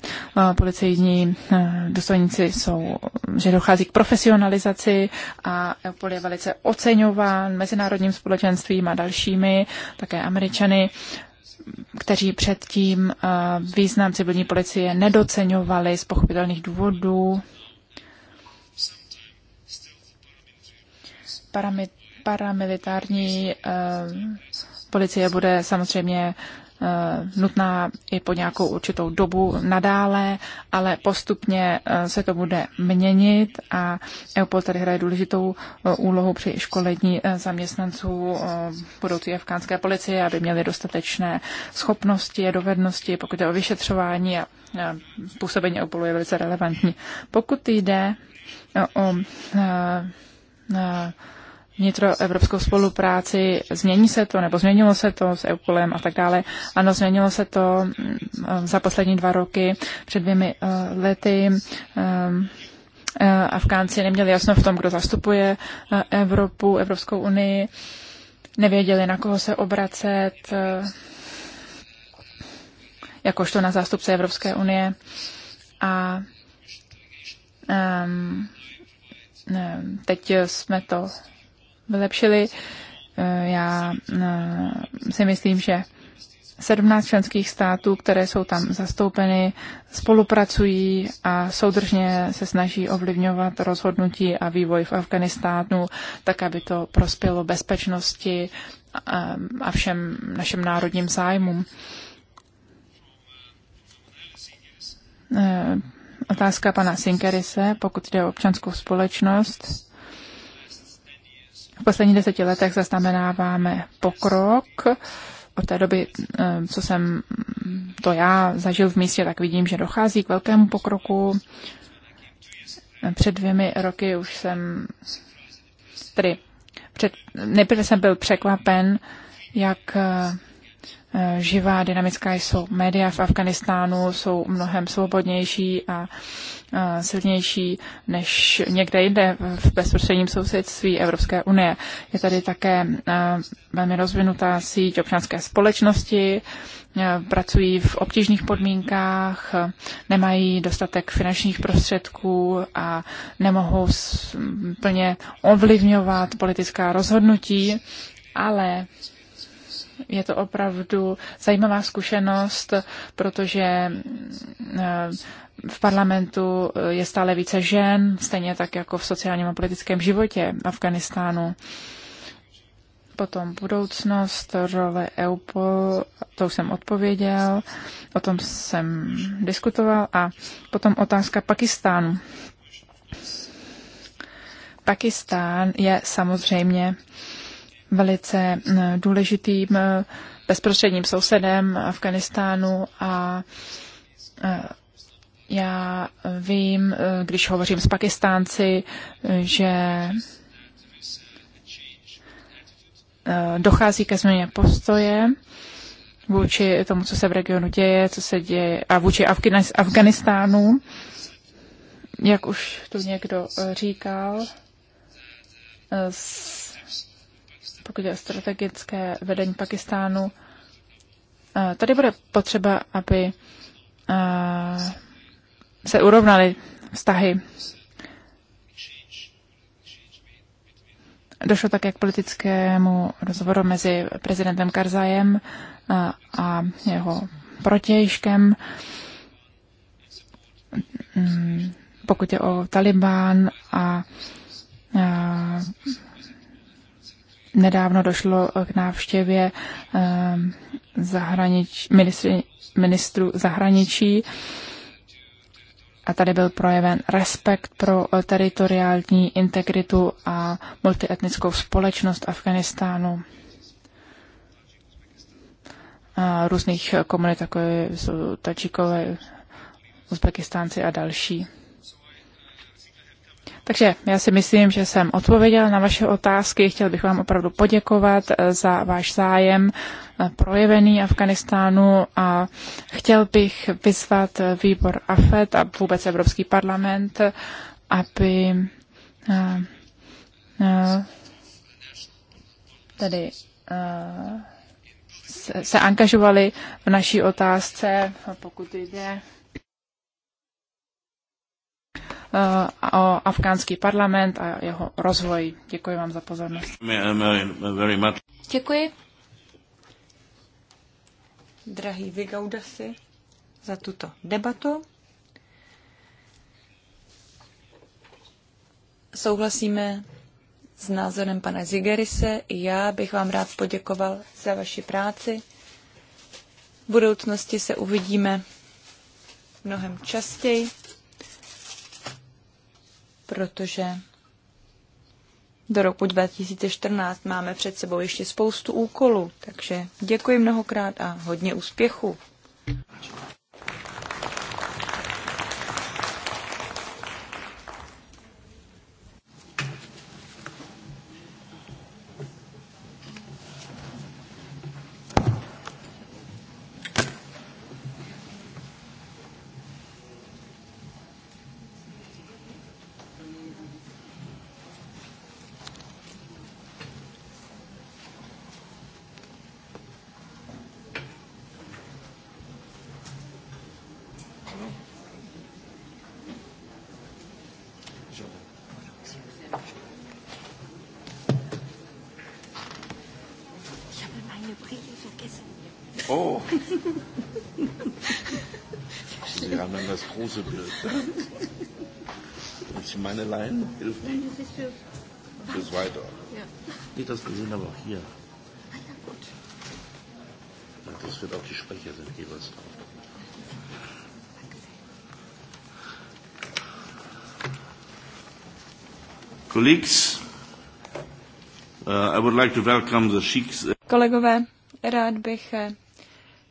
policejní eh, důstojníci jsou, že dochází k profesionalizaci a Eupol je velice oceňován mezinárodním společenstvím a dalšími, také američany kteří předtím eh, význam civilní policie nedoceňovali z pochopitelných důvodů. Parami, paramilitární Policie bude samozřejmě eh, nutná i po nějakou určitou dobu nadále, ale postupně eh, se to bude měnit a EUPOL tady hraje důležitou eh, úlohu při školení zaměstnanců budoucí afgánské policie, aby měli dostatečné schopnosti a dovednosti, pokud jde o vyšetřování a působení EUPOLu je velice relevantní. Pokud jde o vnitroevropskou spolupráci. Změní se to, nebo změnilo se to s EUPOLem a tak dále. Ano, změnilo se to mm, eh, za poslední dva roky. Před dvěmi eh, lety ehm, eh, Afgánci neměli jasno v tom, kdo zastupuje Evropu, Evropskou unii, nevěděli, na koho se obracet, jakožto na zástupce Evropské unie. A um, teď jsme to vylepšili. Eh, já eh, si myslím, že 17 členských států, které jsou tam zastoupeny, spolupracují a soudržně se snaží ovlivňovat rozhodnutí a vývoj v Afganistánu, tak aby to prospělo bezpečnosti eh, a všem našem národním zájmům. Otázka pana Sinkerise, pokud jde o občanskou společnost. V posledních deseti letech zaznamenáváme pokrok. Od té doby, eh, co jsem to já zažil v místě, tak vidím, že dochází k velkému pokroku. Před dvěmi roky už jsem, tedy před, nejprve jsem byl překvapen, jak eh, Eh, živá, dynamická jsou média v Afganistánu, jsou mnohem svobodnější a eh, silnější než někde jinde v bezprostředním sousedství Evropské unie. Je tady také eh, velmi rozvinutá síť občanské společnosti, pracují v obtížných podmínkách, nemají dostatek finančních prostředků a nemohou plně ovlivňovat politická rozhodnutí, ale je to opravdu zajímavá zkušenost, protože eh, v parlamentu eh, je stále více žen, stejně tak jako v sociálním a politickém životě Afganistánu. Potom budoucnost, role EUPOL, to už jsem odpověděl, o tom jsem diskutoval. A potom otázka Pakistánu. Pakistán je samozřejmě velice důležitým bezprostředním sousedem Afganistánu a e, já vím, e, když hovořím s Pakistánci, e, že dochází ke změně postoje vůči tomu, co se v regionu děje, co se děje a vůči Afganistánu, jak už tu někdo říkal, s pokud je strategické vedení Pakistánu. Eh, tady bude potřeba, aby eh, se urovnaly vztahy. Došlo také k politickému rozhovoru mezi prezidentem Karzajem eh, a jeho protějškem mm, pokud je o Taliban a, a nedávno došlo k návštěvě ehm, zahranič, ministr, ministru zahraničí a tady byl projeven respekt pro eh, teritoriální integritu a multietnickou společnost Afganistánu. A různých komunit, jako jsou Tačikové, Uzbekistánci a další. Takže já si myslím, že jsem odpověděla na vaše otázky. Chtěl bych vám opravdu poděkovat eh, za váš zájem eh, projevený Afganistánu a chtěl bych vyzvat eh, výbor AFET a vůbec Evropský parlament, aby tedy se angažovali v naší otázce, pokud jde Eh, o afgánský parlament a jeho rozvoj. Děkuji vám za pozornost. Děkuji. Drahý Vygaudasi za tuto debatu. Souhlasíme s názorem pana Zigerise. Já bych vám rád poděkoval za vaši práci. V budoucnosti se uvidíme mnohem častěji protože do roku 2014 máme před sebou ještě spoustu úkolů, takže děkuji mnohokrát a hodně úspěchu. Hilfe. Wenn das ist weiter. Ja. Nee, das gesehen, aber auch hier. Ah, ja, gut. Ja, das wird auch die Sprecher sind jeweils drauf. Colleagues, uh, I would like to welcome the sheiks. Uh, Kolegové, rád bych eh,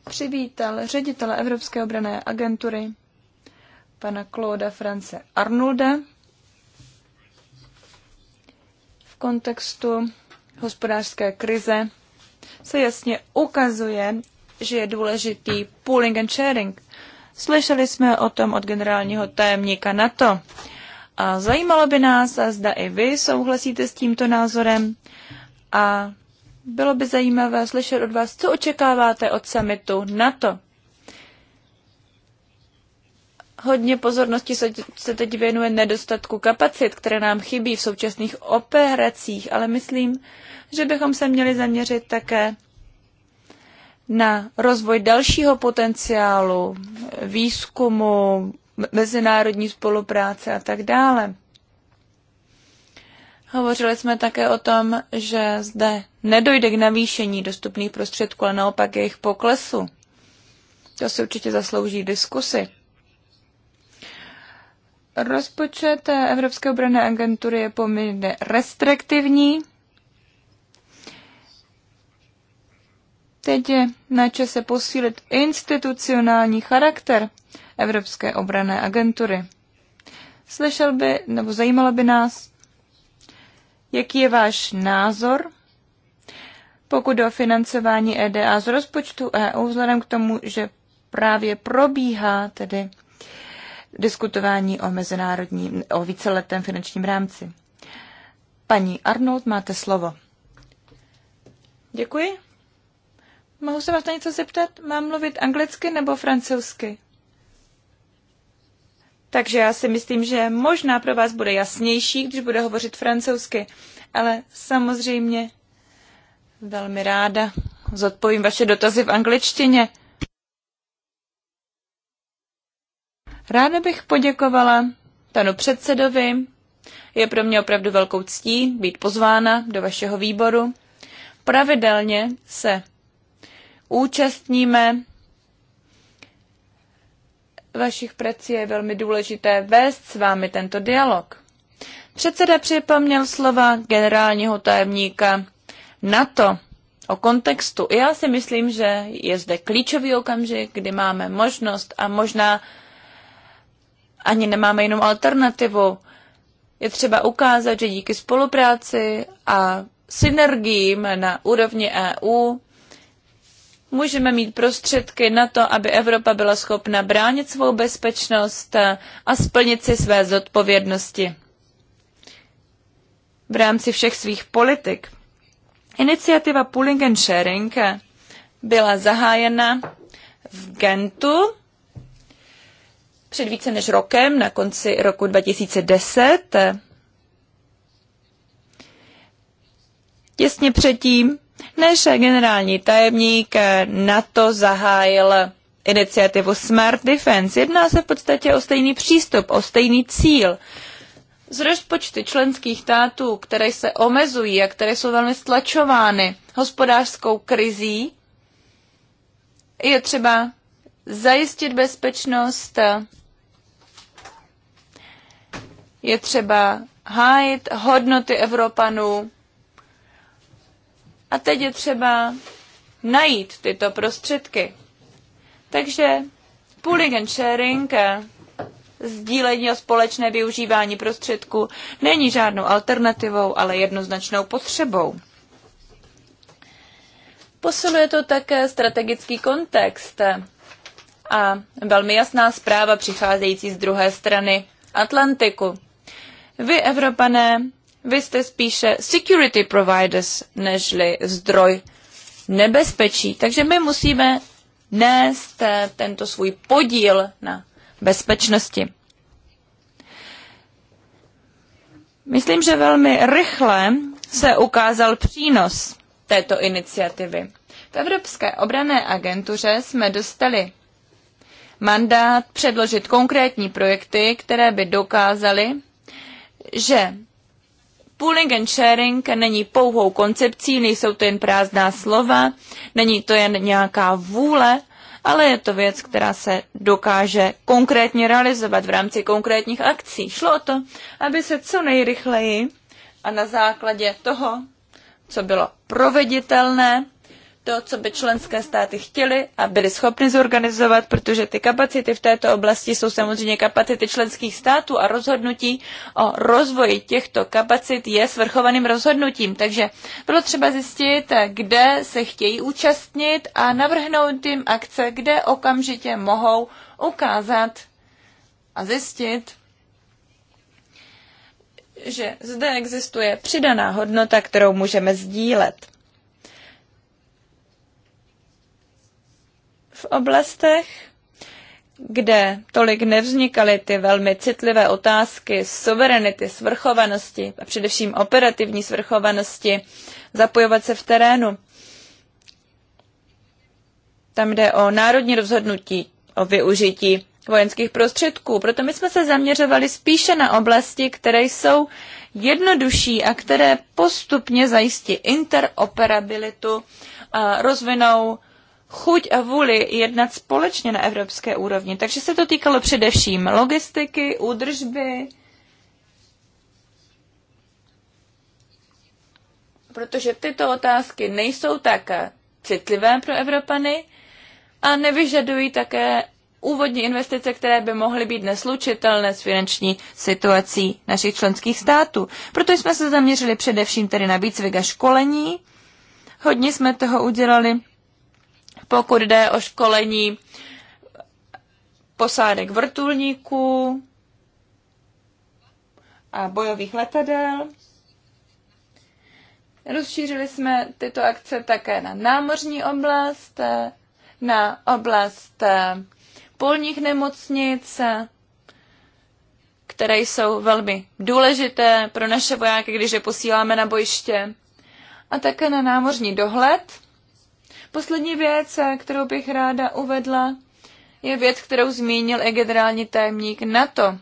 přivítal ředitele Evropské obrané agentury, pana Claude France Arnolda kontextu hospodářské krize se jasně ukazuje, že je důležitý pooling and sharing. Slyšeli jsme o tom od generálního tajemníka NATO. A zajímalo by nás, a zda i vy souhlasíte s tímto názorem. A bylo by zajímavé slyšet od vás, co očekáváte od summitu NATO. Hodně pozornosti se teď věnuje nedostatku kapacit, které nám chybí v současných operacích, ale myslím, že bychom se měli zaměřit také na rozvoj dalšího potenciálu, výzkumu, mezinárodní spolupráce a tak dále. Hovořili jsme také o tom, že zde nedojde k navýšení dostupných prostředků, ale naopak jejich poklesu. To si určitě zaslouží diskusy. Rozpočet Evropské obranné agentury je poměrně restriktivní. Teď je na čase posílit institucionální charakter Evropské obrané agentury. Slyšel by, nebo zajímalo by nás, jaký je váš názor, pokud o financování EDA z rozpočtu EU, vzhledem k tomu, že právě probíhá tedy diskutování o mezinárodní, o víceletém finančním rámci. Paní Arnold, máte slovo. Děkuji. Mohu se vás na něco zeptat? Mám mluvit anglicky nebo francouzsky? Takže já si myslím, že možná pro vás bude jasnější, když bude hovořit francouzsky, ale samozřejmě velmi ráda zodpovím vaše dotazy v angličtině. Ráda bych poděkovala panu předsedovi. Je pro mě opravdu velkou ctí být pozvána do vašeho výboru. Pravidelně se účastníme vašich prací je velmi důležité vést s vámi tento dialog. Předseda připomněl slova generálního tajemníka NATO o kontextu. Já si myslím, že je zde klíčový okamžik, kdy máme možnost a možná ani nemáme jinou alternativu. Je třeba ukázat, že díky spolupráci a synergiím na úrovni EU můžeme mít prostředky na to, aby Evropa byla schopna bránit svou bezpečnost a splnit si své zodpovědnosti v rámci všech svých politik. Iniciativa Pooling and Sharing byla zahájena v Gentu před více než rokem, na konci roku 2010, těsně předtím, než generální tajemník NATO zahájil iniciativu Smart Defense. Jedná se v podstatě o stejný přístup, o stejný cíl. Z rozpočty členských států, které se omezují a které jsou velmi stlačovány hospodářskou krizí, je třeba zajistit bezpečnost je třeba hájit hodnoty Evropanů. A teď je třeba najít tyto prostředky. Takže pooling and sharing, sdílení a společné využívání prostředků není žádnou alternativou, ale jednoznačnou potřebou. Posiluje to také strategický kontext a velmi jasná zpráva přicházející z druhé strany Atlantiku. Vy, Evropané, vy jste spíše security providers nežli zdroj nebezpečí. Takže my musíme nést eh, tento svůj podíl na bezpečnosti. Myslím, že velmi rychle se ukázal přínos této iniciativy. V Evropské obrané agentuře jsme dostali mandát předložit konkrétní projekty, které by dokázaly že pooling and sharing není pouhou koncepcí, nejsou to jen prázdná slova, není to jen nějaká vůle, ale je to věc, která se dokáže konkrétně realizovat v rámci konkrétních akcí. Šlo o to, aby se co nejrychleji a na základě toho, co bylo proveditelné, to, co by členské státy chtěly a byly schopny zorganizovat, protože ty kapacity v této oblasti jsou samozřejmě kapacity členských států a rozhodnutí o rozvoji těchto kapacit je svrchovaným rozhodnutím. Takže bylo třeba zjistit, kde se chtějí účastnit a navrhnout jim akce, kde okamžitě mohou ukázat a zjistit, že zde existuje přidaná hodnota, kterou můžeme sdílet. v oblastech, kde tolik nevznikaly ty velmi citlivé otázky suverenity, svrchovanosti a především operativní svrchovanosti, zapojovat se v terénu. Tam jde o národní rozhodnutí o využití vojenských prostředků. Proto my jsme se zaměřovali spíše na oblasti, které jsou jednodušší a které postupně zajistí interoperabilitu a rozvinou chuť a vůli jednat společně na evropské úrovni. Takže se to týkalo především logistiky, údržby, protože tyto otázky nejsou tak citlivé pro Evropany a nevyžadují také úvodní investice, které by mohly být neslučitelné s finanční situací našich členských států. Proto jsme se zaměřili především tedy na výcvik a školení. Hodně jsme toho udělali pokud jde o školení posádek vrtulníků a bojových letadel. Rozšířili jsme tyto akce také na námořní oblast, na oblast polních nemocnic, které jsou velmi důležité pro naše vojáky, když je posíláme na bojiště, a také na námořní dohled Poslední věc, eh, kterou bych ráda uvedla, je věc, kterou zmínil i generální tajemník NATO.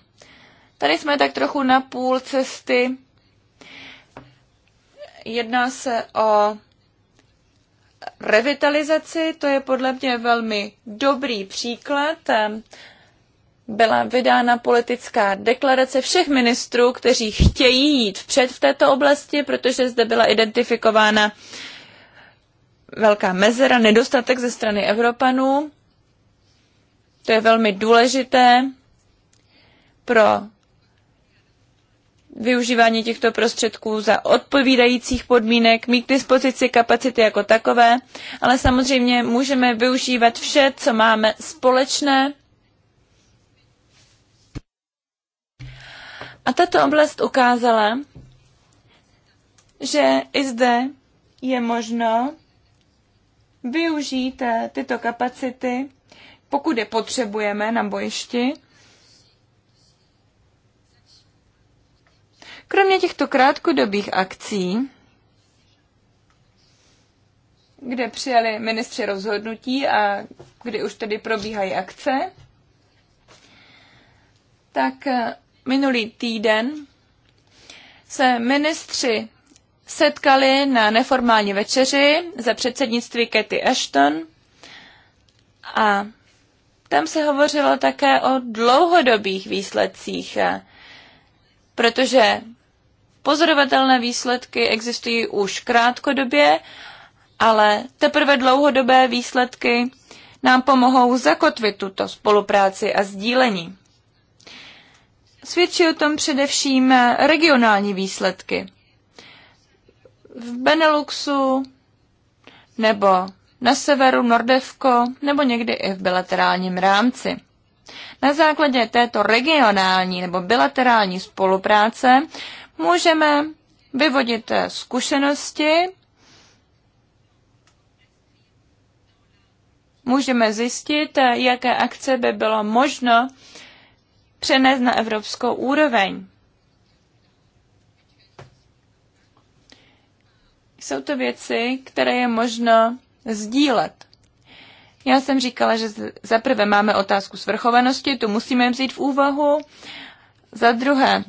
Tady jsme tak trochu na půl cesty. Jedná se o revitalizaci, to je podle mě velmi dobrý příklad. Byla vydána politická deklarace všech ministrů, kteří chtějí jít vpřed v této oblasti, protože zde byla identifikována velká mezera, nedostatek ze strany Evropanů. To je velmi důležité pro využívání těchto prostředků za odpovídajících podmínek, mít k dispozici kapacity jako takové, ale samozřejmě můžeme využívat vše, co máme společné. A tato oblast ukázala, že i zde je možno využít eh, tyto kapacity, pokud je potřebujeme na bojišti. Kromě těchto krátkodobých akcí, kde přijali ministři rozhodnutí a kdy už tedy probíhají akce, tak eh, minulý týden se ministři setkali na neformální večeři za předsednictví Katy Ashton a tam se hovořilo také o dlouhodobých výsledcích, protože pozorovatelné výsledky existují už krátkodobě, ale teprve dlouhodobé výsledky nám pomohou zakotvit tuto spolupráci a sdílení. Svědčí o tom především regionální výsledky v Beneluxu nebo na severu Nordevko nebo někdy i v bilaterálním rámci. Na základě této regionální nebo bilaterální spolupráce můžeme vyvodit zkušenosti, můžeme zjistit, jaké akce by bylo možno přenést na evropskou úroveň. Jsou to věci, které je možno sdílet. Já jsem říkala, že zaprvé máme otázku svrchovanosti, tu musíme vzít v úvahu. Za druhé,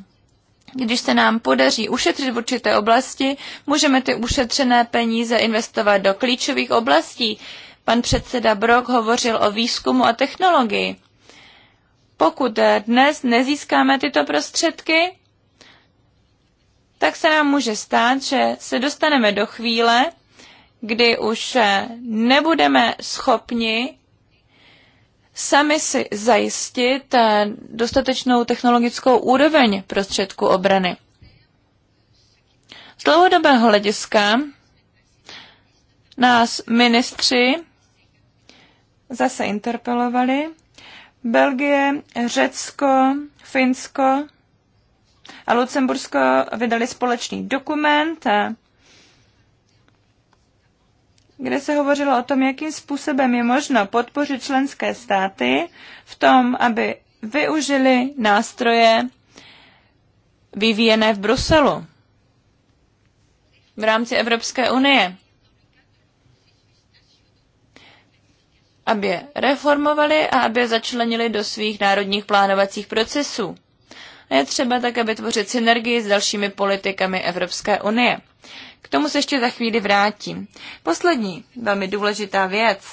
když se nám podaří ušetřit v určité oblasti, můžeme ty ušetřené peníze investovat do klíčových oblastí. Pan předseda Brok hovořil o výzkumu a technologii. Pokud dnes nezískáme tyto prostředky, tak se nám může stát, že se dostaneme do chvíle, kdy už eh, nebudeme schopni sami si zajistit eh, dostatečnou technologickou úroveň prostředku obrany. Z dlouhodobého hlediska nás ministři zase interpelovali. Belgie, Řecko, Finsko a Lucembursko vydali společný dokument, eh, kde se hovořilo o tom, jakým způsobem je možno podpořit členské státy v tom, aby využili nástroje vyvíjené v Bruselu v rámci Evropské unie, aby je reformovali a aby je začlenili do svých národních plánovacích procesů. A je třeba také vytvořit synergii s dalšími politikami Evropské unie. K tomu se ještě za chvíli vrátím. Poslední velmi důležitá věc,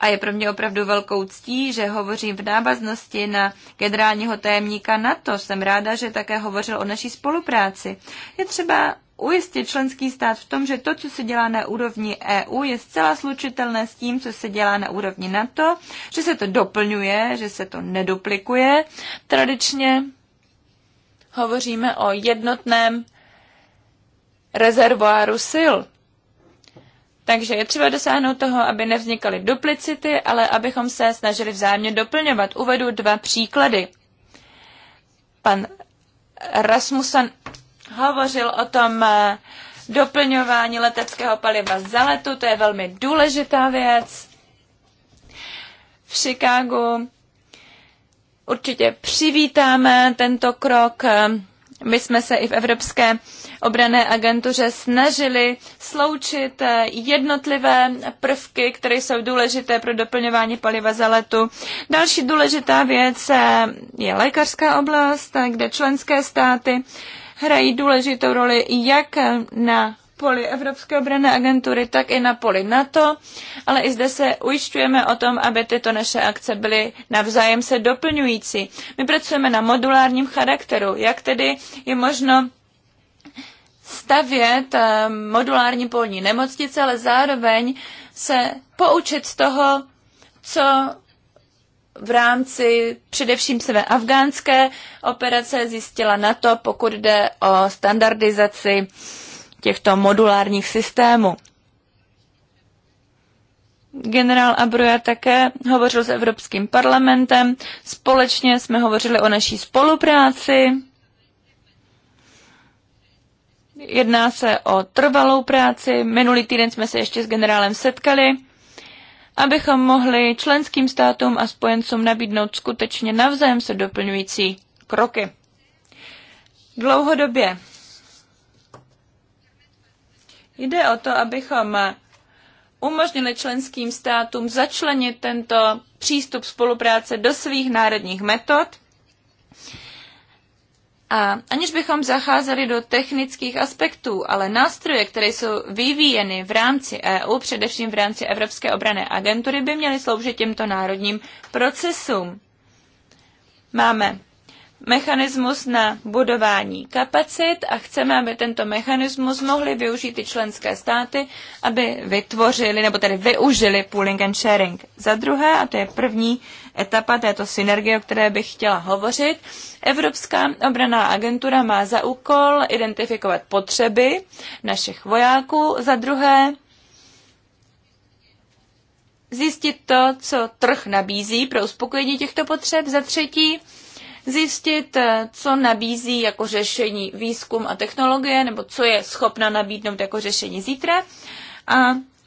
a je pro mě opravdu velkou ctí, že hovořím v návaznosti na generálního tajemníka NATO. Jsem ráda, že také hovořil o naší spolupráci. Je třeba ujistit členský stát v tom, že to, co se dělá na úrovni EU, je zcela slučitelné s tím, co se dělá na úrovni NATO, že se to doplňuje, že se to neduplikuje. Tradičně hovoříme o jednotném rezervoáru sil. Takže je třeba dosáhnout toho, aby nevznikaly duplicity, ale abychom se snažili vzájemně doplňovat. Uvedu dva příklady. Pan Rasmussen hovořil o tom eh, doplňování leteckého paliva za letu, to je velmi důležitá věc. V Chicagu určitě přivítáme tento krok. Eh, my jsme se i v Evropské obrané agentuře snažili sloučit eh, jednotlivé prvky, které jsou důležité pro doplňování paliva za letu. Další důležitá věc je lékařská oblast, kde členské státy hrají důležitou roli jak na poli Evropské obrané agentury, tak i na poli NATO, ale i zde se ujišťujeme o tom, aby tyto naše akce byly navzájem se doplňující. My pracujeme na modulárním charakteru, jak tedy je možno stavět eh, modulární polní nemocnice, ale zároveň se poučit z toho, co v rámci především své afgánské operace zjistila NATO, pokud jde o standardizaci těchto modulárních systémů. Generál Abruja také hovořil s Evropským parlamentem. Společně jsme hovořili o naší spolupráci. Jedná se o trvalou práci. Minulý týden jsme se ještě s generálem setkali abychom mohli členským státům a spojencům nabídnout skutečně navzájem se doplňující kroky. Dlouhodobě jde o to, abychom umožnili členským státům začlenit tento přístup spolupráce do svých národních metod, a aniž bychom zacházeli do technických aspektů, ale nástroje, které jsou vyvíjeny v rámci EU, především v rámci Evropské obrané agentury, by měly sloužit těmto národním procesům. Máme mechanismus na budování kapacit a chceme, aby tento mechanismus mohly využít i členské státy, aby vytvořili nebo tedy využili pooling and sharing. Za druhé, a to je první etapa této synergie, o které bych chtěla hovořit, Evropská obraná agentura má za úkol identifikovat potřeby našich vojáků. Za druhé, zjistit to, co trh nabízí pro uspokojení těchto potřeb. Za třetí, zjistit, eh, co nabízí jako řešení výzkum a technologie, nebo co je schopna nabídnout jako řešení zítra. A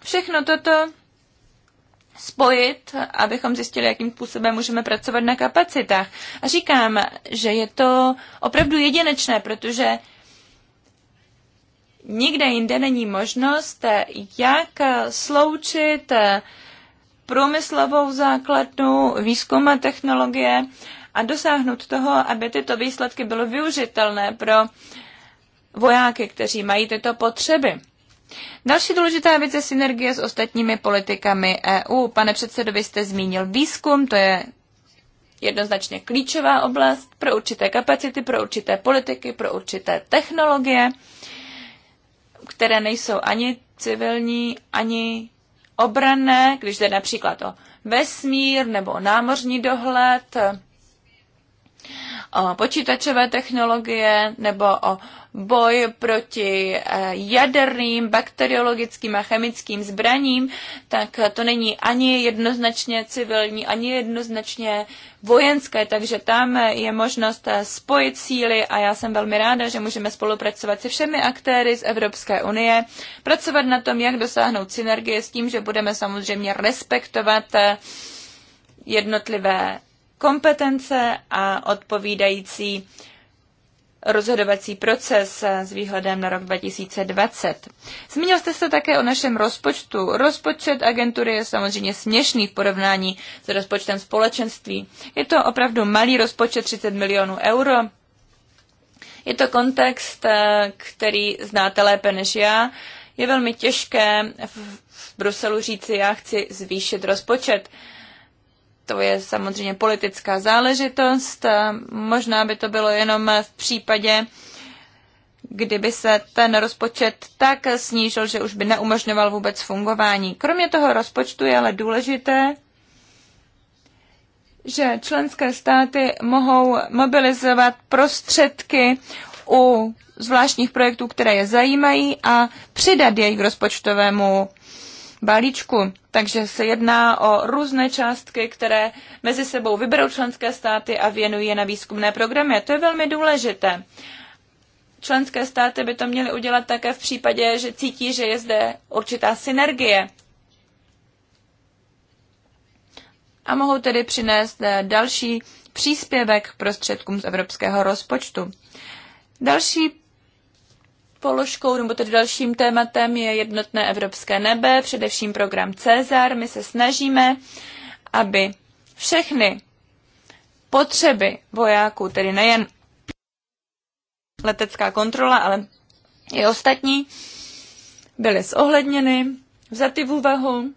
všechno toto spojit, abychom zjistili, jakým způsobem můžeme pracovat na kapacitách. A říkám, že je to opravdu jedinečné, protože nikde jinde není možnost, jak sloučit eh, průmyslovou základnu, výzkum a technologie a dosáhnout toho, aby tyto výsledky bylo využitelné pro vojáky, kteří mají tyto potřeby. Další důležitá věc je synergie s ostatními politikami EU. Pane předsedo, vy jste zmínil výzkum, to je jednoznačně klíčová oblast pro určité kapacity, pro určité politiky, pro určité technologie, které nejsou ani civilní, ani obranné, když jde například o vesmír nebo námořní dohled, o počítačové technologie nebo o boj proti eh, jaderným, bakteriologickým a chemickým zbraním, tak to není ani jednoznačně civilní, ani jednoznačně vojenské, takže tam je možnost eh, spojit síly a já jsem velmi ráda, že můžeme spolupracovat se všemi aktéry z Evropské unie, pracovat na tom, jak dosáhnout synergie s tím, že budeme samozřejmě respektovat eh, jednotlivé kompetence a odpovídající rozhodovací proces s výhledem na rok 2020. Zmínil jste se také o našem rozpočtu. Rozpočet agentury je samozřejmě směšný v porovnání s rozpočtem společenství. Je to opravdu malý rozpočet 30 milionů euro. Je to kontext, eh, který znáte lépe než já. Je velmi těžké v Bruselu říci, já chci zvýšit rozpočet to je samozřejmě politická záležitost. Možná by to bylo jenom v případě, kdyby se ten rozpočet tak snížil, že už by neumožňoval vůbec fungování. Kromě toho rozpočtu je ale důležité, že členské státy mohou mobilizovat prostředky u zvláštních projektů, které je zajímají a přidat jejich rozpočtovému balíčku. Takže se jedná o různé částky, které mezi sebou vyberou členské státy a věnují je na výzkumné programy. To je velmi důležité. Členské státy by to měly udělat také v případě, že cítí, že je zde určitá synergie. A mohou tedy přinést eh, další příspěvek k prostředkům z evropského rozpočtu. Další položkou nebo tedy dalším tématem je jednotné evropské nebe, především program Cezar. My se snažíme, aby všechny potřeby vojáků, tedy nejen letecká kontrola, ale i ostatní, byly zohledněny, vzaty v úvahu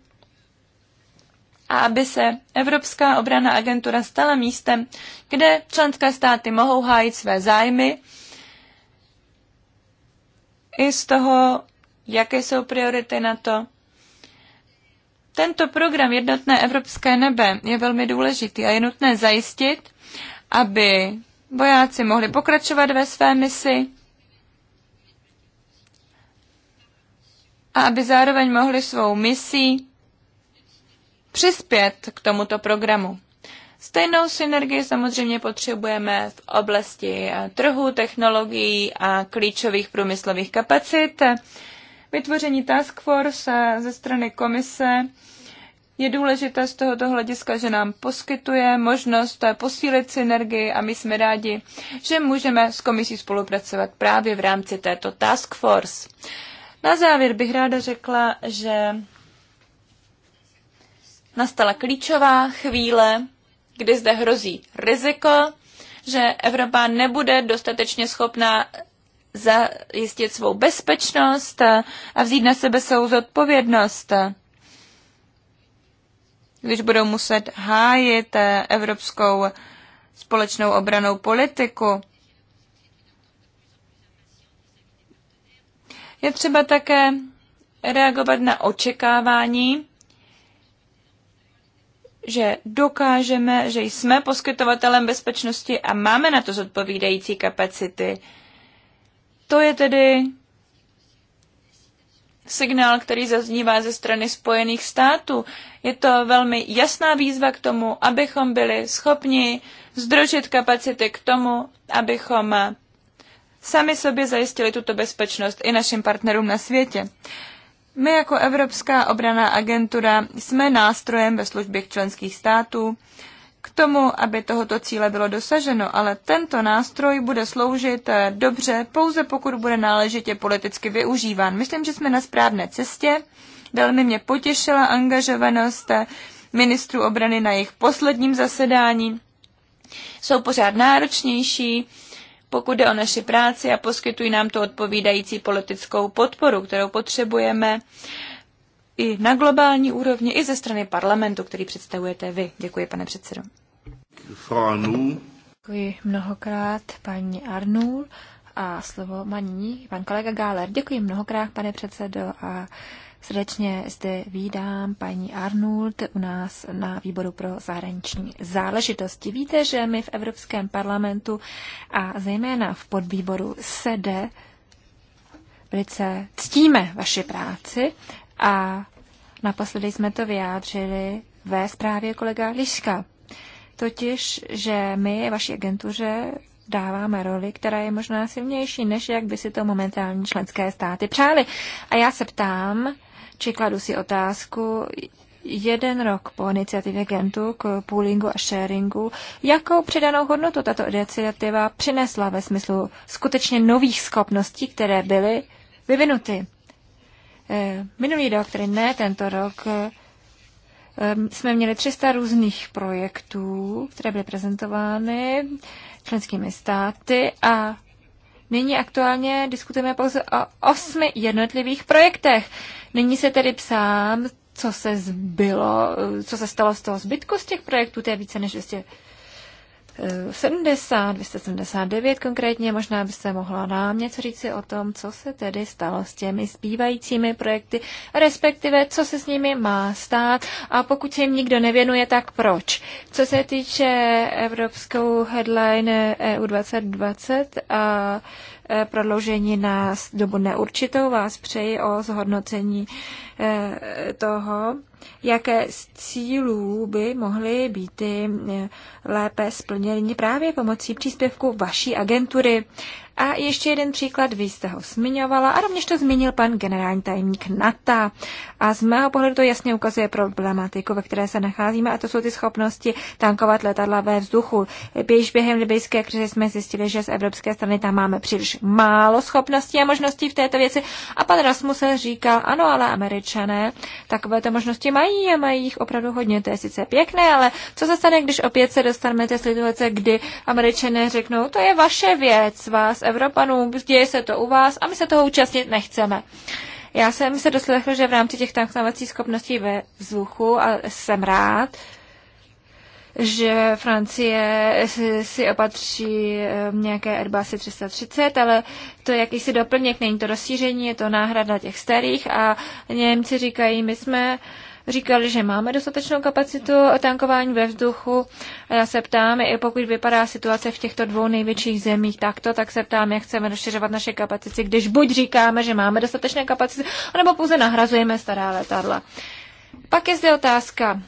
a aby se Evropská obrana agentura stala místem, kde členské státy mohou hájit své zájmy i z toho, jaké jsou priority na to. Tento program Jednotné evropské nebe je velmi důležitý a je nutné zajistit, aby vojáci mohli pokračovat ve své misi a aby zároveň mohli svou misí přispět k tomuto programu. Stejnou synergii samozřejmě potřebujeme v oblasti eh, trhu, technologií a klíčových průmyslových kapacit. Vytvoření task force eh, ze strany komise je důležité z tohoto hlediska, že nám poskytuje možnost eh, posílit synergii a my jsme rádi, že můžeme s komisí spolupracovat právě v rámci této task force. Na závěr bych ráda řekla, že nastala klíčová chvíle kdy zde hrozí riziko, že Evropa nebude dostatečně schopná zajistit svou bezpečnost a vzít na sebe svou zodpovědnost, když budou muset hájit evropskou společnou obranou politiku. Je třeba také reagovat na očekávání že dokážeme, že jsme poskytovatelem bezpečnosti a máme na to zodpovídající kapacity. To je tedy signál, který zaznívá ze strany Spojených států. Je to velmi jasná výzva k tomu, abychom byli schopni zdrožit kapacity k tomu, abychom sami sobě zajistili tuto bezpečnost i našim partnerům na světě. My jako Evropská obraná agentura jsme nástrojem ve službě členských států k tomu, aby tohoto cíle bylo dosaženo, ale tento nástroj bude sloužit eh, dobře pouze pokud bude náležitě politicky využíván. Myslím, že jsme na správné cestě. Velmi mě potěšila angažovanost eh, ministrů obrany na jejich posledním zasedání. Jsou pořád náročnější, pokud jde o naši práci a poskytují nám tu odpovídající politickou podporu, kterou potřebujeme i na globální úrovni, i ze strany parlamentu, který představujete vy. Děkuji, pane předsedo. Děkuji mnohokrát, paní Arnul. A slovo má nyní pan kolega Gáler. Děkuji mnohokrát, pane předsedo, a Srdečně zde vídám paní Arnold u nás na výboru pro zahraniční záležitosti. Víte, že my v Evropském parlamentu a zejména v podvýboru SEDE velice ctíme vaši práci a naposledy jsme to vyjádřili ve zprávě kolega Liška. Totiž, že my vaší agentuře dáváme roli, která je možná silnější, než jak by si to momentální členské státy přáli. A já se ptám, či kladu si otázku, jeden rok po iniciativě Gentu k poolingu a sharingu, jakou přidanou hodnotu tato iniciativa přinesla ve smyslu skutečně nových schopností, které byly vyvinuty. Eh, minulý rok, tedy ne tento rok, eh, jsme měli 300 různých projektů, které byly prezentovány členskými státy a Nyní aktuálně diskutujeme pouze o osmi jednotlivých projektech. Nyní se tedy psám, co se zbylo, co se stalo z toho zbytku z těch projektů, to je více než 200 70, 279 konkrétně, možná byste mohla nám něco říci o tom, co se tedy stalo s těmi zbývajícími projekty, respektive co se s nimi má stát a pokud se jim nikdo nevěnuje, tak proč. Co se týče evropskou headline EU 2020 a Eh, prodloužení na dobu neurčitou. Vás přeji o zhodnocení eh, toho, jaké z cílů by mohly být eh, lépe splněny právě pomocí příspěvku vaší agentury. A ještě jeden příklad, vy jste ho zmiňovala a rovněž to zmínil pan generální tajemník NATO. A z mého pohledu to jasně ukazuje problematiku, ve které se nacházíme, a to jsou ty schopnosti tankovat letadla ve vzduchu. Běž během libyjské krize jsme zjistili, že z evropské strany tam máme příliš málo schopností a možností v této věci. A pan Rasmussen říkal, ano, ale američané takovéto možnosti mají a mají jich opravdu hodně. To je sice pěkné, ale co se stane, když opět se dostaneme té situace, kdy američané řeknou, to je vaše věc, vás Evropanů, děje se to u vás a my se toho účastnit nechceme. Já jsem se doslechl, že v rámci těch tankovacích schopností ve vzduchu a jsem rád, že Francie si opatří eh, nějaké Airbusy 330, ale to je jakýsi doplněk, není to rozšíření, je to náhrada těch starých a Němci říkají, my jsme uh, říkali, že máme dostatečnou kapacitu tankování ve vzduchu. A já se ptám, i pokud vypadá situace v těchto dvou největších zemích takto, tak se ptám, jak chceme rozšiřovat naše kapacity, když buď říkáme, že máme dostatečné kapacity, anebo pouze nahrazujeme stará letadla. Pak je zde otázka,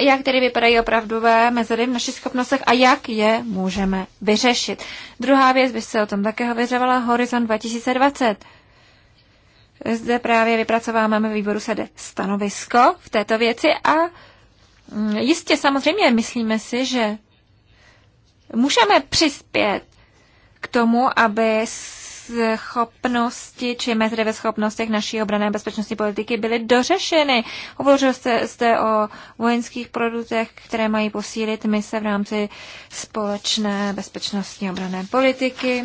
jak tedy vypadají opravdové mezery v našich schopnostech a jak je můžeme vyřešit. Druhá věc by se o tom také hověřovala Horizon 2020. Zde právě vypracováváme výboru sede stanovisko v této věci a mm, jistě samozřejmě myslíme si, že můžeme přispět k tomu, aby schopnosti či mezery ve schopnostech naší obrané bezpečnostní politiky byly dořešeny. Hovořil jste, zde o vojenských produktech, které mají posílit mise v rámci společné bezpečnostní obrané politiky.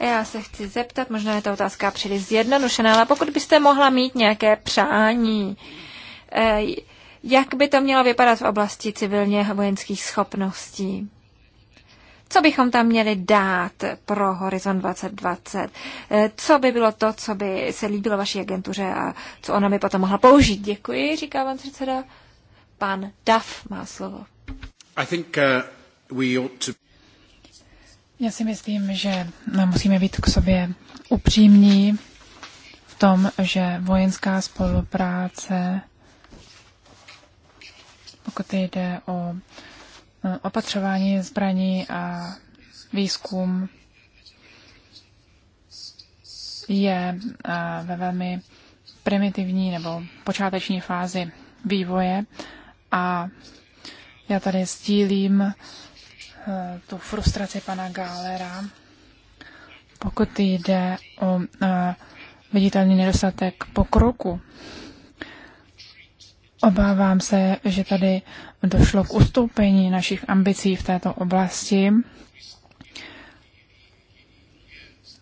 Já se chci zeptat, možná je ta otázka příliš zjednodušená, ale pokud byste mohla mít nějaké přání, eh, jak by to mělo vypadat v oblasti civilně vojenských schopností? Co bychom tam měli dát pro Horizon 2020? Eh, co by bylo to, co by se líbilo vaší agentuře a co ona by potom mohla použít? Děkuji, říká pan předseda. Pan Duff má slovo. I think, uh, we ought to... Já si myslím, že musíme být k sobě upřímní v tom, že vojenská spolupráce, pokud jde o e, opatřování zbraní a výzkum, je e, ve velmi primitivní nebo počáteční fázi vývoje a já tady sdílím Eh, tu frustraci pana Gálera, pokud jde o eh, viditelný nedostatek pokroku. Obávám se, že tady došlo k ustoupení našich ambicí v této oblasti.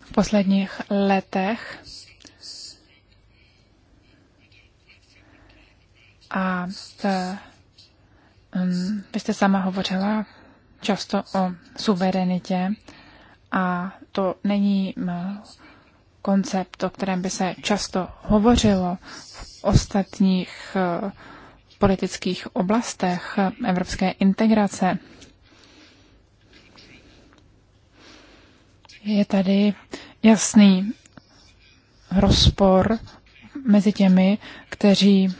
V posledních letech a ta, eh, um, mm, vy jste sama hovořila často o suverenitě a to není mm, koncept, o kterém by se často hovořilo v ostatních e, politických oblastech evropské integrace. Je tady jasný rozpor mezi těmi, kteří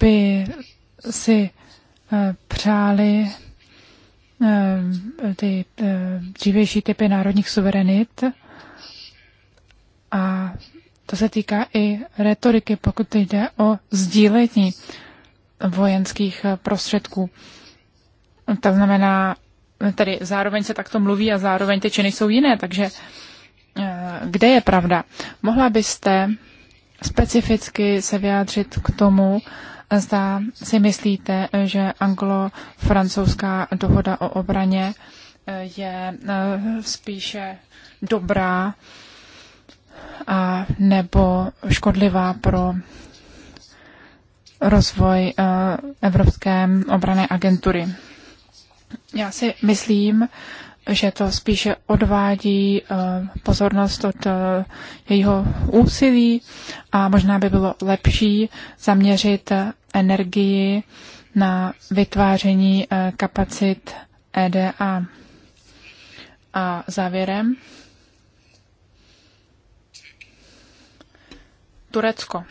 by si eh, přáli eh, ty eh, dřívější typy národních suverenit a to se týká i retoriky, pokud jde o sdílení vojenských prostředků. To znamená, tady zároveň se takto mluví a zároveň ty činy jsou jiné, takže kde je pravda? Mohla byste specificky se vyjádřit k tomu, zda si myslíte, že anglo-francouzská dohoda o obraně eh, je eh, spíše dobrá a nebo škodlivá pro rozvoj eh, Evropské obrané agentury. Já si myslím, že to spíše odvádí eh, pozornost od eh, jejího úsilí a možná by bylo lepší zaměřit eh, energii na vytváření kapacit EDA. A závěrem. Turecko.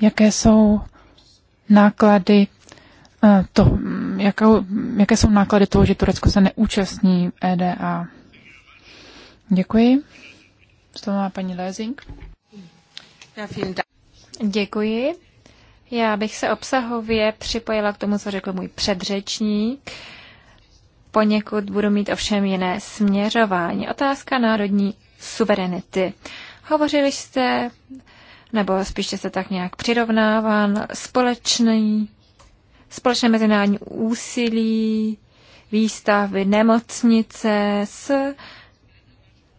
Jaké jsou náklady eh, to, jakou, jaké jsou náklady toho, že Turecko se neúčastní EDA. Děkuji. Slovo má paní Lézing. Děkuji. Já bych se obsahově připojila k tomu, co řekl můj předřečník. Poněkud budu mít ovšem jiné směřování. Otázka národní suverenity. Hovořili jste nebo spíše se tak nějak přirovnáván, společný, společné mezinárodní úsilí, výstavby nemocnice s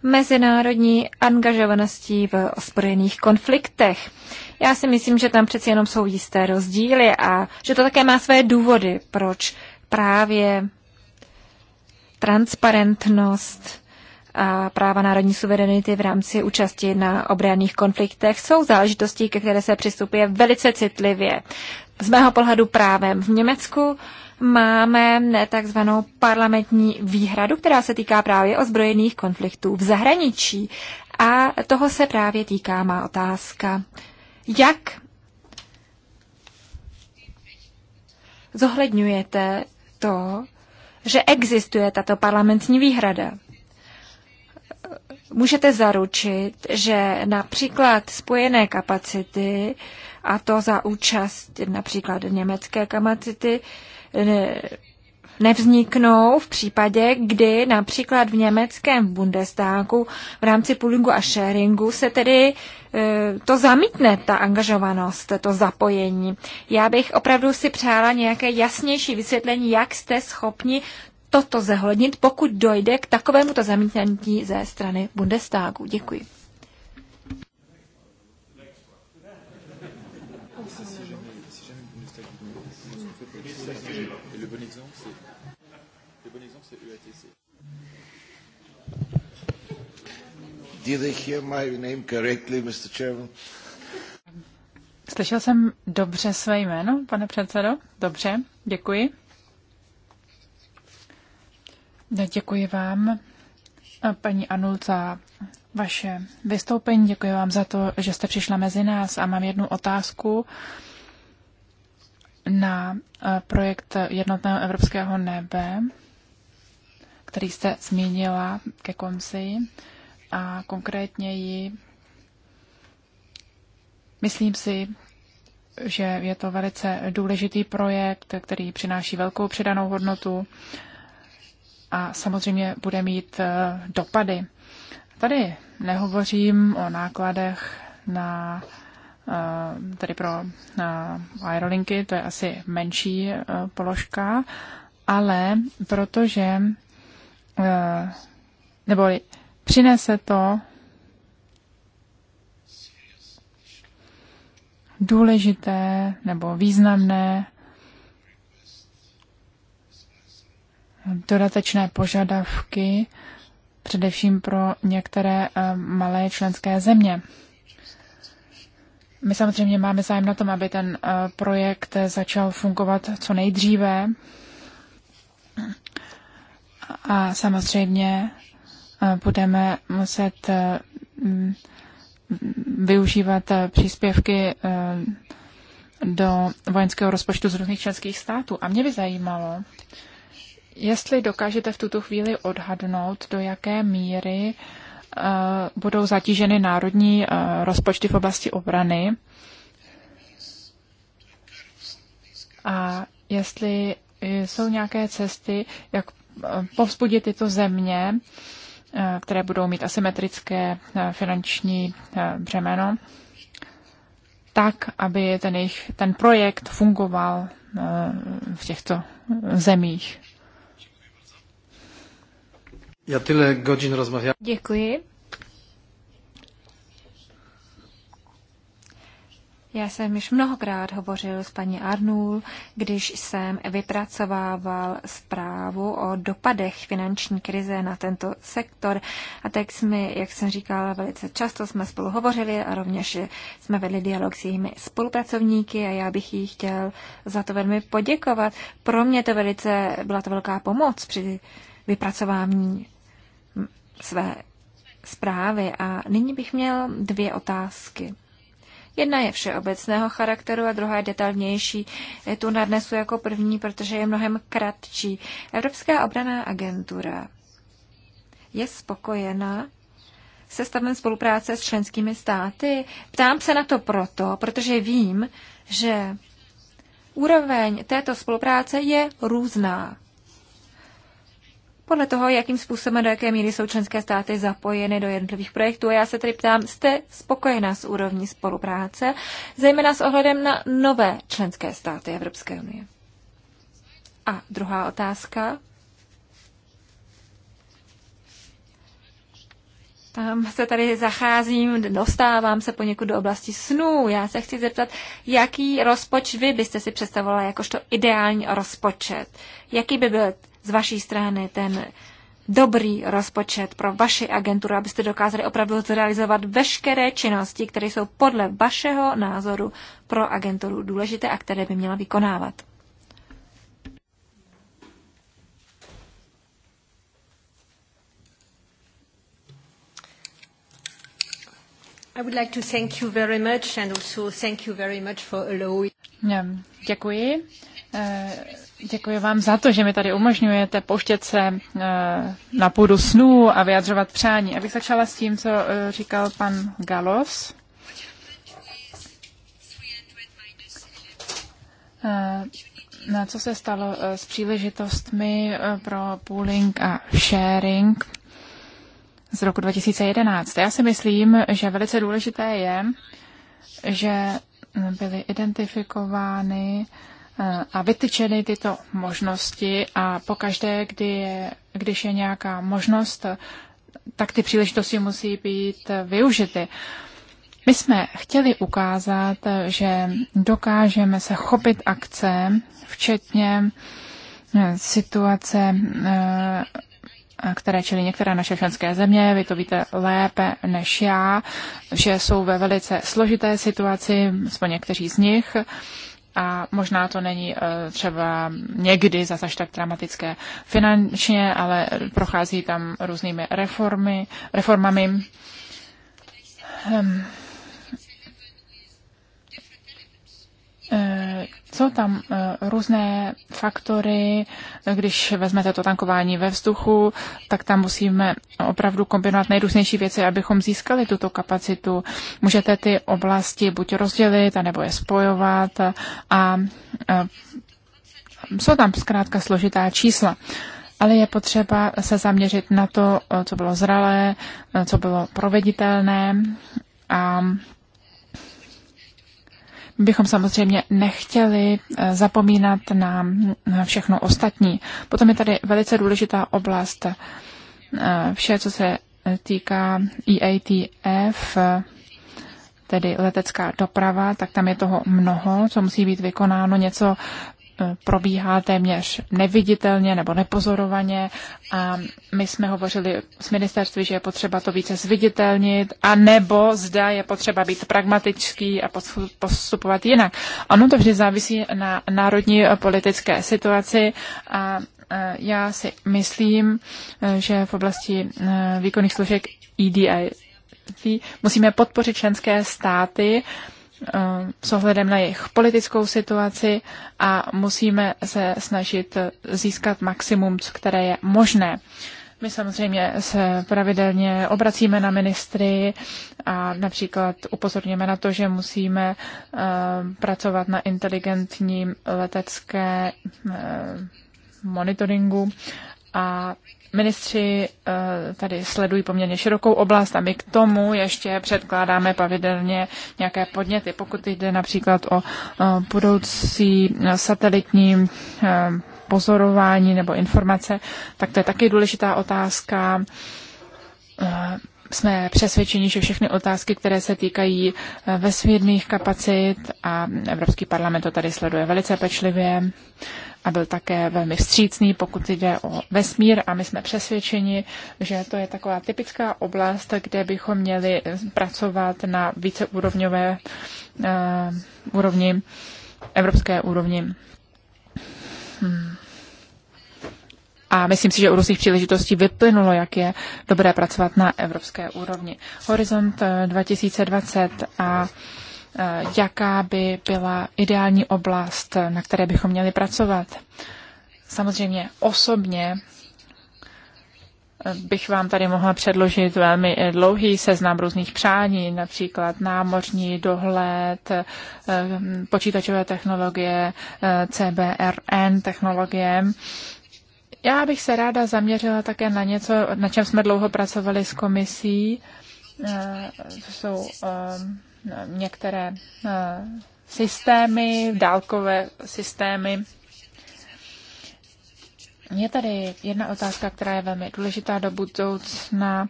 mezinárodní angažovaností v ozbrojených konfliktech. Já si myslím, že tam přeci jenom jsou jisté rozdíly a že to také má své důvody, proč právě transparentnost a práva národní suverenity v rámci účasti na obranných konfliktech jsou záležitosti, ke které se přistupuje velice citlivě. Z mého pohledu právem v Německu máme takzvanou parlamentní výhradu, která se týká právě ozbrojených konfliktů v zahraničí. A toho se právě týká má otázka. Jak zohledňujete to, že existuje tato parlamentní výhrada? můžete zaručit, že například spojené kapacity, a to za účast například německé kapacity, nevzniknou v případě, kdy například v německém Bundestagu v rámci poolingu a sharingu se tedy e, to zamítne, ta angažovanost, to zapojení. Já bych opravdu si přála nějaké jasnější vysvětlení, jak jste schopni toto zohlednit, pokud dojde k takovému to zamítnutí ze strany Bundestagu. Děkuji. Did I hear my name correctly, Mr. Chairman? Slyšel jsem dobře své jméno, pane předsedo? Dobře, děkuji. Děkuji vám, paní Anul, za vaše vystoupení. Děkuji vám za to, že jste přišla mezi nás a mám jednu otázku na projekt jednotného evropského nebe, který jste zmínila ke konci a konkrétně ji myslím si, že je to velice důležitý projekt, který přináší velkou přidanou hodnotu a samozřejmě bude mít eh, dopady. Tady nehovořím o nákladech na eh, tady pro eh, aerolinky, to je asi menší položka, ale protože nebo přinese to důležité nebo významné dodatečné požadavky, především pro některé eh, malé členské země. My samozřejmě máme zájem na tom, aby ten eh, projekt začal fungovat co nejdříve. A samozřejmě eh, budeme muset mm, využívat příspěvky do vojenského rozpočtu z různých členských států. A mě by zajímalo, jestli dokážete v tuto chvíli odhadnout, do jaké míry eh, budou zatíženy národní eh, rozpočty v oblasti obrany a jestli jsou nějaké cesty, jak eh, povzbudit tyto země, které budou mít asymetrické finanční břemeno, tak, aby ten, jejich, ten projekt fungoval v těchto zemích. Já tyle godin rozmawiam. Děkuji. Já jsem již mnohokrát hovořil s paní Arnul, když jsem vypracovával zprávu o dopadech finanční krize na tento sektor. A tak jsme, jak jsem říkal, velice často jsme spolu hovořili a rovněž jsme vedli dialog s jejími spolupracovníky a já bych jí chtěl za to velmi poděkovat. Pro mě to velice byla to velká pomoc při vypracování své zprávy a nyní bych měl dvě otázky. Jedna je všeobecného charakteru a druhá je detailnější. Je tu nadnesu jako první, protože je mnohem kratší. Evropská obraná agentura je spokojena se stavem spolupráce s členskými státy. Ptám se na to proto, protože vím, že úroveň této spolupráce je různá podle toho, jakým způsobem, do jaké míry jsou členské státy zapojeny do jednotlivých projektů. A já se tedy ptám, jste spokojená s úrovní spolupráce, zejména s ohledem na nové členské státy Evropské unie? A druhá otázka. Tam se tady zacházím, dostávám se poněkud do oblasti snů. Já se chci zeptat, jaký rozpočet vy byste si představovala jakožto ideální rozpočet? Jaký by byl z vaší strany ten dobrý rozpočet pro vaši agenturu, abyste dokázali opravdu zrealizovat veškeré činnosti, které jsou podle vašeho názoru pro agenturu důležité a které by měla vykonávat. I would like to thank you very much and also thank you very much for allowing. Děkuji. Eh, děkuji vám za to, že mi tady umožňujete pouštět se eh, na půdu snů a vyjadřovat přání. Abych začala s tím, co eh, říkal pan Galos. Na co se stalo s příležitostmi pro pooling a sharing z roku 2011? Já si myslím, že velice důležité je, že byly identifikovány uh, a vytyčeny tyto možnosti a pokaždé, kdy je, když je nějaká možnost, tak ty příležitosti musí být využity. My jsme chtěli ukázat, že dokážeme se chopit akce, včetně eh, situace, eh, které čili některé naše členské země, vy to víte lépe než já, že jsou ve velice složité situaci, aspoň někteří z nich, a možná to není eh, třeba někdy zase až tak dramatické finančně, ale prochází tam různými reformy, reformami. Ehm, Jsou eh, tam eh, různé faktory, eh, když vezmete to tankování ve vzduchu, tak tam musíme opravdu kombinovat nejrůznější věci, abychom získali tuto kapacitu. Můžete ty oblasti buď rozdělit, anebo je spojovat a jsou tam zkrátka složitá čísla. Ale je potřeba se zaměřit na to, co bylo zralé, co bylo proveditelné a bychom samozřejmě nechtěli eh, zapomínat na všechno ostatní. Potom je tady velice důležitá oblast eh, vše, co se týká EATF, tedy letecká doprava, tak tam je toho mnoho, co musí být vykonáno, něco Eh, probíhá téměř neviditelně nebo nepozorovaně a my jsme hovořili s ministerství, že je potřeba to více zviditelnit a nebo zda je potřeba být pragmatický a postupovat jinak. Ono to vždy závisí na národní politické situaci a eh, já si myslím, eh, že v oblasti výkonných služek EDI musíme podpořit členské státy, Eh, s ohledem na jejich politickou situaci a musíme se snažit získat maximum, které je možné. My samozřejmě se pravidelně obracíme na ministry a například upozorněme na to, že musíme eh, pracovat na inteligentním letecké eh, monitoringu a Ministři eh, tady sledují poměrně širokou oblast a my k tomu ještě předkládáme pravidelně nějaké podněty. Pokud jde například o eh, budoucí satelitní eh, pozorování nebo informace, tak to je taky důležitá otázka jsme přesvědčeni, že všechny otázky, které se týkají eh, vesmírných kapacit a Evropský parlament to tady sleduje velice pečlivě a byl také velmi vstřícný, pokud jde o vesmír a my jsme přesvědčeni, že to je taková typická oblast, kde bychom měli pracovat na víceúrovňové uh, úrovni, evropské úrovni. Hmm a myslím si, že u různých příležitostí vyplynulo, jak je dobré pracovat na evropské úrovni. Horizont 2020 eh, a eh, jaká by byla ideální oblast, eh, na které bychom měli pracovat. Samozřejmě osobně bych vám tady mohla předložit velmi dlouhý seznam různých přání, například námořní dohled, počítačové technologie, CBRN technologie. Já bych se ráda zaměřila také na něco, na čem jsme dlouho pracovali s komisí. Eh, jsou ehm, některé eh, systémy, dálkové systémy. Je tady jedna otázka, která je velmi důležitá do budoucna.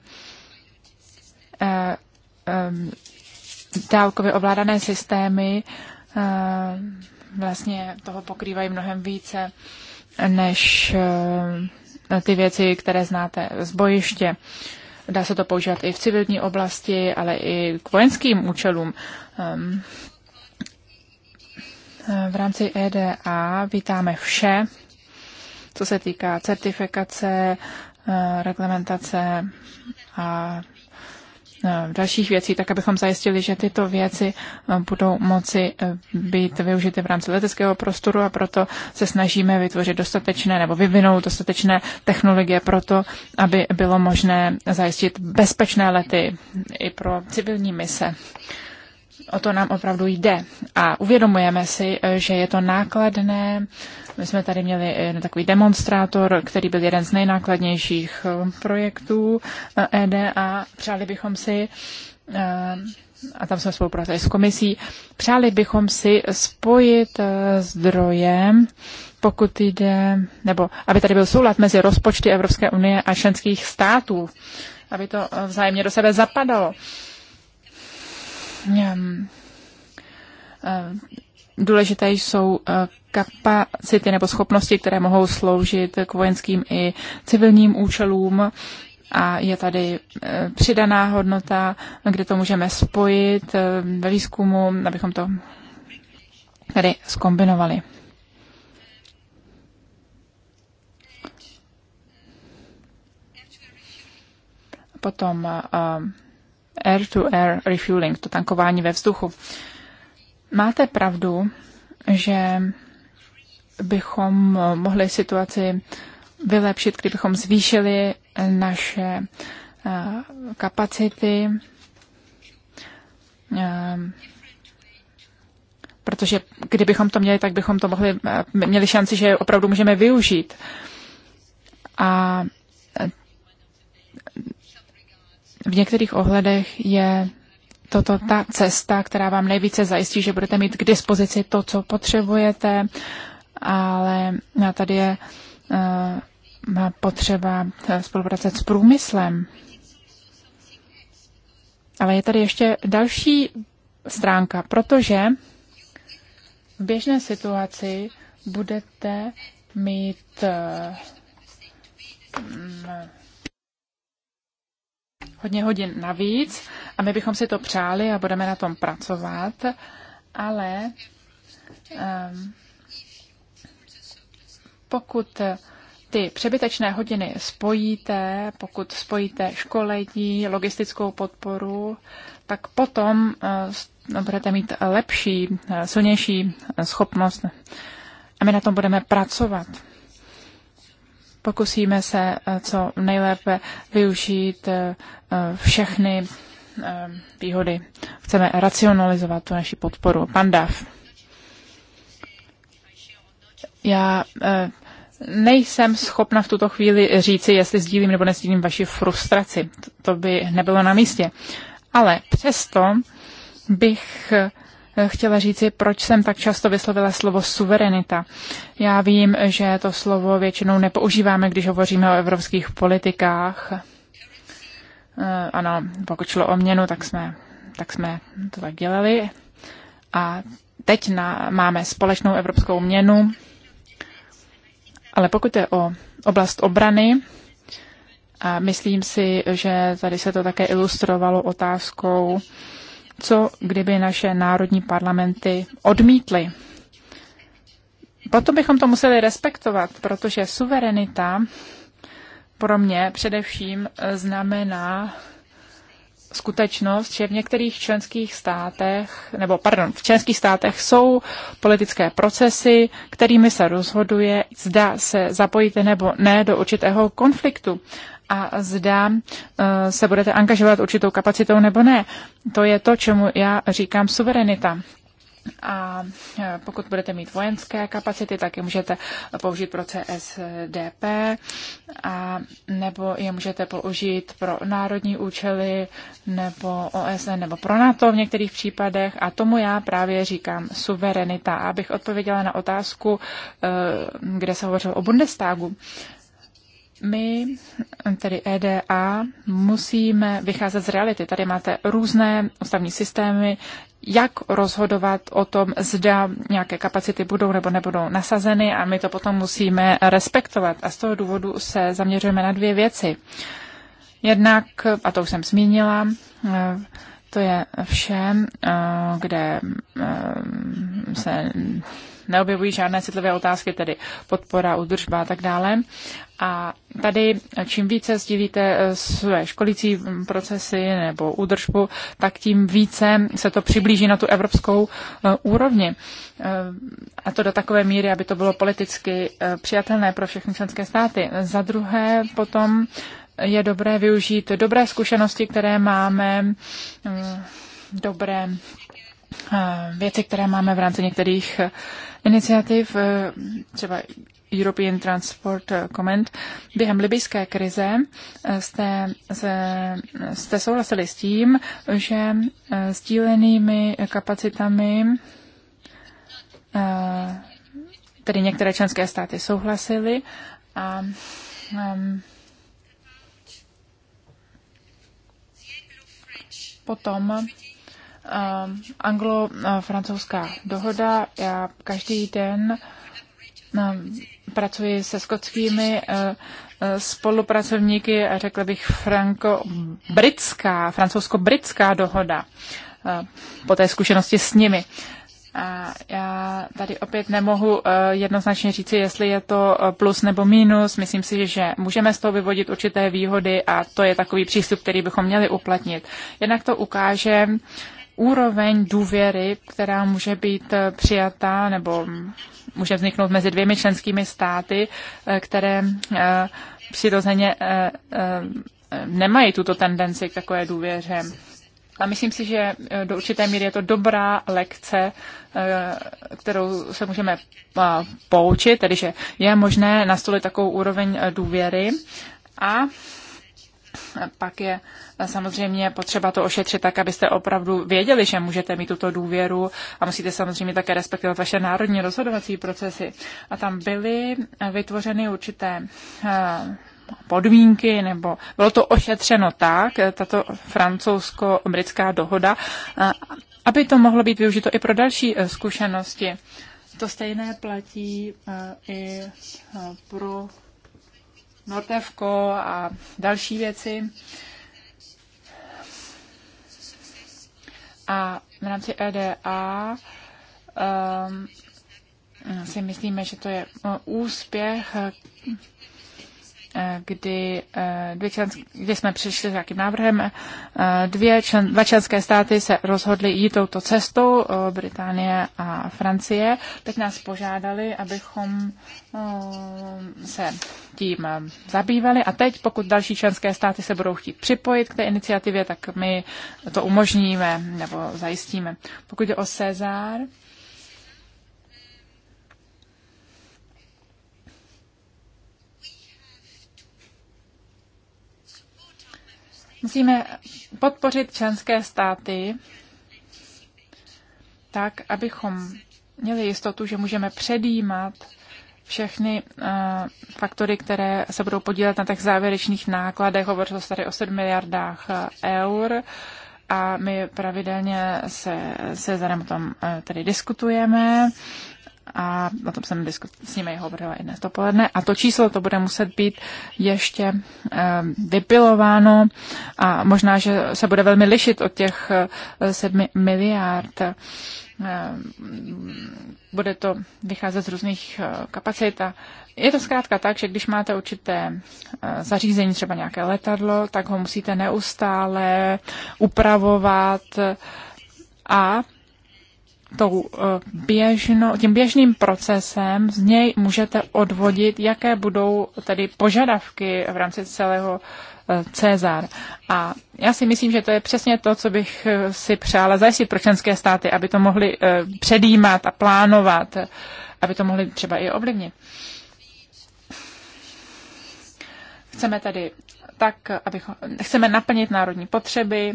Eh, ehm, dálkově ovládané systémy vlastně toho pokrývají mnohem více než eh, ty věci, které znáte z bojiště. Dá se to používat i v civilní oblasti, ale i k vojenským účelům. Ehm, eh, v rámci EDA vítáme vše, co se týká certifikace, eh, reglementace a Eh, dalších věcí, tak abychom zajistili, že tyto věci eh, budou moci eh, být využity v rámci leteckého prostoru a proto se snažíme vytvořit dostatečné nebo vyvinout dostatečné technologie pro to, aby bylo možné zajistit bezpečné lety i pro civilní mise o to nám opravdu jde. A uvědomujeme si, eh, že je to nákladné. My jsme tady měli eh, takový demonstrátor, který byl jeden z nejnákladnějších eh, projektů e a Přáli bychom si a tam jsme spolupracovali s komisí, přáli bychom si spojit zdroje, pokud jde, nebo aby tady byl soulad mezi rozpočty Evropské unie a členských států, aby to vzájemně do sebe zapadalo. Ehm, eh, důležité jsou eh, kapacity nebo schopnosti, které mohou sloužit k vojenským i civilním účelům a je tady eh, přidaná hodnota, kde to můžeme spojit ve výzkumu, abychom to tady skombinovali. Potom air-to-air -air refueling, to tankování ve vzduchu. Máte pravdu, že bychom mohli situaci vylepšit, kdybychom zvýšili naše eh, kapacity, eh, protože kdybychom to měli, tak bychom to mohli, eh, měli šanci, že opravdu můžeme využít. A v některých ohledech je toto ta cesta, která vám nejvíce zajistí, že budete mít k dispozici to, co potřebujete, ale tady je eh, má potřeba eh, spolupracovat s průmyslem. Ale je tady ještě další stránka, protože v běžné situaci budete mít eh, mm, hodně hodin navíc a my bychom si to přáli a budeme na tom pracovat, ale um, pokud ty přebytečné hodiny spojíte, pokud spojíte školení, logistickou podporu, tak potom eh, budete mít lepší, eh, silnější eh, schopnost a my na tom budeme pracovat. Pokusíme se eh, co nejlépe využít eh, eh, všechny výhody. Chceme racionalizovat tu naši podporu. Pan Dav. Já nejsem schopna v tuto chvíli říci, jestli sdílím nebo nesdílím vaši frustraci. To by nebylo na místě. Ale přesto bych chtěla říci, proč jsem tak často vyslovila slovo suverenita. Já vím, že to slovo většinou nepoužíváme, když hovoříme o evropských politikách. Eh, ano, pokud šlo o měnu, tak jsme, tak jsme to tak dělali. A teď na, máme společnou evropskou měnu, ale pokud je o oblast obrany, a myslím si, že tady se to také ilustrovalo otázkou, co kdyby naše národní parlamenty odmítly. Potom bychom to museli respektovat, protože suverenita pro mě především e, znamená skutečnost, že v některých členských státech, nebo pardon, v členských státech jsou politické procesy, kterými se rozhoduje, zda se zapojíte nebo ne do určitého konfliktu a zda eh, se budete angažovat určitou kapacitou nebo ne. To je to, čemu já říkám suverenita. A eh, pokud budete mít vojenské kapacity, tak je můžete použít pro CSDP, a nebo je můžete použít pro národní účely, nebo OSN, nebo pro NATO v některých případech. A tomu já právě říkám suverenita. Abych odpověděla na otázku, eh, kde se hovořilo o Bundestagu my, tedy EDA, musíme vycházet z reality. Tady máte různé ústavní systémy, jak rozhodovat o tom, zda nějaké kapacity budou nebo nebudou nasazeny a my to potom musíme respektovat. A z toho důvodu se zaměřujeme na dvě věci. Jednak, a to už jsem zmínila, to je vše, kde eh, se neobjevují žádné citlivé otázky, tedy podpora, udržba a tak dále. A tady čím více sdílíte eh, své školící mm, procesy nebo údržbu, tak tím více se to přiblíží na tu evropskou eh, úrovni. Eh, a to do takové míry, aby to bylo politicky přijatelné pro všechny členské státy. Za druhé potom je dobré využít dobré zkušenosti, které máme, mm, dobré věci, které máme v rámci některých iniciativ, třeba European Transport eh, Comment. Během libyjské krize eh, jste, jste souhlasili s tím, že eh, sdílenými kapacitami tedy některé členské státy souhlasily a ehm, potom anglo-francouzská dohoda. Já každý den ehm, pracuji se skotskými eh, eh, spolupracovníky a řekla bych franco britská francouzsko-britská dohoda eh, po té zkušenosti s nimi. A já tady opět nemohu jednoznačně říci, jestli je to plus nebo minus. Myslím si, že můžeme z toho vyvodit určité výhody a to je takový přístup, který bychom měli uplatnit. Jednak to ukáže, úroveň důvěry, která může být eh, přijatá nebo může vzniknout mezi dvěmi členskými státy, eh, které eh, přirozeně nemají tuto tendenci k takové důvěře. A myslím si, že do určité míry je to dobrá lekce, kterou se můžeme poučit, tedy že je možné nastolit takovou úroveň důvěry. A pak je samozřejmě potřeba to ošetřit tak, abyste opravdu věděli, že můžete mít tuto důvěru a musíte samozřejmě také respektovat vaše národní rozhodovací procesy. A tam byly vytvořeny určité eh, podmínky, nebo bylo to ošetřeno tak, eh, tato francouzsko-britská dohoda, eh, aby to mohlo být využito i pro další zkušenosti. To stejné platí i pro Notevko a další věci. A v rámci EDA um, ehm, si myslíme, že to je no, úspěch kdy, eh, dvě členské, kdy jsme přišli s nějakým návrhem. Eh, dvě člen, dva členské státy se rozhodly jít touto cestou, eh, Británie a Francie, tak nás požádali, abychom se tím zabývali. A teď, pokud další členské státy se budou chtít připojit k té iniciativě, tak my to umožníme nebo zajistíme. Pokud je o Cezár, Musíme podpořit členské státy tak, abychom měli jistotu, že můžeme předjímat všechny uh, faktory, které se budou podílet na těch závěrečných nákladech. Hovořilo se tady o 7 miliardách eh, eur a my pravidelně se, se Zarem o tom uh, eh, tady diskutujeme a o tom jsem s nimi hovorila i dnes dopoledne. A to číslo to bude muset být ještě eh, vypilováno a možná, že se bude velmi lišit od těch 7 eh, miliard. Eh, bude to vycházet z různých kapacit. A je to zkrátka tak, že když máte určité zařízení, třeba nějaké letadlo, tak ho musíte neustále upravovat a tou eh, běžno, tím běžným procesem z něj můžete odvodit, jaké budou tedy požadavky v rámci celého eh, Cezar. A já si myslím, že to je přesně to, co bych eh, si přála zajistit pro členské státy, aby to mohli předjímat a plánovat, aby to mohli třeba i ovlivnit. Chceme tedy tak, abychom, chceme naplnit národní potřeby,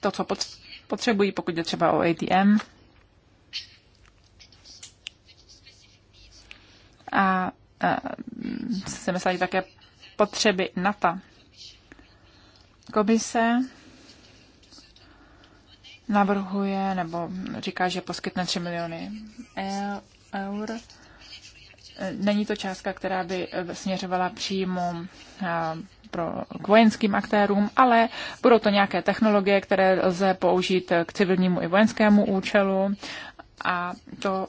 to, co potřebují, pokud je třeba o ATM, a, a se mysleli také potřeby NATO. Komise navrhuje nebo říká, že poskytne 3 miliony eur. Není to částka, která by směřovala přímo pro, k vojenským aktérům, ale budou to nějaké technologie, které lze použít k civilnímu i vojenskému účelu a to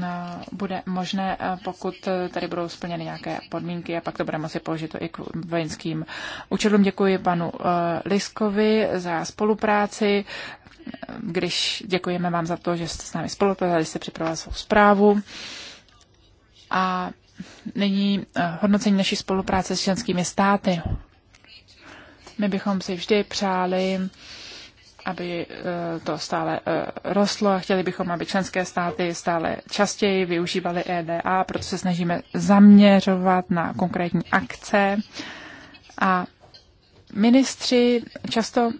No, bude možné, eh, pokud eh, tady budou splněny nějaké podmínky a pak to bude moci použít i k vojenským účelům. Děkuji panu eh, Liskovi za spolupráci. Když děkujeme vám za to, že jste s námi spolupracovali, jste připravili svou zprávu. A nyní hodnocení naší spolupráce s členskými státy. My bychom si vždy přáli aby eh, to stále eh, rostlo a chtěli bychom, aby členské státy stále častěji využívaly EDA, proto se snažíme zaměřovat na konkrétní akce. A ministři často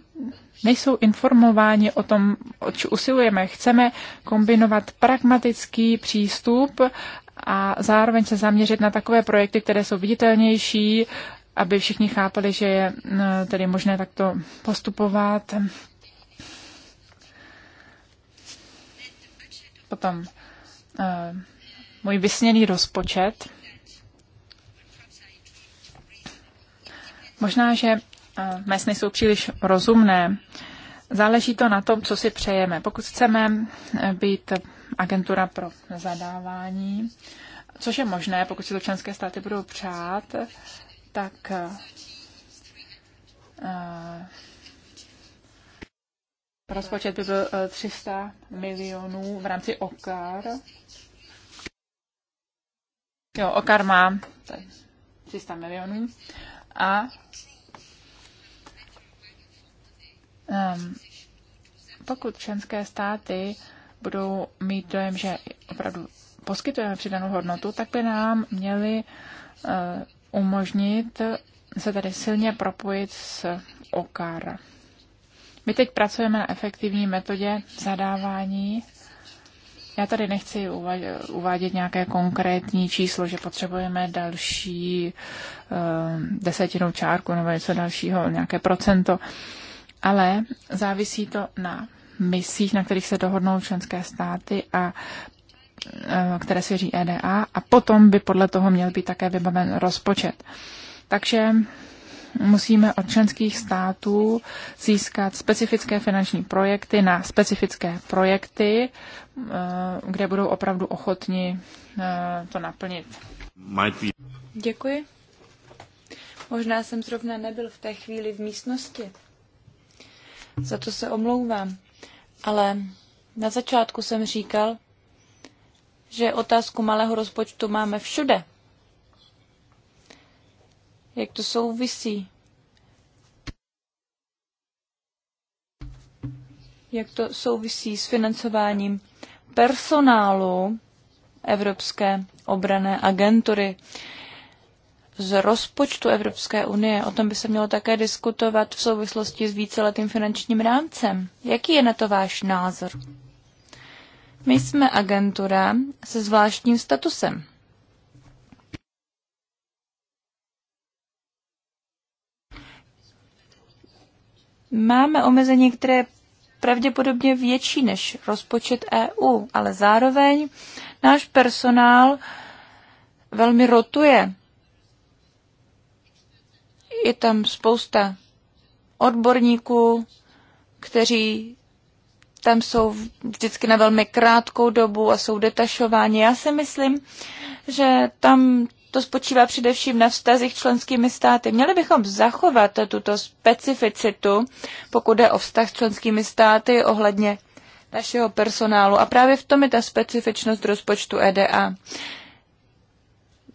nejsou informováni o tom, o čo usilujeme. Chceme kombinovat pragmatický přístup a zároveň se zaměřit na takové projekty, které jsou viditelnější, aby všichni chápali, že je eh, tedy možné takto postupovat. Potom uh, můj vysněný rozpočet. Možná, že uh, mé sny jsou příliš rozumné. Záleží to na tom, co si přejeme. Pokud chceme eh, být agentura pro zadávání, což je možné, pokud si to členské státy budou přát, tak uh, Rozpočet by byl 300 eh, milionů v rámci OKAR. Jo, OKAR má 300 milionů a um, pokud členské státy budou mít dojem, že opravdu poskytujeme přidanou hodnotu, tak by nám měli uh, eh, umožnit se tady silně propojit s OKAR. My teď pracujeme na efektivní metodě zadávání. Já tady nechci uvádět nějaké konkrétní číslo, že potřebujeme další ehm, desetinou čárku nebo něco dalšího, nějaké procento, ale závisí to na misích, na kterých se dohodnou členské státy a ehm, které svěří EDA a potom by podle toho měl být také vybaven rozpočet. Takže musíme od členských států získat specifické finanční projekty na specifické projekty, eh, kde budou opravdu ochotni eh, to naplnit. Děkuji. Možná jsem zrovna nebyl v té chvíli v místnosti. Za to se omlouvám. Ale na začátku jsem říkal, že otázku malého rozpočtu máme všude jak to souvisí. Jak to souvisí s financováním personálu Evropské obrané agentury z rozpočtu Evropské unie. O tom by se mělo také diskutovat v souvislosti s víceletým finančním rámcem. Jaký je na to váš názor? My jsme agentura se zvláštním statusem. máme omezení, které je pravděpodobně větší než rozpočet EU, ale zároveň náš personál velmi rotuje. Je tam spousta odborníků, kteří tam jsou vždycky na velmi krátkou dobu a jsou detašováni. Já si myslím, že tam to spočívá především na vztazích členskými státy. Měli bychom zachovat tuto specificitu, pokud jde o vztah s členskými státy ohledně našeho personálu. A právě v tom je ta specifičnost rozpočtu EDA.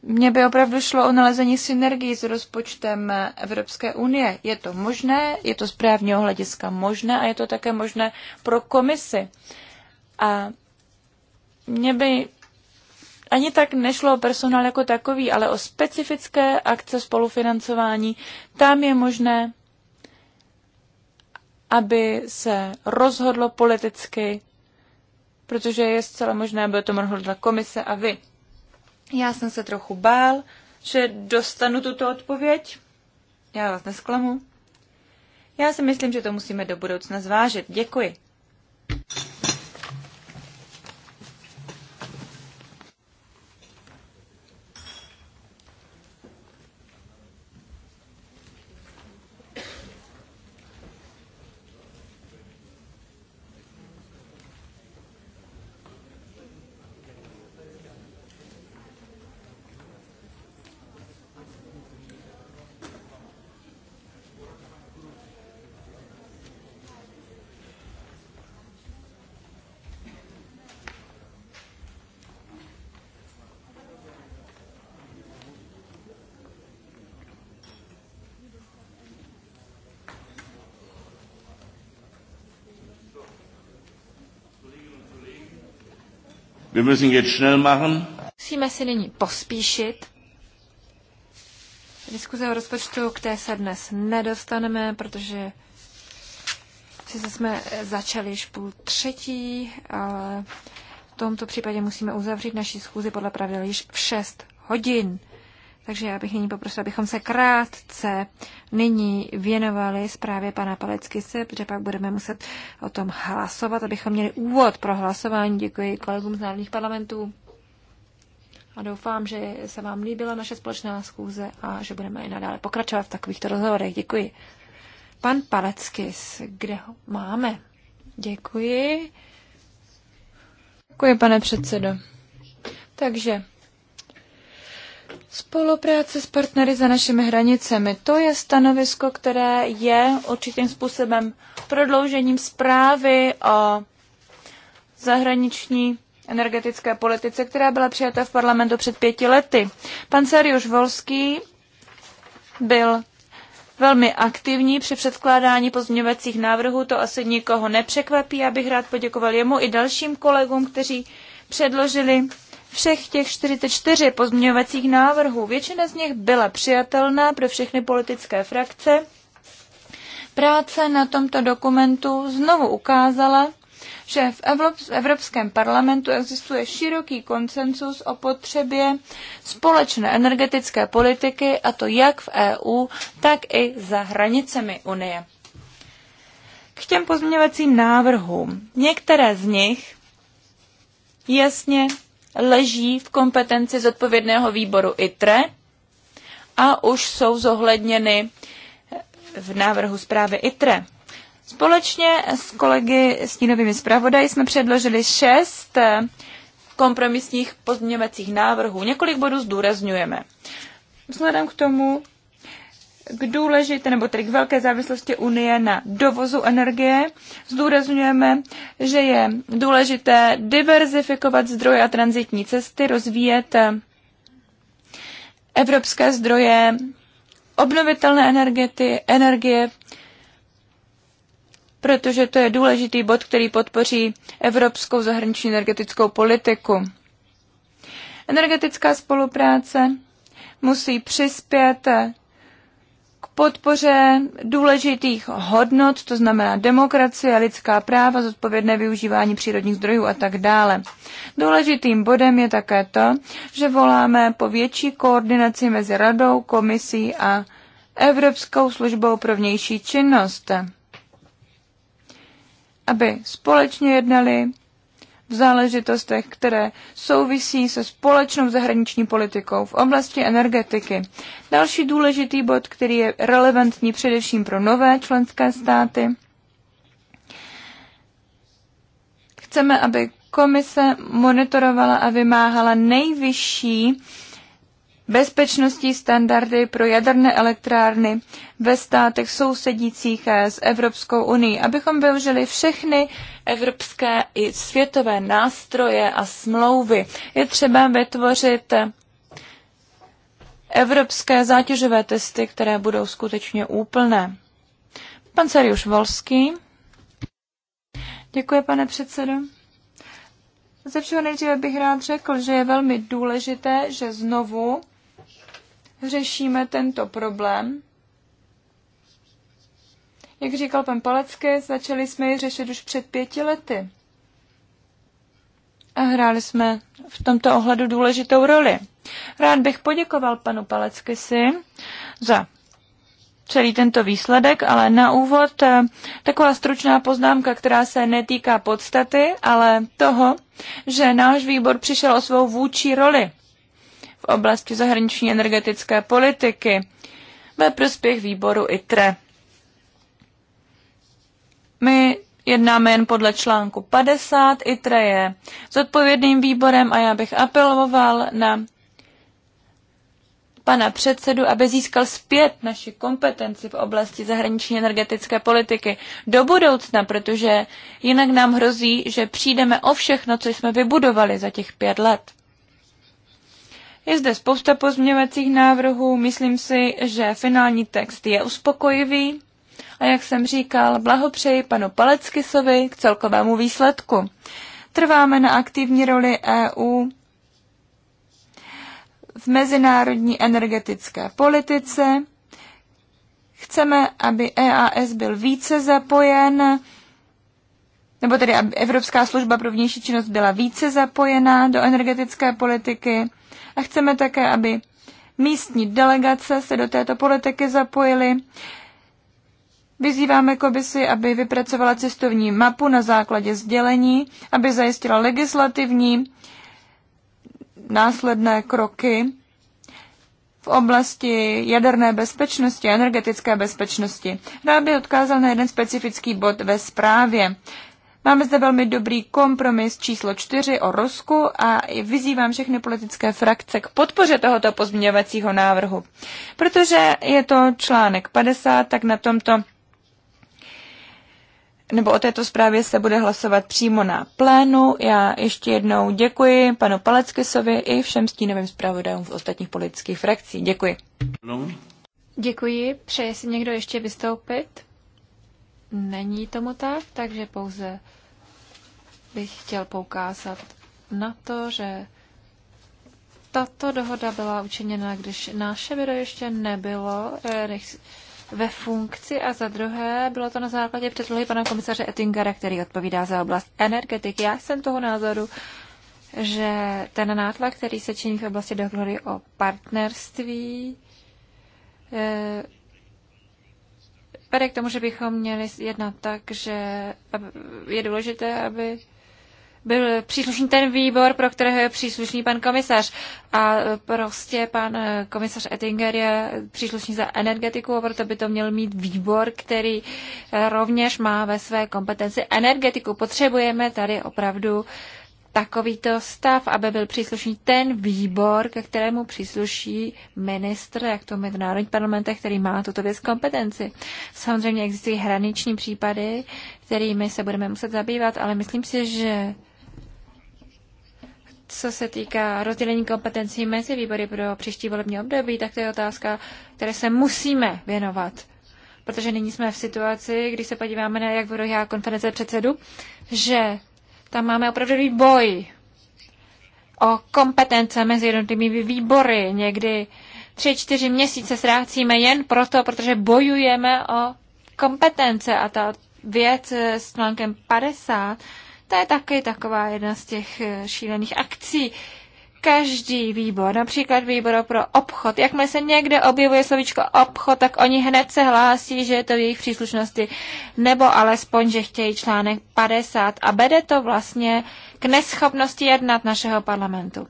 Mně by opravdu šlo o nalezení synergii s rozpočtem Evropské unie. Je to možné, je to z právního hlediska možné a je to také možné pro komisi. A mě by ani tak nešlo o personál jako takový, ale o specifické akce spolufinancování. Tam je možné, aby se rozhodlo politicky, protože je zcela možné, aby to mohlo rozhodla komise a vy. Já jsem se trochu bál, že dostanu tuto odpověď. Já vás nesklamu. Já si myslím, že to musíme do budoucna zvážit. Děkuji. Wir müssen jetzt schnell machen. Musíme si nyní pospíšit. Diskuze o rozpočtu, k té se dnes nedostaneme, protože sice jsme začali již půl třetí, ale v tomto případě musíme uzavřít naši schůzi podle pravidel již v 6 hodin. Takže já bych nyní poprosila, abychom se krátce nyní věnovali zprávě pana Paleckise, protože pak budeme muset o tom hlasovat, abychom měli úvod pro hlasování. Děkuji kolegům z národních parlamentů a doufám, že se vám líbila naše společná schůze a že budeme i nadále pokračovat v takovýchto rozhovorech. Děkuji. Pan Paleckis, kde ho máme? Děkuji. Děkuji, pane předsedo. Takže Spolupráce s partnery za našimi hranicemi, to je stanovisko, které je určitým způsobem prodloužením zprávy o zahraniční energetické politice, která byla přijata v parlamentu před pěti lety. Pan Sariusz Volský byl velmi aktivní při předkládání pozměňovacích návrhů, to asi nikoho nepřekvapí. abych bych rád poděkoval jemu i dalším kolegům, kteří předložili všech těch 44 pozměňovacích návrhů. Většina z nich byla přijatelná pro všechny politické frakce. Práce na tomto dokumentu znovu ukázala, že v Evropském parlamentu existuje široký konsensus o potřebě společné energetické politiky, a to jak v EU, tak i za hranicemi Unie. K těm pozměňovacím návrhům. Některé z nich jasně leží v kompetenci zodpovědného výboru ITRE a už jsou zohledněny v návrhu zprávy ITRE. Společně s kolegy stínovými zpravodaji jsme předložili šest eh, kompromisních pozměňovacích návrhů. Několik bodů zdůrazňujeme. Vzhledem k tomu, k důležité, nebo tedy k velké závislosti Unie na dovozu energie. Zdůrazňujeme, že je důležité diverzifikovat zdroje a transitní cesty, rozvíjet eh, evropské zdroje, obnovitelné energety, energie, protože to je důležitý bod, který podpoří evropskou zahraniční energetickou politiku. Energetická spolupráce musí přispět podpoře důležitých hodnot, to znamená demokracie, lidská práva, zodpovědné využívání přírodních zdrojů a tak dále. Důležitým bodem je také to, že voláme po větší koordinaci mezi radou, komisí a Evropskou službou pro vnější činnost, aby společně jednali v záležitostech, které souvisí se společnou zahraniční politikou v oblasti energetiky. Další důležitý bod, který je relevantní především pro nové členské státy. Chceme, aby komise monitorovala a vymáhala nejvyšší bezpečnostní standardy pro jaderné elektrárny ve státech sousedících s Evropskou unii, abychom využili všechny evropské i světové nástroje a smlouvy. Je třeba vytvořit evropské zátěžové testy, které budou skutečně úplné. Pan Seriuš Volský. Děkuji, pane předsedo. Ze všeho nejdříve bych rád řekl, že je velmi důležité, že znovu řešíme tento problém, jak říkal pan Palecký, začali jsme ji řešit už před pěti lety. A hráli jsme v tomto ohledu důležitou roli. Rád bych poděkoval panu Palecky si za celý tento výsledek, ale na úvod eh, taková stručná poznámka, která se netýká podstaty, ale toho, že náš výbor přišel o svou vůči roli v oblasti zahraniční energetické politiky ve prospěch výboru ITRE. My jednáme jen podle článku 50, i je s odpovědným výborem a já bych apeloval na pana předsedu, aby získal zpět naši kompetenci v oblasti zahraniční energetické politiky do budoucna, protože jinak nám hrozí, že přijdeme o všechno, co jsme vybudovali za těch pět let. Je zde spousta pozměňovacích návrhů, myslím si, že finální text je uspokojivý a jak jsem říkal, blahopřeji panu Paleckisovi k celkovému výsledku. Trváme na aktivní roli EU v mezinárodní energetické politice. Chceme, aby EAS byl více zapojen, nebo tedy aby Evropská služba pro vnější činnost byla více zapojená do energetické politiky. A chceme také, aby místní delegace se do této politiky zapojily. Vyzýváme komisi, aby vypracovala cestovní mapu na základě sdělení, aby zajistila legislativní následné kroky v oblasti jaderné bezpečnosti a energetické bezpečnosti. Rád bych odkázal na jeden specifický bod ve zprávě. Máme zde velmi dobrý kompromis číslo 4 o Rusku a vyzývám všechny politické frakce k podpoře tohoto pozměňovacího návrhu. Protože je to článek 50, tak na tomto nebo o této zprávě se bude hlasovat přímo na plénu. Já ještě jednou děkuji panu Paleckisovi i všem stínovým zpravodajům v ostatních politických frakcí. Děkuji. No. Děkuji. Přeje si někdo ještě vystoupit? Není tomu tak, takže pouze bych chtěl poukázat na to, že tato dohoda byla učiněna, když naše video ještě nebylo eh, ve funkci a za druhé bylo to na základě předlohy pana komisaře Ettingera, který odpovídá za oblast energetiky. Já jsem toho názoru, že ten nátlak, který se činí v oblasti dohody o partnerství, eh, vede k tomu, že bychom měli jednat tak, že je důležité, aby byl příslušný ten výbor, pro kterého je příslušný pan komisař. A e, prostě pan e, komisař Ettinger je příslušný za energetiku a proto by to měl mít výbor, který e, rovněž má ve své kompetenci energetiku. Potřebujeme tady opravdu takovýto stav, aby byl příslušný ten výbor, ke kterému přísluší ministr, jak to my v národních parlamentech, který má tuto věc kompetenci. Samozřejmě existují hraniční případy, kterými se budeme muset zabývat, ale myslím si, že co se týká rozdělení kompetencí mezi výbory pro příští volební období, tak to je otázka, které se musíme věnovat. Protože nyní jsme v situaci, když se podíváme na jak já konference předsedu, že tam máme opravdu boj o kompetence mezi jednotlivými výbory. Někdy tři, čtyři měsíce ztrácíme jen proto, protože bojujeme o kompetence a ta věc s článkem 50 to je taky taková jedna z těch eh, šílených akcí. Každý výbor, například výbor pro obchod, jakmile se někde objevuje slovíčko obchod, tak oni hned se hlásí, že je to v jejich příslušnosti, nebo alespoň, že chtějí článek 50 a vede to vlastně k neschopnosti jednat našeho parlamentu.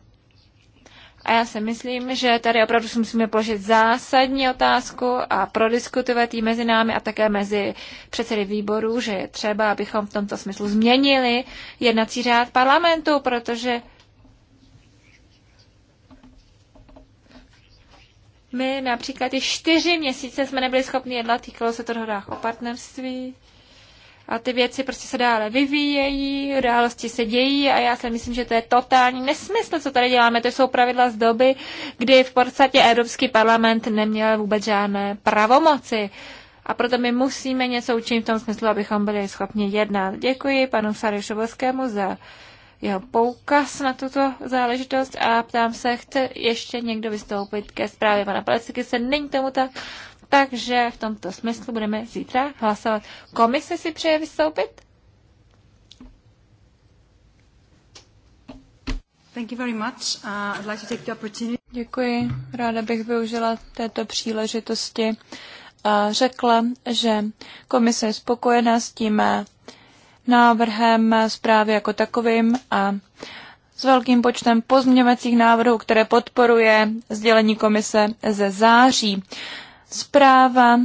A já si myslím, že tady opravdu si musíme položit zásadní otázku a prodiskutovat ji mezi námi a také mezi předsedy výborů, že je třeba, abychom v tomto smyslu změnili jednací řád parlamentu, protože my například i čtyři měsíce jsme nebyli schopni jednat, týkalo se to dohodách o partnerství a ty věci prostě se dále vyvíjejí, události se dějí a já si myslím, že to je totální nesmysl, co tady děláme. To jsou pravidla z doby, kdy v podstatě Evropský parlament neměl vůbec žádné pravomoci. A proto my musíme něco učinit v tom smyslu, abychom byli schopni jednat. Děkuji panu Sarišovskému za jeho poukaz na tuto záležitost a ptám se, chce ještě někdo vystoupit ke zprávě pana Palecky, se není tomu tak, takže v tomto smyslu budeme zítra hlasovat. Komise si přeje vystoupit? Thank you very much. Uh, I'd like to take the opportunity. Děkuji. Ráda bych využila této příležitosti a uh, řekla, že komise je spokojená s tím uh, návrhem uh, zprávy jako takovým a s velkým počtem pozměňovacích návrhů, které podporuje sdělení komise ze září. Zpráva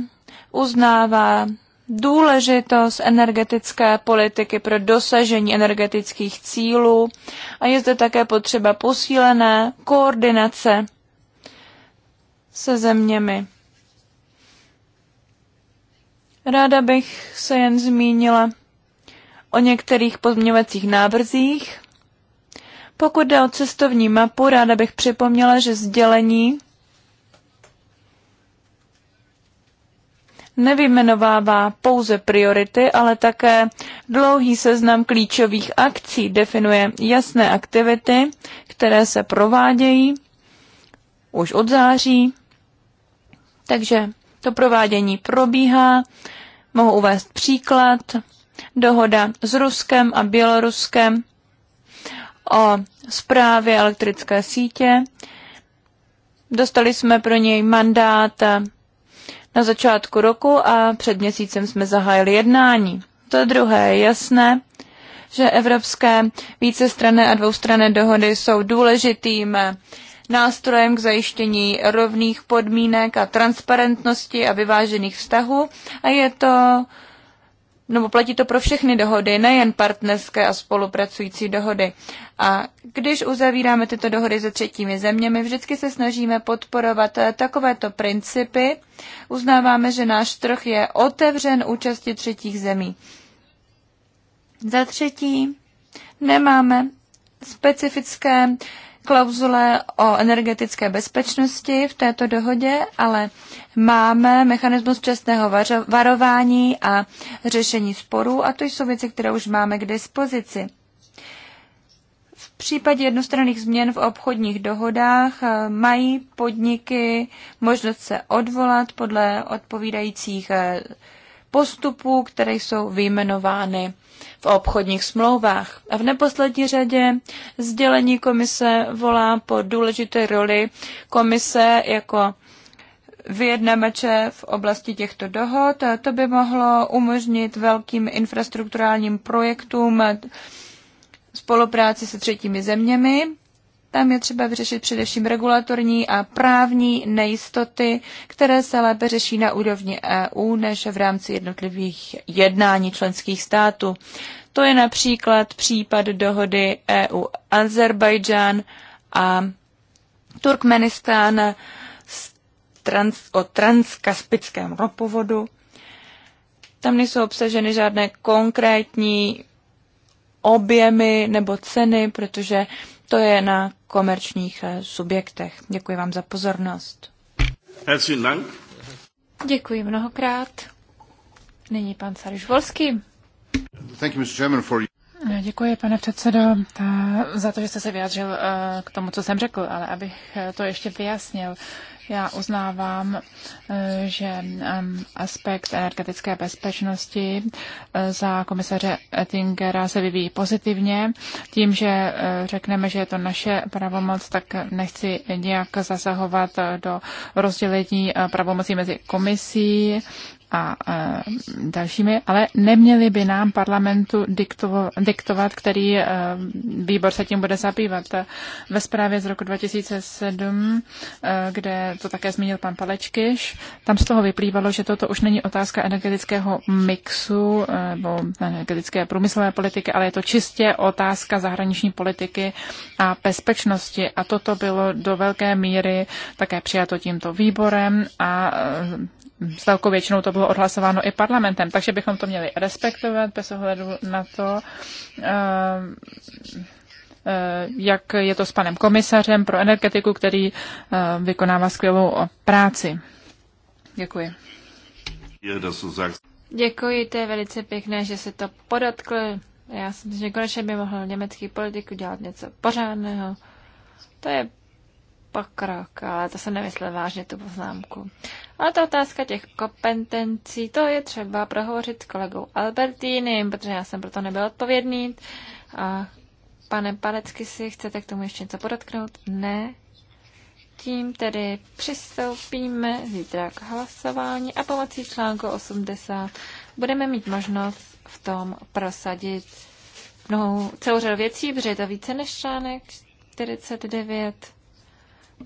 uznává důležitost energetické politiky pro dosažení energetických cílů a je zde také potřeba posílené koordinace se zeměmi. Ráda bych se jen zmínila o některých pozměňovacích návrzích. Pokud jde o cestovní mapu, ráda bych připomněla, že sdělení nevymenovává pouze priority, ale také dlouhý seznam klíčových akcí definuje jasné aktivity, které se provádějí už od září. Takže to provádění probíhá. Mohu uvést příklad. Dohoda s Ruskem a Běloruskem o zprávě elektrické sítě. Dostali jsme pro něj mandát na začátku roku a před měsícem jsme zahájili jednání. To druhé je jasné, že evropské vícestranné a dvoustranné dohody jsou důležitým nástrojem k zajištění rovných podmínek a transparentnosti a vyvážených vztahů a je to nebo platí to pro všechny dohody, nejen partnerské a spolupracující dohody. A když uzavíráme tyto dohody se třetími zeměmi, vždycky se snažíme podporovat eh, takovéto principy. Uznáváme, že náš trh je otevřen účasti třetích zemí. Za třetí, nemáme specifické klauzule o energetické bezpečnosti v této dohodě, ale máme mechanismus čestného varování a řešení sporů a to jsou věci, které už máme k dispozici. V případě jednostranných změn v obchodních dohodách eh, mají podniky možnost se odvolat podle odpovídajících eh, postupů, které jsou vyjmenovány v obchodních smlouvách. A v neposlední řadě sdělení komise volá po důležité roli komise jako vyjednavače v oblasti těchto dohod. To by mohlo umožnit velkým infrastrukturálním projektům spolupráci se třetími zeměmi tam je třeba vyřešit především regulatorní a právní nejistoty, které se lépe řeší na úrovni EU než v rámci jednotlivých jednání členských států. To je například případ dohody EU Azerbajdžán a Turkmenistán trans, o transkaspickém ropovodu. Tam nejsou obsaženy žádné konkrétní objemy nebo ceny, protože to je na komerčních eh, subjektech. Děkuji vám za pozornost. Děkuji mnohokrát. Nyní pan Sariš Volský. Thank you, Mr. Chairman, for you. Eh, děkuji, pane předsedo, za to, že jste se vyjádřil eh, k tomu, co jsem řekl, ale abych to ještě vyjasnil. Já uznávám, eh, že aspekt energetické bezpečnosti eh, za komisaře Ettingera se vyvíjí pozitivně. Tím, že eh, řekneme, že je to naše pravomoc, tak nechci nějak zasahovat do rozdělení pravomocí mezi komisí a dalšími, ale neměli by nám parlamentu diktovat, který e, výbor se tím bude zabývat. Ve zprávě z roku 2007, e, kde to také zmínil pan Palečkyš, tam z toho vyplývalo, že toto už není otázka energetického mixu e, nebo energetické průmyslové politiky, ale je to čistě otázka zahraniční politiky a bezpečnosti. A toto bylo do velké míry také přijato tímto výborem a s velkou většinou to bylo odhlasováno i parlamentem, takže bychom to měli respektovat bez ohledu na to, eh, eh, jak je to s panem komisařem pro energetiku, který eh, vykonává skvělou práci. Děkuji. Děkuji, to je velice pěkné, že se to podotkl. Já si myslím, že konečně by mohl německý politik udělat něco pořádného. To je pokrok, ale to jsem nemyslel vážně, tu poznámku. Ale ta otázka těch kompetencí, to je třeba prohovořit s kolegou Albertínem, protože já jsem proto nebyl odpovědný. A pane Palecky si chcete k tomu ještě něco podotknout? Ne. Tím tedy přistoupíme zítra k hlasování a pomocí článku 80 budeme mít možnost v tom prosadit mnohou celou řadu věcí, protože je to více než článek 49.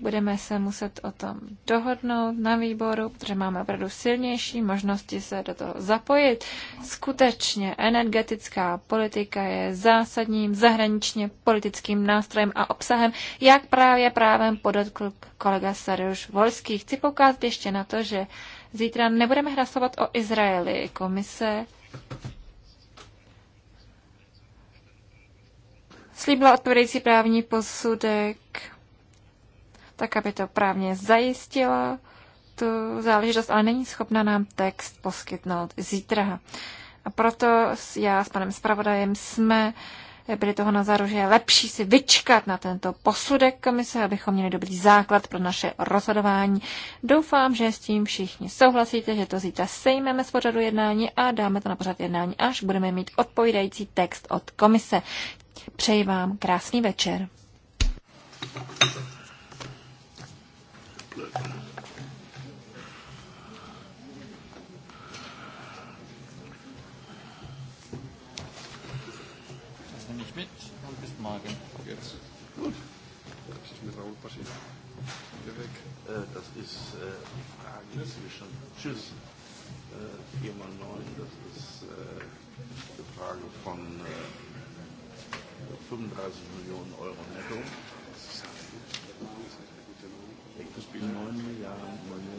Budeme se muset o tom dohodnout na výboru, protože máme opravdu silnější možnosti se do toho zapojit. Skutečně energetická politika je zásadním zahraničně politickým nástrojem a obsahem, jak právě právem podotkl kolega Sariuš Volský. Chci poukázat ještě na to, že zítra nebudeme hlasovat o Izraeli. Komise slíbila odpovědající právní posudek tak aby to právně zajistila tu záležitost, ale není schopna nám text poskytnout zítra. A proto já s panem zpravodajem jsme eh, byli toho na že je lepší si vyčkat na tento posudek komise, abychom měli dobrý základ pro naše rozhodování. Doufám, že s tím všichni souhlasíte, že to zítra sejmeme z pořadu jednání a dáme to na pořad jednání, až budeme mít odpovídající text od komise. Přeji vám krásný večer. Das nehme ich mit und bis morgen. Jetzt. Gut. Was ist mit Raoul passiert? Wieder weg. Äh, das ist äh, die Frage zwischen Tschüss äh, 4 mal 9. Das ist äh, die Frage von äh, 35 Millionen Euro netto. neun Milliarden.